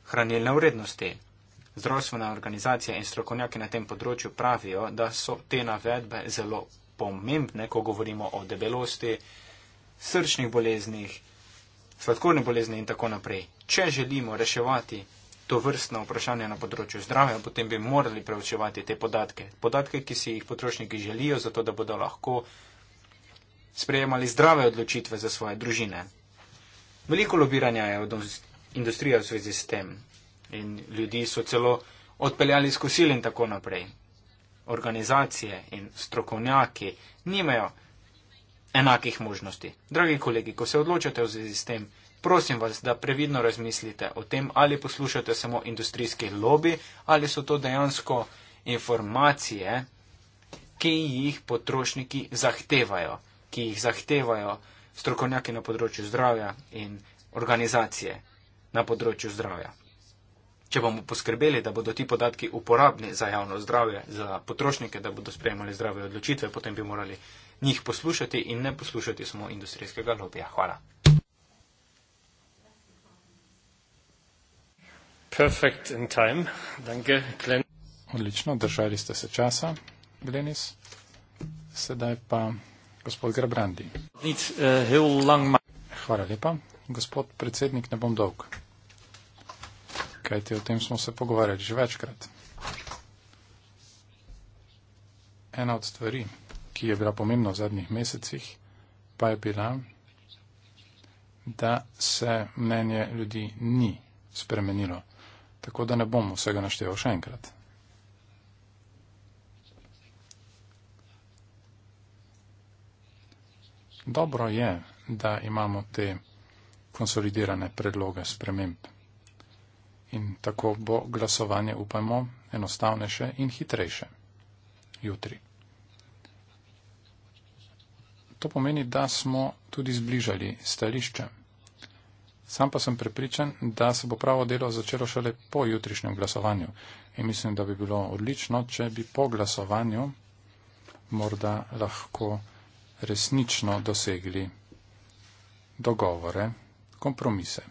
hranilne vrednosti. Zdravstvena organizacija in strokovnjaki na tem področju pravijo, da so te navedbe zelo pomembne, ko govorimo o debelosti, srčnih boleznih, sladkorni bolezni in tako naprej. Če želimo reševati to vrstno vprašanje na področju zdravja, potem bi morali preučevati te podatke. Podatke, ki si jih potrošniki želijo, zato da bodo lahko sprejemali zdrave odločitve za svoje družine. Veliko lobiranja je od industrije v zvezi s tem in ljudi so celo odpeljali iz kosil in tako naprej. Organizacije in strokovnjaki nimajo enakih možnosti. Dragi kolegi, ko se odločate v zvezi s tem, prosim vas, da previdno razmislite o tem, ali poslušate samo industrijski lobby ali so to dejansko informacije, ki jih potrošniki zahtevajo ki jih zahtevajo strokovnjaki na področju zdravja in organizacije na področju zdravja. Če bomo poskrbeli, da bodo ti podatki uporabni za javno zdravje, za potrošnike, da bodo sprejemali zdrave odločitve, potem bi morali njih poslušati in ne poslušati samo industrijskega lobija. Hvala. Danke, Odlično, držali ste se časa, Glenis. Sedaj pa Gospod Grabrandi. Nič, uh, eh, long... Hvala lepa. Gospod predsednik, ne bom dolg. Kajti o tem smo se pogovarjali že večkrat. Ena od stvari, ki je bila pomembna v zadnjih mesecih, pa je bila, da se mnenje ljudi ni spremenilo. Tako da ne bom vsega našteval še enkrat. Dobro je, da imamo te konsolidirane predloge sprememb. In tako bo glasovanje, upajmo, enostavnejše in hitrejše jutri. To pomeni, da smo tudi zbližali stališče. Sam pa sem prepričan, da se bo pravo delo začelo šele po jutrišnjem glasovanju. In mislim, da bi bilo odlično, če bi po glasovanju morda lahko resnično dosegli dogovore, kompromise.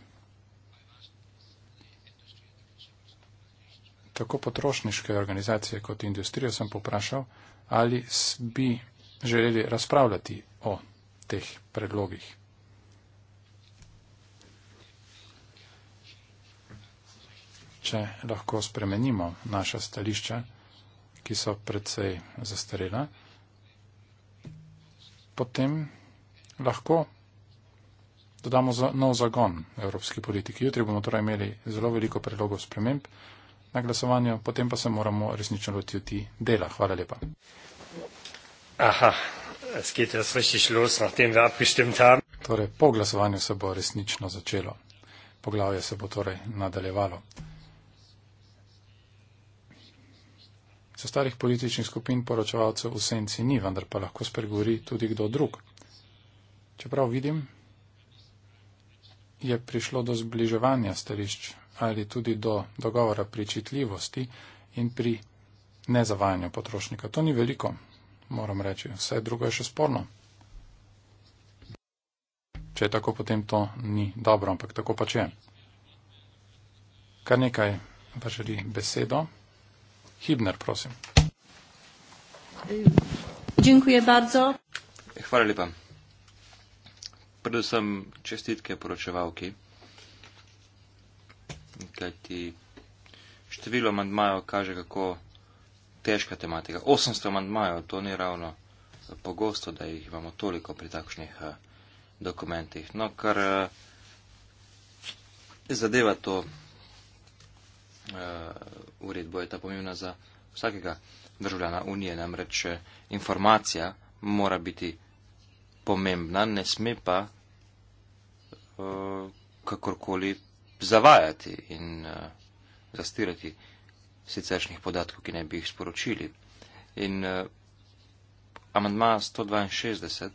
Tako potrošniške organizacije kot industrijo sem poprašal, ali bi želeli razpravljati o teh predlogih. Če lahko spremenimo naša stališča, ki so predvsej zastarela, potem lahko dodamo nov zagon evropski politiki. Jutri bomo torej imeli zelo veliko predlogov sprememb na glasovanju, potem pa se moramo resnično lotiti dela. Hvala lepa. Aha, es geht jetzt richtig los, nachdem wir abgestimmt haben. Torej, po glasovanju se bo resnično začelo. Poglavje se bo torej nadaljevalo. se starih političnih skupin poročevalcev v senci ni, vendar pa lahko spregovori tudi kdo drug. Čeprav vidim, je prišlo do zbliževanja stališč ali tudi do dogovora pri čitljivosti in pri nezavajanju potrošnika. To ni veliko, moram reči. Vse drugo je še sporno. Če je tako, potem to ni dobro, ampak tako pa če je. Kar nekaj pa želi besedo. Hibner, prosim. Dziękuję bardzo. Hvala lepa. Predvsem čestitke poročevalki, kajti število mandmajev kaže, kako težka tematika. 800 mandmajev, to ni ravno pogosto, da jih imamo toliko pri takšnih eh, dokumentih. No, kar eh, zadeva to uh, uredbo je ta pomembna za vsakega državljana Unije. Namreč eh, informacija mora biti pomembna, ne sme pa uh, kakorkoli zavajati in uh, zastirati siceršnjih podatkov, ki ne bi jih sporočili. In uh, amandma 162,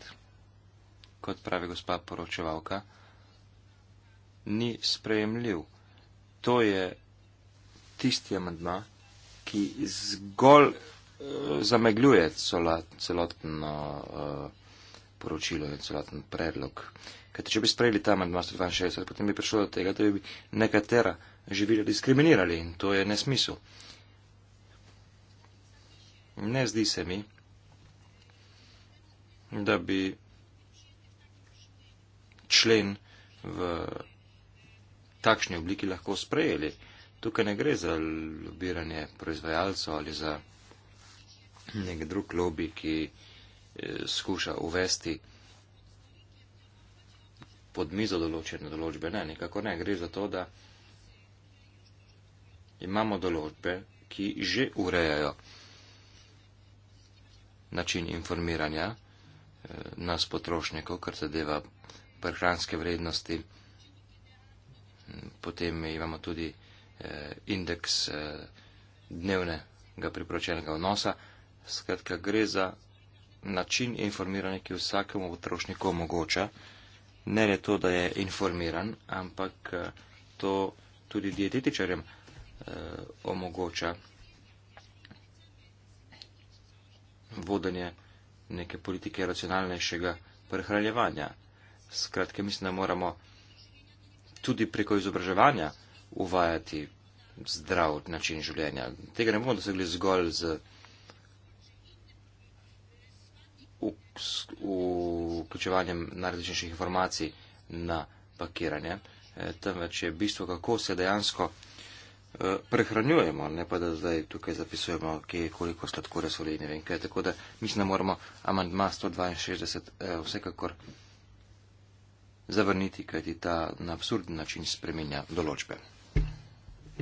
kot pravi gospa poročevalka, ni sprejemljiv. To je tisti amandma, ki zgolj uh, zamegljuje cola, celotno uh, poročilo in celoten predlog. Kajte, če bi sprejeli ta amandma 162, potem bi prišlo do tega, da bi nekatera živila diskriminirali in to je nesmisel. Ne zdi se mi, da bi člen v takšni obliki lahko sprejeli. Tukaj ne gre za lobiranje proizvajalcev ali za nek drug lobby, ki eh, skuša uvesti pod mizo določene določbe. Ne, nekako ne. Gre za to, da imamo določbe, ki že urejajo način informiranja eh, nas potrošnikov, kar zadeva prehranske vrednosti. Potem imamo tudi eh, indeks eh, dnevnega priporočenega vnosa. Skratka, gre za način informiranja, ki vsakemu potrošniku omogoča. Ne le to, da je informiran, ampak eh, to tudi dietetičarjem eh, omogoča vodenje neke politike racionalnejšega prehranjevanja. Skratka, mislim, da moramo tudi preko izobraževanja eh, uvajati zdrav način življenja. Tega ne bomo dosegli zgolj z vključevanjem najrazličnejših informacij na pakiranje, eh, temveč je bistvo, kako se dejansko eh, prehranjujemo, ne pa da zdaj tukaj zapisujemo, kje je koliko sladkorja soli in ne vem kaj. Tako da mislim, da moramo amandma 162 eh, vsekakor zavrniti, kajti ta na absurdni način spreminja določbe.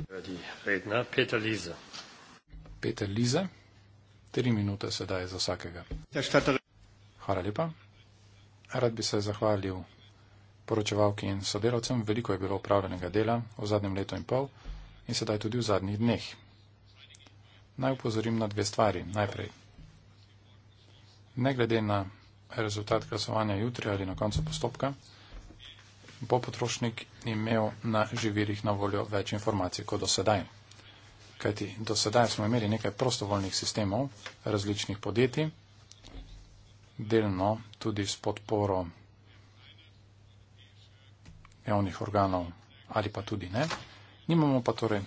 Radi redna, Peter Lize. Peter Lize, tri minute sedaj za vsakega. Hvala lepa. Rad bi se zahvalil poročevalki in sodelavcem. Veliko je bilo upravljenega dela v zadnjem letu in pol in sedaj tudi v zadnjih dneh. Naj upozorim na dve stvari. Najprej. Ne glede na rezultat glasovanja jutri ali na koncu postopka, bo potrošnik imel na živirih na voljo več informacij kot do sedaj. Kajti do sedaj smo imeli nekaj prostovoljnih sistemov različnih podjetij, delno tudi s podporo javnih organov ali pa tudi ne. Nimamo pa torej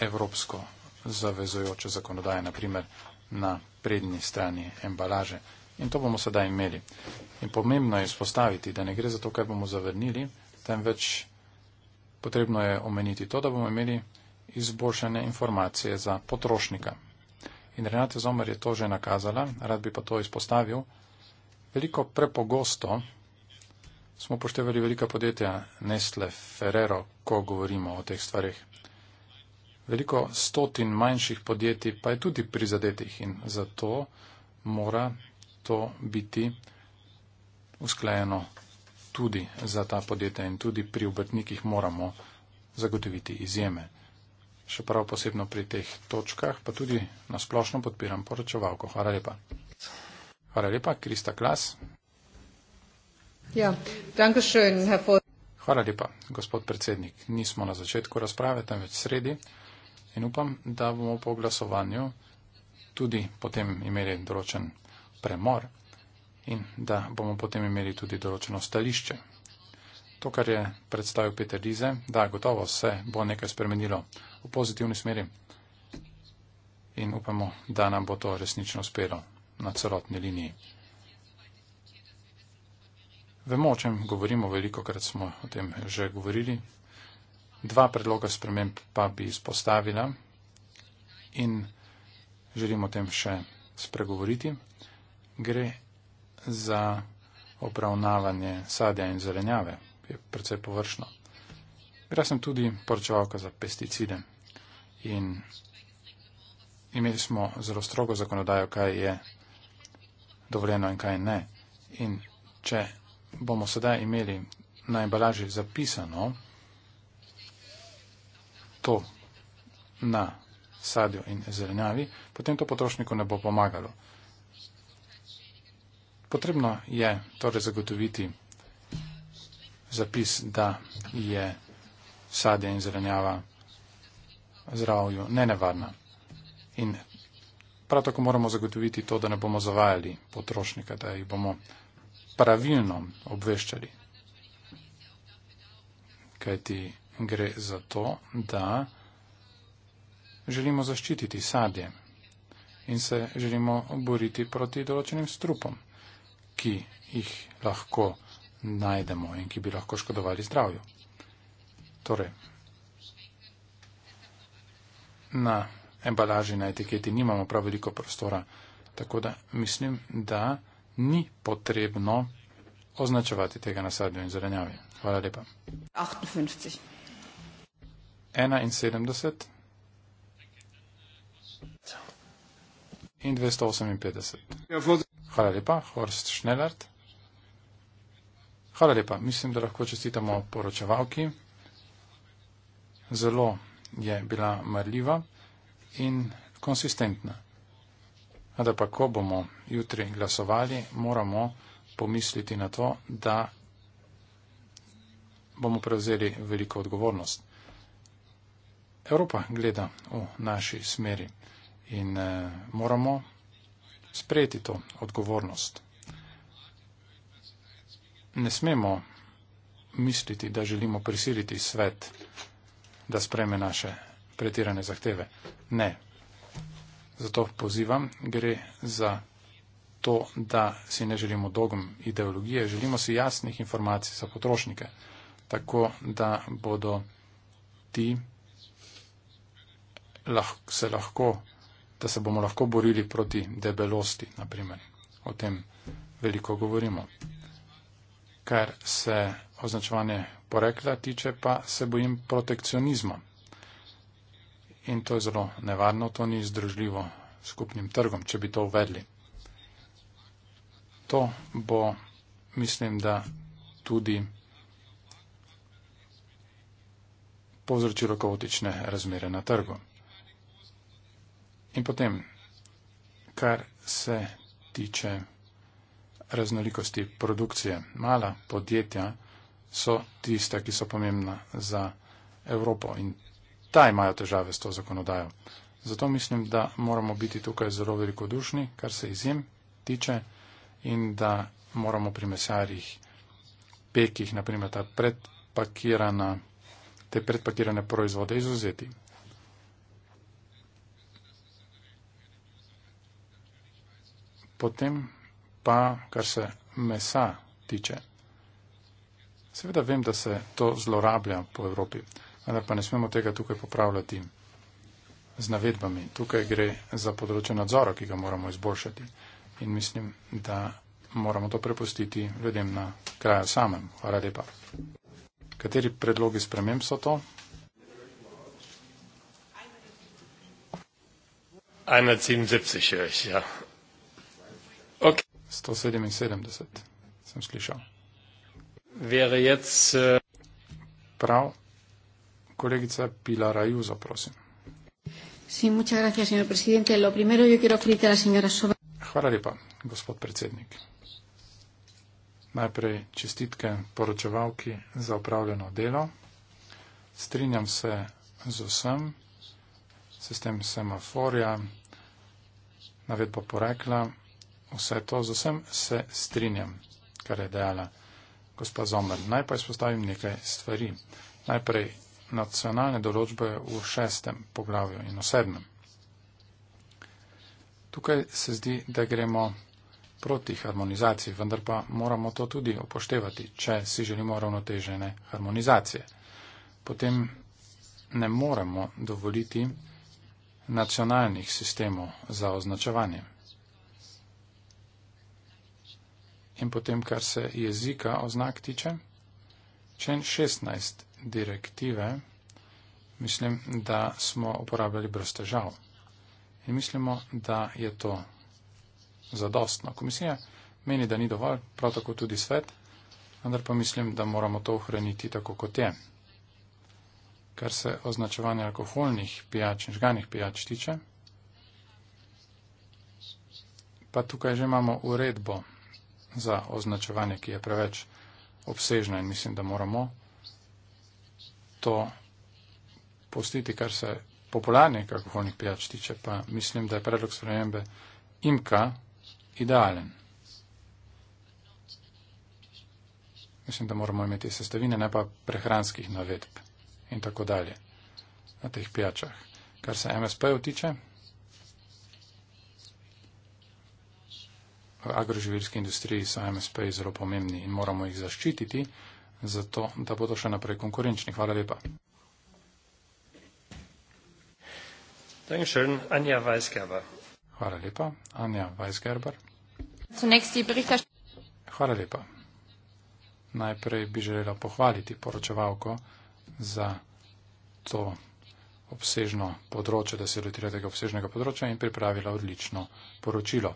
evropsko zavezojoče zakonodaje, naprimer na prednji strani embalaže in to bomo sedaj imeli. In pomembno je spostaviti, da ne gre za to, kar bomo zavrnili, temveč potrebno je omeniti to, da bomo imeli izboljšane informacije za potrošnika. In Renate Zomer je to že nakazala, rad bi pa to izpostavil. Veliko prepogosto smo poštevali velika podjetja Nestle, Ferrero, ko govorimo o teh stvarih. Veliko stotin manjših podjetij pa je tudi prizadetih in zato mora to biti usklajeno tudi za ta podjetja in tudi pri obrtnikih moramo zagotoviti izjeme. Še prav posebno pri teh točkah, pa tudi na splošno podpiram poročevalko. Hvala lepa. Hvala lepa, Krista Klas. Ja, dankeschön, Herr Vod. Hvala lepa, gospod predsednik. Nismo na začetku razprave, temveč sredi in upam, da bomo po glasovanju tudi potem imeli določen premor in da bomo potem imeli tudi določeno stališče. To, kar je predstavil Peter Dize, da gotovo se bo nekaj spremenilo v pozitivni smeri in upamo, da nam bo to resnično uspelo na celotni liniji. Vemo, o čem govorimo, veliko krat smo o tem že govorili. Dva predloga sprememb pa bi izpostavila in želimo o tem še spregovoriti gre za obravnavanje sadja in zelenjave, je precej površno. Bila sem tudi poročevalka za pesticide in imeli smo zelo strogo zakonodajo, kaj je dovoljeno in kaj ne. In če bomo sedaj imeli na embalaži zapisano to na sadju in zelenjavi, potem to potrošniku ne bo pomagalo. Potrebno je torej zagotoviti zapis, da je sadje in zelenjava zdravju nenevarna. In prav tako moramo zagotoviti to, da ne bomo zavajali potrošnika, da jih bomo pravilno obveščali. Kaj ti gre za to, da želimo zaščititi sadje in se želimo boriti proti določenim strupom ki jih lahko najdemo in ki bi lahko škodovali zdravju. Torej, na embalaži, na etiketi nimamo prav veliko prostora, tako da mislim, da ni potrebno označevati tega na sadju in zelenjavi. Hvala lepa. 71 in 278. Hvala lepa, Horst Schnellert. Hvala lepa, mislim, da lahko čestitamo poročevalki. Zelo je bila marljiva in konsistentna. A da pa, ko bomo jutri glasovali, moramo pomisliti na to, da bomo prevzeli veliko odgovornost. Evropa gleda v naši smeri in eh, moramo sprejeti to odgovornost. Ne smemo misliti, da želimo prisiliti svet, da spreme naše pretirane zahteve. Ne. Zato pozivam, gre za to, da si ne želimo dogm ideologije, želimo si jasnih informacij za potrošnike, tako da bodo ti lahko, se lahko da se bomo lahko borili proti debelosti, naprimer. O tem veliko govorimo. Kar se označevanje porekla tiče, pa se bojim protekcionizma. In to je zelo nevarno, to ni združljivo skupnim trgom, če bi to uvedli. To bo, mislim, da tudi povzročilo kaotične razmere na trgu. In potem, kar se tiče raznolikosti produkcije, mala podjetja so tiste, ki so pomembna za Evropo in ta imajo težave s to zakonodajo. Zato mislim, da moramo biti tukaj zelo velikodušni, kar se izjem tiče in da moramo pri mesarjih, pekih, naprimer ta predpakirana, te predpakirane proizvode izuzeti. potem pa, kar se mesa tiče. Seveda vem, da se to zlorablja po Evropi, vendar pa ne smemo tega tukaj popravljati z navedbami. Tukaj gre za področje nadzora, ki ga moramo izboljšati. In mislim, da moramo to prepustiti ljudem na kraju samem. Hvala lepa. Kateri predlogi sprememb so to? Einer 77, ja. 177, sem slišal. Vere jec. Äh, Prav. Kolegica Pilar Ajuza, prosim. Sí, muchas gracias, señor presidente. Lo primero yo quiero felicitar a la señora Sobe. Hvala lepa, gospod predsednik. Najprej čestitke poročevalki za upravljeno delo. Strinjam se z vsem, sistem semaforja, navedbo porekla. Vse to z vsem se strinjam, kar je dejala gospa Zomer. Naj pa izpostavim nekaj stvari. Najprej nacionalne določbe v šestem poglavju in v sedmem. Tukaj se zdi, da gremo proti harmonizaciji, vendar pa moramo to tudi upoštevati, če si želimo ravnotežene harmonizacije. Potem ne moremo dovoliti nacionalnih sistemov za označevanje. in potem, kar se jezika oznak tiče. Člen 16 direktive mislim, da smo uporabljali brez težav. In mislimo, da je to zadostno. Komisija meni, da ni dovolj, prav tako tudi svet, vendar pa mislim, da moramo to ohraniti tako, kot je. Kar se označevanja alkoholnih pijač in žganih pijač tiče, pa tukaj že imamo uredbo za označevanje, ki je preveč obsežna in mislim, da moramo to postiti, kar se popularnih alkoholnih pijač tiče, pa mislim, da je predlog spremembe imka idealen. Mislim, da moramo imeti sestavine, ne pa prehranskih navedb in tako dalje na teh pijačah. Kar se MSP-ju tiče, agroživilski industriji so MSP zelo pomembni in moramo jih zaščititi, zato da bodo še naprej konkurenčni. Hvala lepa. Dankeschön, Anja Weisgerber. Hvala lepa, Anja Weisgerber. Hvala lepa. Najprej bi želela pohvaliti poročevalko za to obsežno področje, da se je lotila tega obsežnega področja in pripravila odlično poročilo.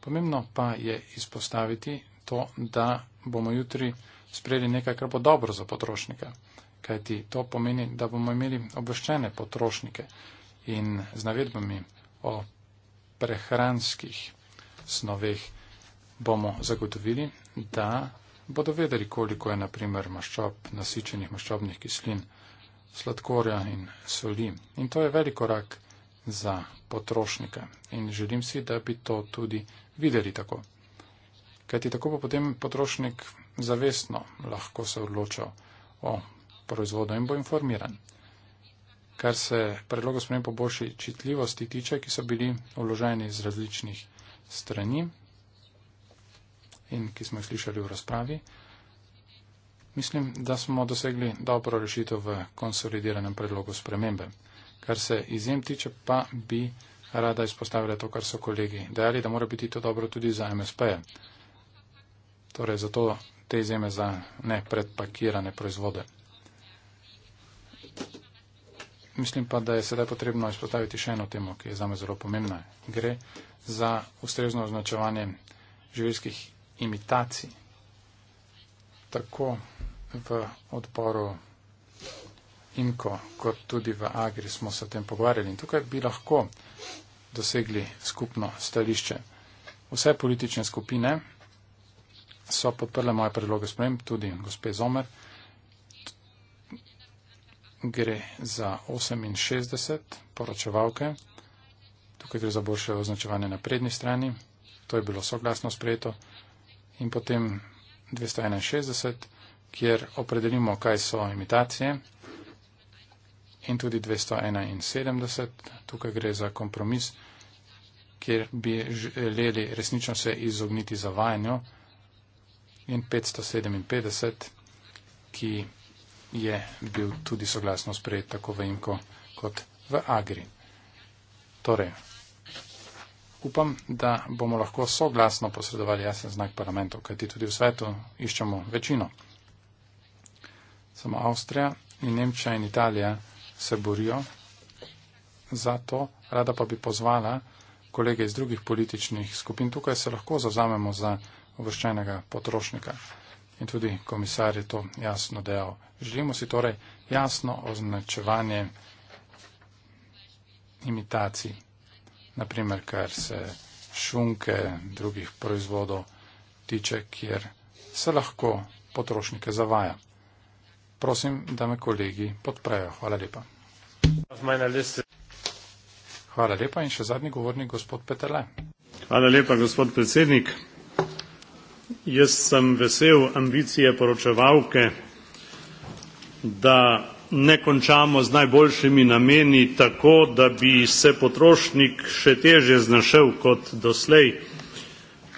Pomembno pa je izpostaviti to, da bomo jutri sprejeli nekaj, kar bo dobro za potrošnika. Kajti to pomeni, da bomo imeli obveščene potrošnike in z navedbami o prehranskih snoveh bomo zagotovili, da bodo vedeli, koliko je naprimer maščob, nasičenih maščobnih kislin, sladkorja in soli. In to je velik korak za potrošnika. In želim si, da bi to tudi videli tako. Ker ti tako pa potem potrošnik zavestno lahko se odloča o proizvodu in bo informiran. Kar se predlogo sprem po boljši čitljivosti tiče, ki so bili vloženi iz različnih strani in ki smo jih slišali v razpravi, mislim, da smo dosegli dobro rešitev v konsolidiranem predlogu spremembe. Kar se izjem tiče, pa bi rada izpostavila to, kar so kolegi dejali, da mora biti to dobro tudi za MSP. -je. Torej, zato te izjeme za nepredpakirane proizvode. Mislim pa, da je sedaj potrebno izpostaviti še eno temo, ki je zame zelo pomembna. Gre za ustrezno označevanje živilskih imitacij. Tako v odporu Inko, kot tudi v Agri smo se o tem pogovarjali in tukaj bi lahko dosegli skupno stališče. Vse politične skupine so podprle moje predloge sprem, tudi gospe Zomer. Gre za 68 poročevalke. Tukaj gre za boljše označevanje na prednji strani. To je bilo soglasno sprejeto. In potem 261, kjer opredelimo, kaj so imitacije in tudi 271. Tukaj gre za kompromis, kjer bi želeli resnično se izogniti zavajanju in 557, ki je bil tudi soglasno sprejet tako v Imko kot v Agri. Torej, upam, da bomo lahko soglasno posredovali jasen znak parlamentov, kajti tudi v svetu iščemo večino. Samo Avstrija in Nemčija in Italija se borijo za to. Rada pa bi pozvala kolege iz drugih političnih skupin. Tukaj se lahko zazamemo za uvrščenega potrošnika. In tudi komisar je to jasno dejal. Želimo si torej jasno označevanje imitacij. Naprimer, kar se šunke drugih proizvodov tiče, kjer se lahko potrošnike zavaja prosim, da me kolegi podprejo. Hvala lepa. Hvala lepa in še zadnji govornik, gospod Petele. Hvala lepa, gospod predsednik. Jaz sem vesel ambicije poročevalke, da ne končamo z najboljšimi nameni tako, da bi se potrošnik še teže znašel kot doslej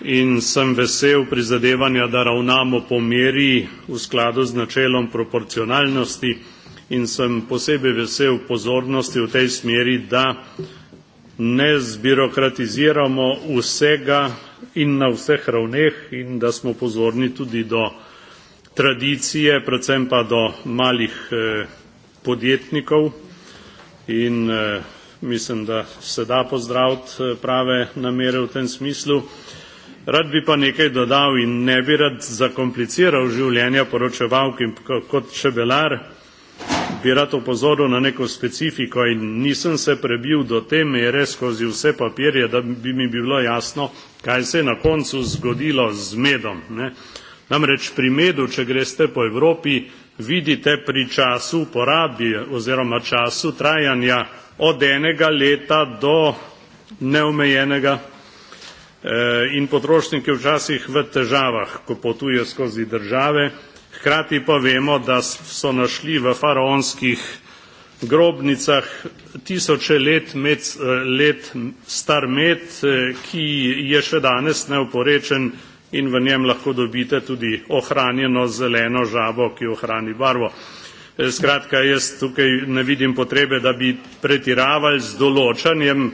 in sem vesel prizadevanja, da ravnamo po meri v skladu z načelom proporcionalnosti in sem posebej vesel pozornosti v tej smeri, da ne zbirokratiziramo vsega in na vseh ravneh in da smo pozorni tudi do tradicije, predvsem pa do malih eh, podjetnikov in eh, mislim, da se da pozdraviti eh, prave namere v tem smislu. Rad bi pa nekaj dodal in ne bi rad zakompliciral življenja poročevalk in kot čebelar bi rad opozoril na neko specifiko in nisem se prebil do te mere skozi vse papirje, da bi mi bilo jasno, kaj se je na koncu zgodilo z medom. Ne. Namreč pri medu, če greste po Evropi, vidite pri času uporabi oziroma času trajanja od enega leta do neomejenega Eh, in potrošniki včasih v težavah, ko potujejo skozi države. Hkrati pa vemo, da so našli v faraonskih grobnicah tisoče let, med, eh, let star med, eh, ki je še danes neoporečen in v njem lahko dobite tudi ohranjeno zeleno žabo, ki ohrani barvo. Skratka, jaz tukaj ne vidim potrebe, da bi pretiravali z določanjem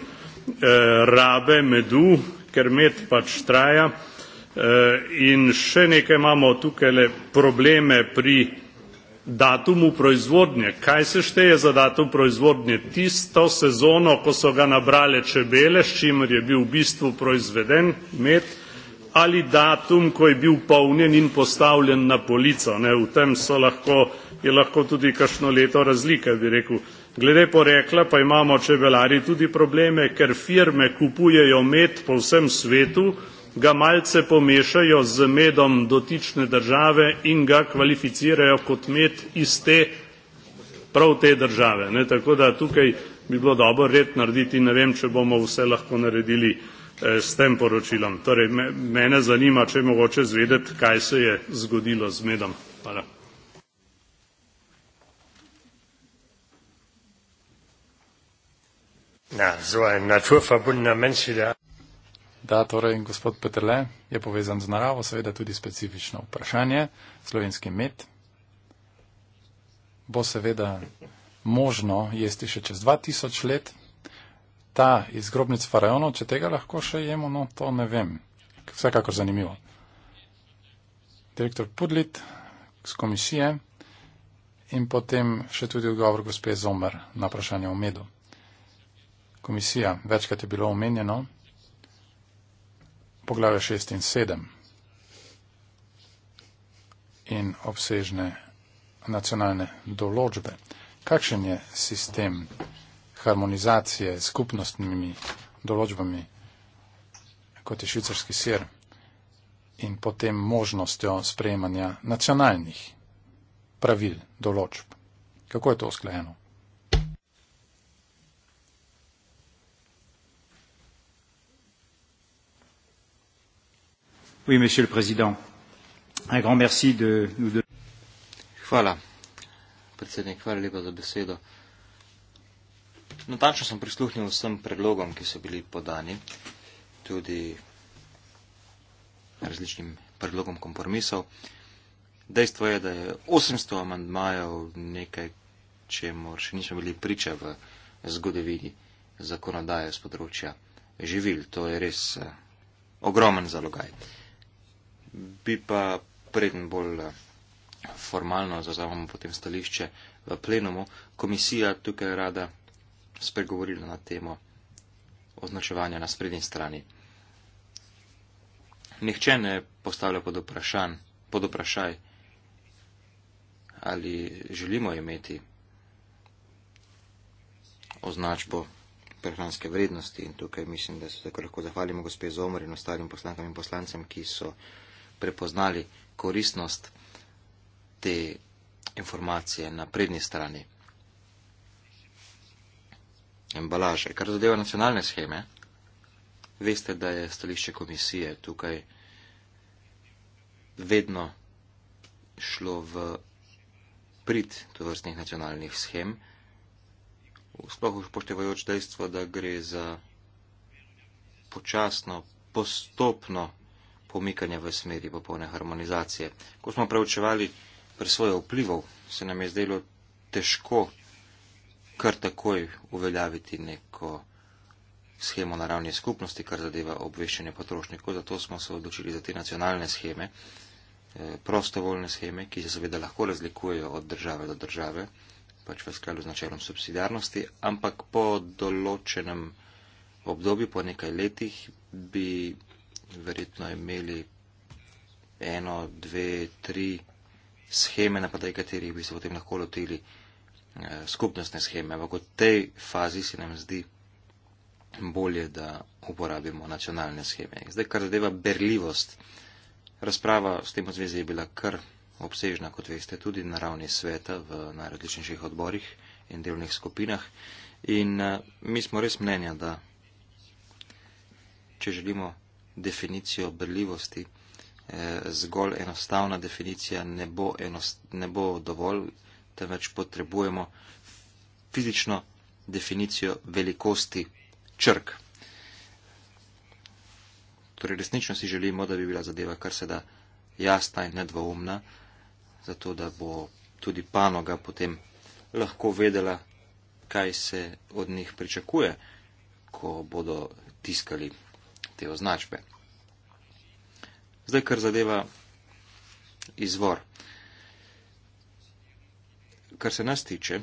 rabe medu, ker med pač traja. Eh, in še nekaj imamo tukaj le probleme pri datumu proizvodnje. Kaj se šteje za datum proizvodnje? Tisto sezono, ko so ga nabrale čebele, s čimer je bil v bistvu proizveden med, ali datum, ko je bil polnjen in postavljen na polico. Ne, v tem so lahko, je lahko tudi kakšno leto razlike, bi rekel. Glede porekla pa imamo čebelari tudi probleme, ker firme kupujejo med po vsem svetu, ga malce pomešajo z medom dotične države in ga kvalificirajo kot med iz te, prav te države. Ne? Tako da tukaj bi bilo dobro red narediti, ne vem, če bomo vse lahko naredili eh, s tem poročilom. Torej, me, mene zanima, če je mogoče zvedeti, kaj se je zgodilo z medom. Hvala. Ja, so ein naturverbundener Mensch wieder. Da, torej, gospod Petrle je povezan z naravo, seveda tudi specifično vprašanje. Slovenski med bo seveda možno jesti še čez 2000 let. Ta iz grobnic faraonov, če tega lahko še jemo, no to ne vem. Vsekakor zanimivo. Direktor Pudlit z komisije in potem še tudi odgovor gospe Zomer na vprašanje o medu komisija, večkrat je bilo omenjeno, poglavje 6 in 7 in obsežne nacionalne določbe. Kakšen je sistem harmonizacije s skupnostnimi določbami, kot je švicarski sir, in potem možnostjo sprejemanja nacionalnih pravil, določb? Kako je to usklajeno? Oui, Monsieur le Président, un grand merci de nous donner. Hvala. Predsednik, hvala lepa za besedo. Natančno sem prisluhnil vsem predlogom, ki so bili podani, tudi različnim predlogom kompromisov. Dejstvo je, da je 800 amandmajev nekaj, če mor še nismo bili priča v zgodovini zakonodaje z področja živil. To je res eh, ogromen zalogaj bi pa preden bolj eh, formalno zazavamo potem stališče v plenumu, komisija tukaj rada spregovorila na temo označevanja na sprednji strani. Nihče ne postavlja pod, pod vprašaj, ali želimo imeti označbo prehranske vrednosti in tukaj mislim, da se tako lahko zahvalimo gospe Zomor in ostalim poslankam in poslancem, ki so prepoznali koristnost te informacije na prednji strani embalaže. Kar zadeva nacionalne scheme, veste, da je stališče komisije tukaj vedno šlo v prid tovrstnih nacionalnih schem, sploh upoštevajoč dejstvo, da gre za počasno, postopno pomikanja v smeri popolne harmonizacije. Ko smo preučevali presvoje vplivov, se nam je zdelo težko kar takoj uveljaviti neko schemo na ravni skupnosti, kar zadeva obveščanje potrošnikov, zato smo se odločili za te nacionalne scheme, eh, prostovoljne scheme, ki se seveda lahko razlikujejo od države do države, pač v skladu z načelom subsidiarnosti, ampak po določenem obdobju, po nekaj letih, bi verjetno imeli eno, dve, tri scheme, na podlagi katerih bi se potem lahko lotili eh, skupnostne scheme. Ampak v tej fazi se nam zdi bolje, da uporabimo nacionalne scheme. Zdaj, kar zadeva berljivost, razprava s tem v zvezi je bila kar obsežna, kot veste, tudi na ravni sveta v najrazličnejših odborih in delovnih skupinah. In eh, mi smo res mnenja, da če želimo definicijo brljivosti. Eh, zgolj enostavna definicija ne bo, enost, ne bo dovolj, temveč potrebujemo fizično definicijo velikosti črk. Torej, resnično si želimo, da bi bila zadeva kar se da jasna in nedvoumna, zato da bo tudi panoga potem lahko vedela, kaj se od njih pričakuje, ko bodo tiskali te označbe. Zdaj, kar zadeva izvor. Kar se nas tiče,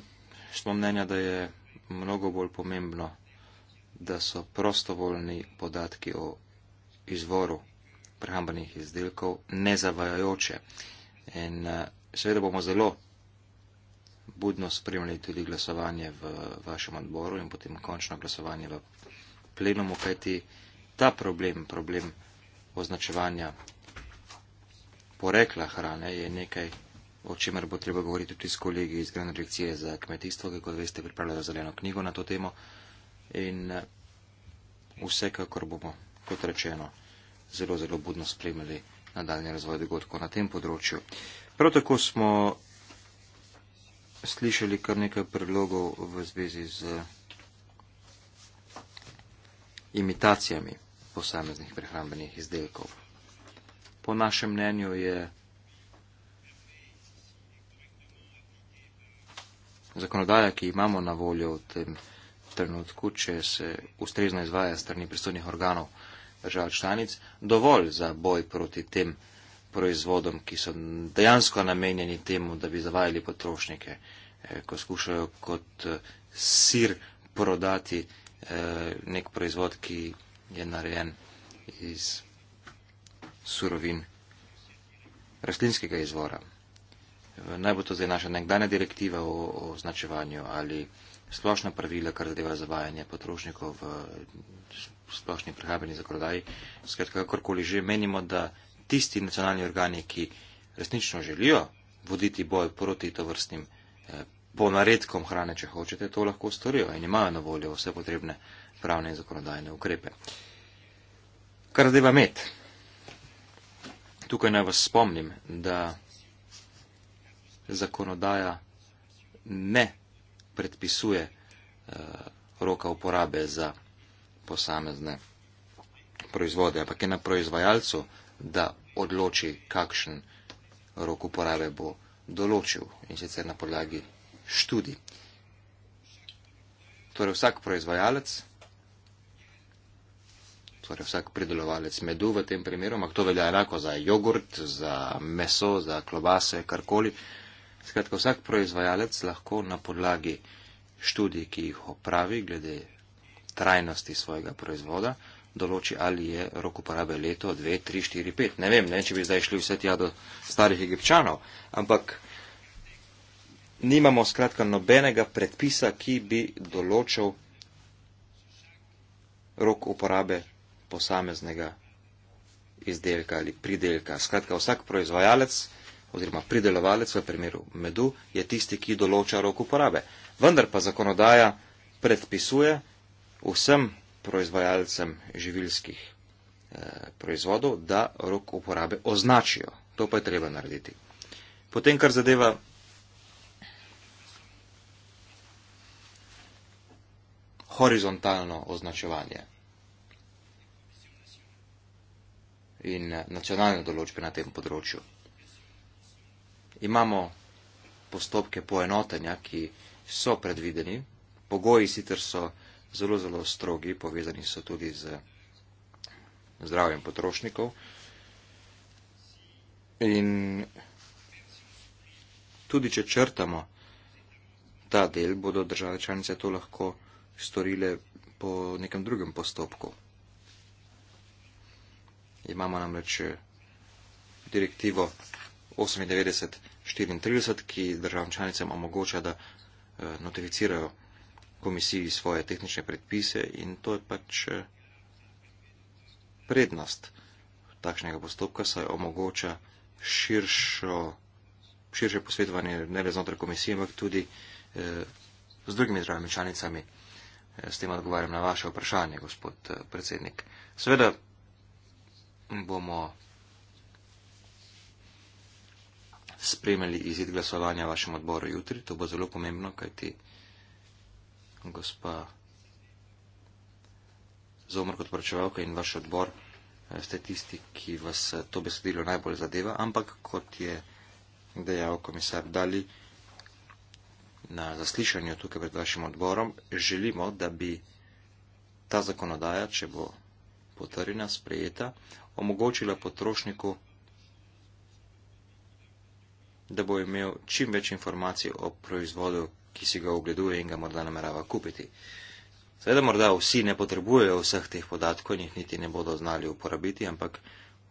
smo mnenja, da je mnogo bolj pomembno, da so prostovoljni podatki o izvoru prehrambenih izdelkov nezavajajoče. In eh, seveda bomo zelo budno spremljali tudi glasovanje v vašem odboru in potem končno glasovanje v plenumu, kajti ta problem, problem označevanja porekla hrane, je nekaj, o čemer bo treba govoriti tudi s kolegi iz Grand Direkcije za kmetijstvo, ki, kot veste, pripravljajo zeleno knjigo na to temo. In eh, vsekakor bomo, kot rečeno, zelo, zelo budno spremljali nadaljni razvoj dogodkov na tem področju. Prav tako smo slišali kar nekaj predlogov v zvezi z imitacijami posameznih prehrambenih izdelkov. Po našem mnenju je zakonodaja, ki imamo na voljo v tem trenutku, če se ustrezno izvaja strani pristojnih organov držav članic, dovolj za boj proti tem proizvodom, ki so dejansko namenjeni temu, da bi zavajali potrošnike, eh, ko skušajo kot eh, sir prodati Eh, nek proizvod, ki je narejen iz surovin rastlinskega izvora. Naj bo to zdaj naša nekdanja direktiva o označevanju ali splošna pravila, kar zadeva zavajanje potrošnikov v splošni prehrambeni zakonodaji. Skratka, kakorkoli že menimo, da tisti nacionalni organi, ki resnično želijo voditi boj proti tovrstnim eh, po naredkom hrane, če hočete, to lahko storijo in imajo na voljo vse potrebne pravne in zakonodajne ukrepe. Kar zdaj vam je, tukaj naj vas spomnim, da zakonodaja ne predpisuje uh, roka uporabe za posamezne proizvode, ampak je na proizvajalcu, da odloči, kakšen rok uporabe bo določil in sicer na podlagi študij. Torej vsak proizvajalec, torej vsak pridelovalec medu v tem primeru, ampak to velja enako za jogurt, za meso, za klobase, karkoli. Skratka, vsak proizvajalec lahko na podlagi študij, ki jih opravi glede trajnosti svojega proizvoda, določi, ali je rok uporabe leto, dve, tri, štiri, pet. Ne vem, ne, če bi zdaj šli vse tja do starih egipčanov, ampak nimamo skratka nobenega predpisa, ki bi določal rok uporabe posameznega izdelka ali pridelka. Skratka, vsak proizvajalec oziroma pridelovalec v primeru medu je tisti, ki določa rok uporabe. Vendar pa zakonodaja predpisuje vsem proizvajalcem živilskih eh, proizvodov, da rok uporabe označijo. To pa je treba narediti. Potem, kar zadeva horizontalno označevanje in eh, nacionalne določbe na tem področju. Imamo postopke poenotenja, ki so predvideni, pogoji sicer so zelo, zelo strogi, povezani so tudi z zdravjem potrošnikov in tudi če črtamo ta del, bodo države članice to lahko storile po nekem drugem postopku. Imamo namreč eh, direktivo 98-34, ki državam članicam omogoča, da eh, notificirajo komisiji svoje tehnične predpise in to je pač eh, prednost takšnega postopka, saj omogoča širšo, širše posvetovanje ne le znotraj komisije, ampak tudi eh, z drugimi državami članicami. S tem odgovarjam na vaše vprašanje, gospod eh, predsednik. Sveda bomo spremljali izid glasovanja vašem odboru jutri. To bo zelo pomembno, kajti gospa Zomr kot poročevalka in vaš odbor eh, ste tisti, ki vas eh, to besedilo najbolj zadeva, ampak kot je dejal komisar Dali, na zaslišanju tukaj pred vašim odborom, želimo, da bi ta zakonodaja, če bo potrjena, sprejeta, omogočila potrošniku, da bo imel čim več informacij o proizvodu, ki si ga ogleduje in ga morda namerava kupiti. Seveda morda vsi ne potrebujejo vseh teh podatkov in jih niti ne bodo znali uporabiti, ampak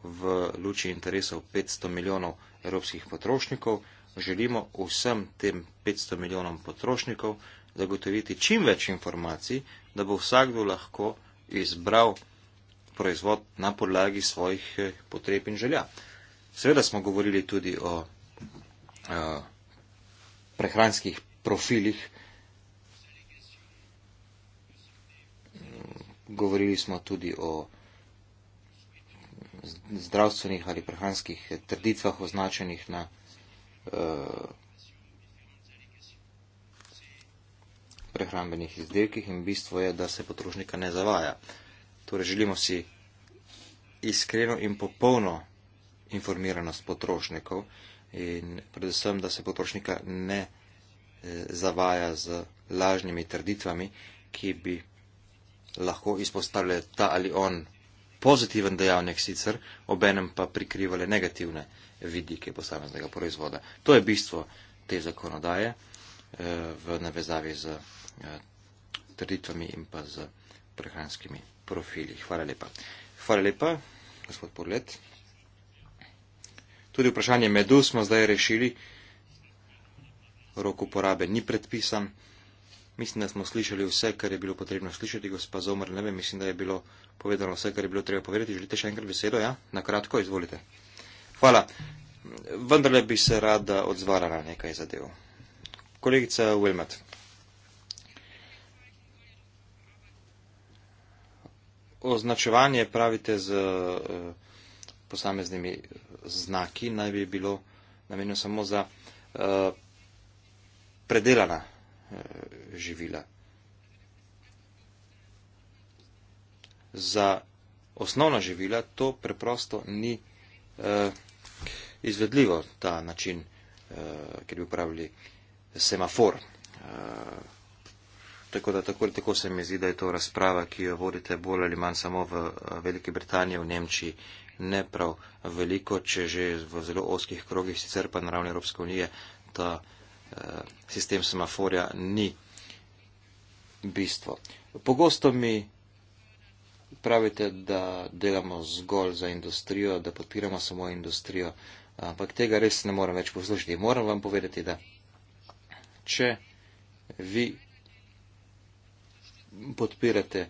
v luči interesov 500 milijonov evropskih potrošnikov želimo vsem tem 500 milijonom potrošnikov zagotoviti čim več informacij, da bo vsakdo lahko izbral proizvod na podlagi svojih eh, potreb in želja. Seveda smo govorili tudi o, o eh, prehranskih profilih. Govorili smo tudi o zdravstvenih ali prehranskih trditvah označenih na Eh, prehrambenih izdelkih in bistvo je, da se potrošnika ne zavaja. Torej želimo si iskreno in popolno informiranost potrošnikov in predvsem, da se potrošnika ne eh, zavaja z lažnimi trditvami, ki bi lahko izpostavljali ta ali on pozitiven dejavnik sicer, obenem pa prikrivale negativne vidike posameznega proizvoda. To je bistvo te zakonodaje eh, v navezavi z eh, trditvami in pa z prehranskimi profili. Hvala lepa. Hvala lepa, gospod Porlet. Tudi vprašanje medu smo zdaj rešili. Rok uporabe ni predpisan. Mislim, da smo slišali vse, kar je bilo potrebno slišati, gospa Zomr, ne vem, mislim, da je bilo povedano vse, kar je bilo treba povedati. Želite še enkrat besedo, ja? Na kratko, izvolite. Hvala. Vendarle bi se rada odzvala na nekaj zadev. Kolegica Wilmot. Označevanje, pravite, z eh, posameznimi znaki naj bi bilo namenjeno samo za eh, predelana Eh, živila. Za osnovna živila to preprosto ni eh, izvedljivo, ta način, eh, ker bi uporabljali semafor. Eh, Tako da tako ali tako se mi zdi, da je to razprava, ki jo vodite bolj ali manj samo v eh, Veliki Britaniji, v Nemčiji, ne prav veliko, če že v zelo oskih krogih, sicer pa na ravni Evropske unije ta uh, Eh, sistem semaforja ni bistvo. Pogosto mi pravite, da delamo zgolj za industrijo, da podpiramo samo industrijo, ampak tega res ne morem več poslušati. Moram vam povedati, da če vi podpirate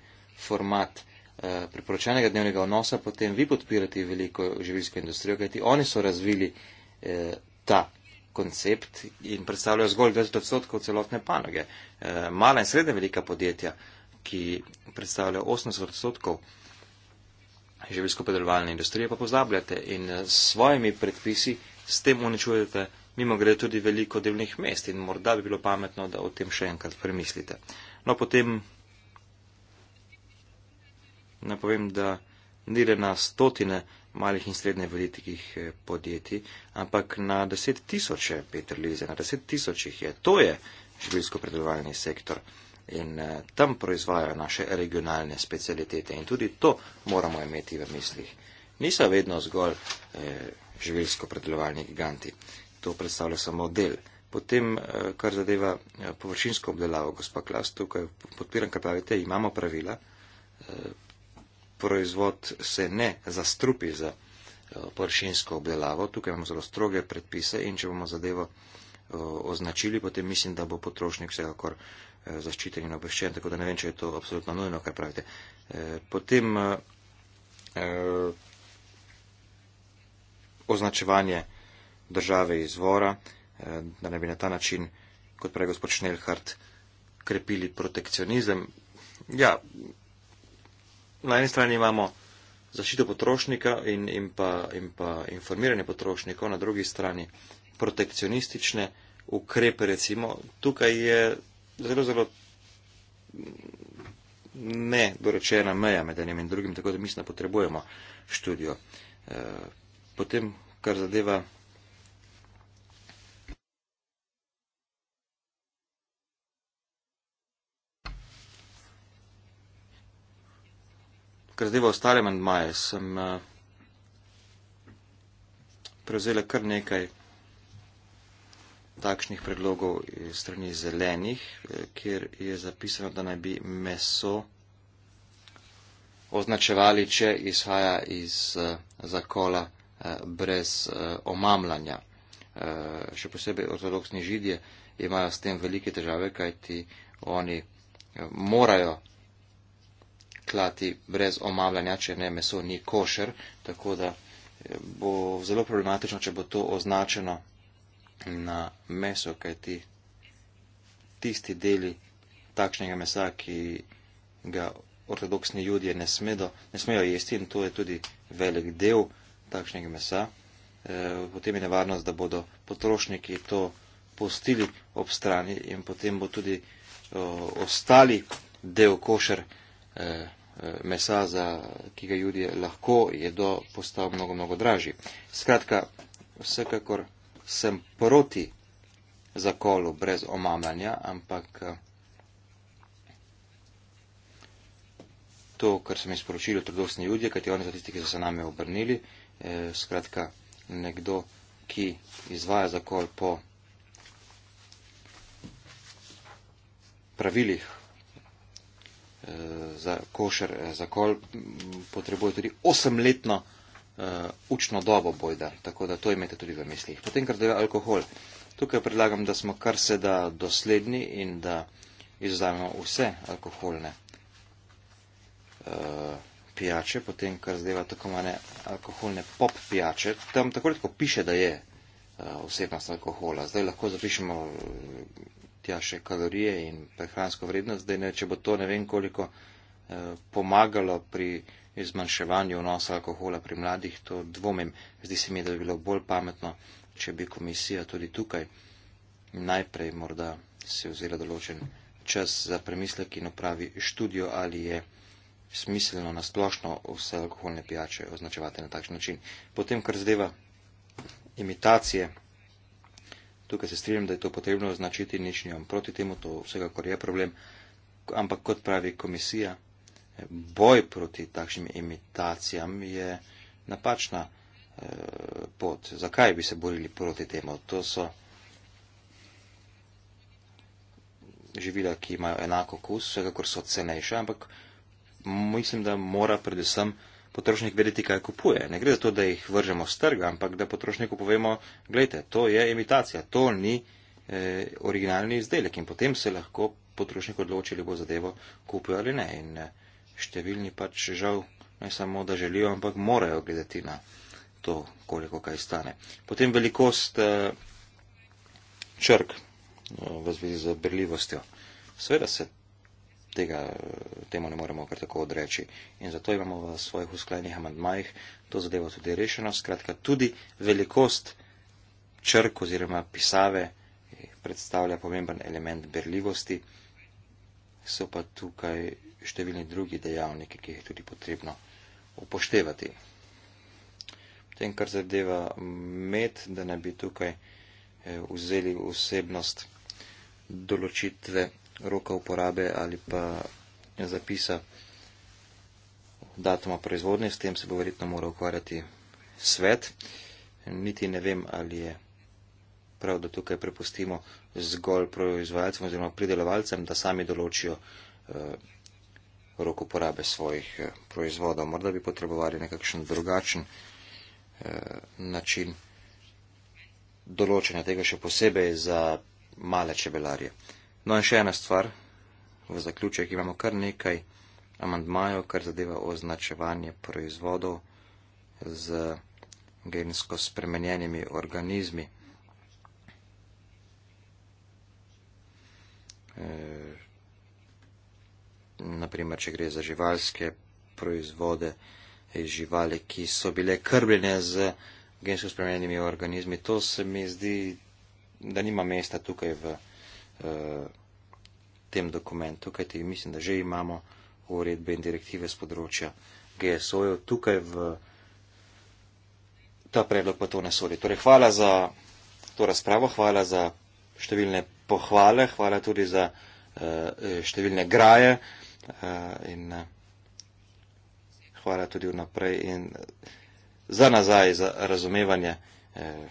format eh, priporočenega dnevnega vnosa, potem vi podpirate veliko živilsko industrijo, kajti oni so razvili eh, ta koncept in predstavljajo zgolj 20 odstotkov celotne panoge. Eh, mala in srednja velika podjetja, ki predstavljajo 80 odstotkov življsko predelovalne industrije, pa pozabljate in eh, s svojimi predpisi s tem uničujete mimo gre tudi veliko delovnih mest in morda bi bilo pametno, da o tem še enkrat premislite. No, potem napovem, da nire na stotine malih in srednje velikih eh, podjetij, ampak na deset tisoče, Peter Lize, na deset tisočih je. To je živilsko predelovalni sektor in eh, tam proizvajajo naše regionalne specialitete in tudi to moramo imeti v mislih. Niso vedno zgolj eh, živilsko predelovalni giganti. To predstavlja samo del. Potem, eh, kar zadeva površinsko obdelavo, gospod Klaus, tukaj podpiram, kar pravite, imamo pravila, proizvod se ne zastrupi za eh, pršinsko obdelavo. Tukaj imamo zelo stroge predpise in če bomo zadevo eh, označili, potem mislim, da bo potrošnik vsekakor eh, zaščiten in obveščen, tako da ne vem, če je to absolutno nujno, kaj pravite. Potem označevanje države izvora, da ne bi na ta način, kot pravi gospod Šnelhart, krepili protekcionizem. Ja, na eni strani imamo zaščito potrošnika in, in, pa, in pa informiranje potrošnikov, na drugi strani protekcionistične ukrepe, recimo. Tukaj je zelo, zelo nedorečena meja med enim in drugim, tako da mislim, da potrebujemo študijo. Eh, potem, kar zadeva kar zdaj v ostalem mandmaje, sem eh, prevzela kar nekaj takšnih predlogov strani zelenih, eh, kjer je zapisano, da naj bi meso označevali, če izhaja iz eh, zakola brez omamljanja. Še posebej ortodoksni židije imajo s tem velike težave, kajti oni morajo klati brez omavljanja, če ne meso ni košer, tako da eh, bo zelo problematično, če bo to označeno na meso, kajti tisti deli takšnega mesa, ki ga ortodoksni ljudje ne, smedo, ne smejo jesti in to je tudi velik del takšnega mesa, e, potem je nevarnost, da bodo potrošniki to postili ob strani in potem bo tudi o, eh, ostali del košer Eh, eh, mesa, za, ki ga ljudje lahko jedo, postal mnogo, mnogo dražji. Skratka, vsekakor sem proti zakolu brez omamljanja, ampak eh, to, kar sem izporočil od trdostni ljudje, kajti oni so tisti, ki so se name obrnili, skratka, nekdo, ki izvaja zakol po pravilih za košer, eh, za kol, potrebuje tudi 8-letno uh, eh, učno dobo bojda. Tako da to imete tudi v mislih. Potem, kar deluje alkohol. Tukaj predlagam, da smo kar se da dosledni in da izvzamemo vse alkoholne uh, pijače, potem, kar zdajva tako imane alkoholne pop pijače. Tam tako piše, da je uh, vsebnost alkohola. Zdaj lahko zapišemo. Uh, tja še kalorije in prehransko vrednost, da ne, če bo to ne vem koliko eh, pomagalo pri zmanjševanju vnosa alkohola pri mladih, to dvomim. Zdi se mi, da bi bilo bolj pametno, če bi komisija tudi tukaj najprej morda se vzela določen čas za premislek in opravi študijo, ali je smiselno nasplošno vse alkoholne pijače označevati na takšen način. Potem, kar zadeva imitacije, tukaj se strinjam, da je to potrebno označiti, nič nimam proti temu, to vsekakor je problem, ampak kot pravi komisija, eh, boj proti takšnim imitacijam je napačna eh, pot. Zakaj bi se borili proti temu? To so živila, ki imajo enako kus, vsekakor so cenejša, ampak mislim, da mora predvsem eh, potrošnik vedeti, kaj kupuje. Ne gre za to, da jih vržemo s trga, ampak da potrošniku povemo, gledajte, to je imitacija, to ni eh, originalni izdelek in potem se lahko potrošnik odloči, ali bo zadevo kupil ali ne. In eh, številni pač žal ne samo, da želijo, ampak morajo gledati na to, koliko kaj stane. Potem velikost eh, črk eh, v zvezi z berljivostjo. Seveda se tega, temu ne moremo kar tako odreči. In zato imamo v svojih usklenjih amantmajih to zadevo tudi rešeno. Skratka, tudi velikost črk oziroma pisave predstavlja pomemben element berljivosti, so pa tukaj številni drugi dejavniki, ki jih je tudi potrebno upoštevati. Potem, kar zadeva med, da ne bi tukaj eh, vzeli vsebnost določitve roka uporabe ali pa zapisa datuma proizvodnje, s tem se bo verjetno moral ukvarjati svet. Niti ne vem, ali je prav, da tukaj prepustimo zgolj proizvajalcem oziroma pridelovalcem, da sami določijo eh, roko uporabe svojih eh, proizvodov. Morda bi potrebovali nekakšen drugačen eh, način določanja tega še posebej za male čebelarje. Eh, No in še ena stvar, v zaključek imamo kar nekaj amandmajev, kar zadeva označevanje proizvodov z gensko spremenjenimi organizmi. E, naprimer, če gre za živalske proizvode iz živali, ki so bile krbljene z gensko spremenjenimi organizmi, to se mi zdi, da nima mesta tukaj v. Eh, tem dokumentu, kajti mislim, da že imamo uredbe in direktive z področja GSO-jev tukaj v ta predlog pa to ne sodi. Torej, hvala za to razpravo, hvala za številne pohvale, hvala tudi za uh, številne graje uh, in uh, hvala tudi vnaprej in za nazaj, za razumevanje. Uh,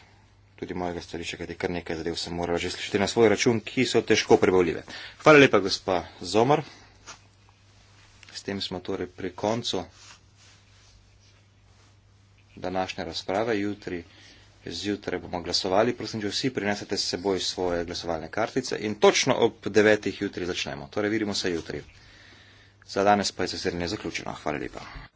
tudi mojega stališča, kajti kar nekaj zadev sem morala že slišati na svoj račun, ki so težko prebavljive. Hvala lepa, gospa Zomar. S tem smo torej pri koncu današnje razprave. Jutri zjutraj bomo glasovali. Prosim, če vsi prinesete s seboj svoje glasovalne kartice in točno ob devetih jutri začnemo. Torej, vidimo se jutri. Za danes pa je zasedanje zaključeno. Hvala lepa.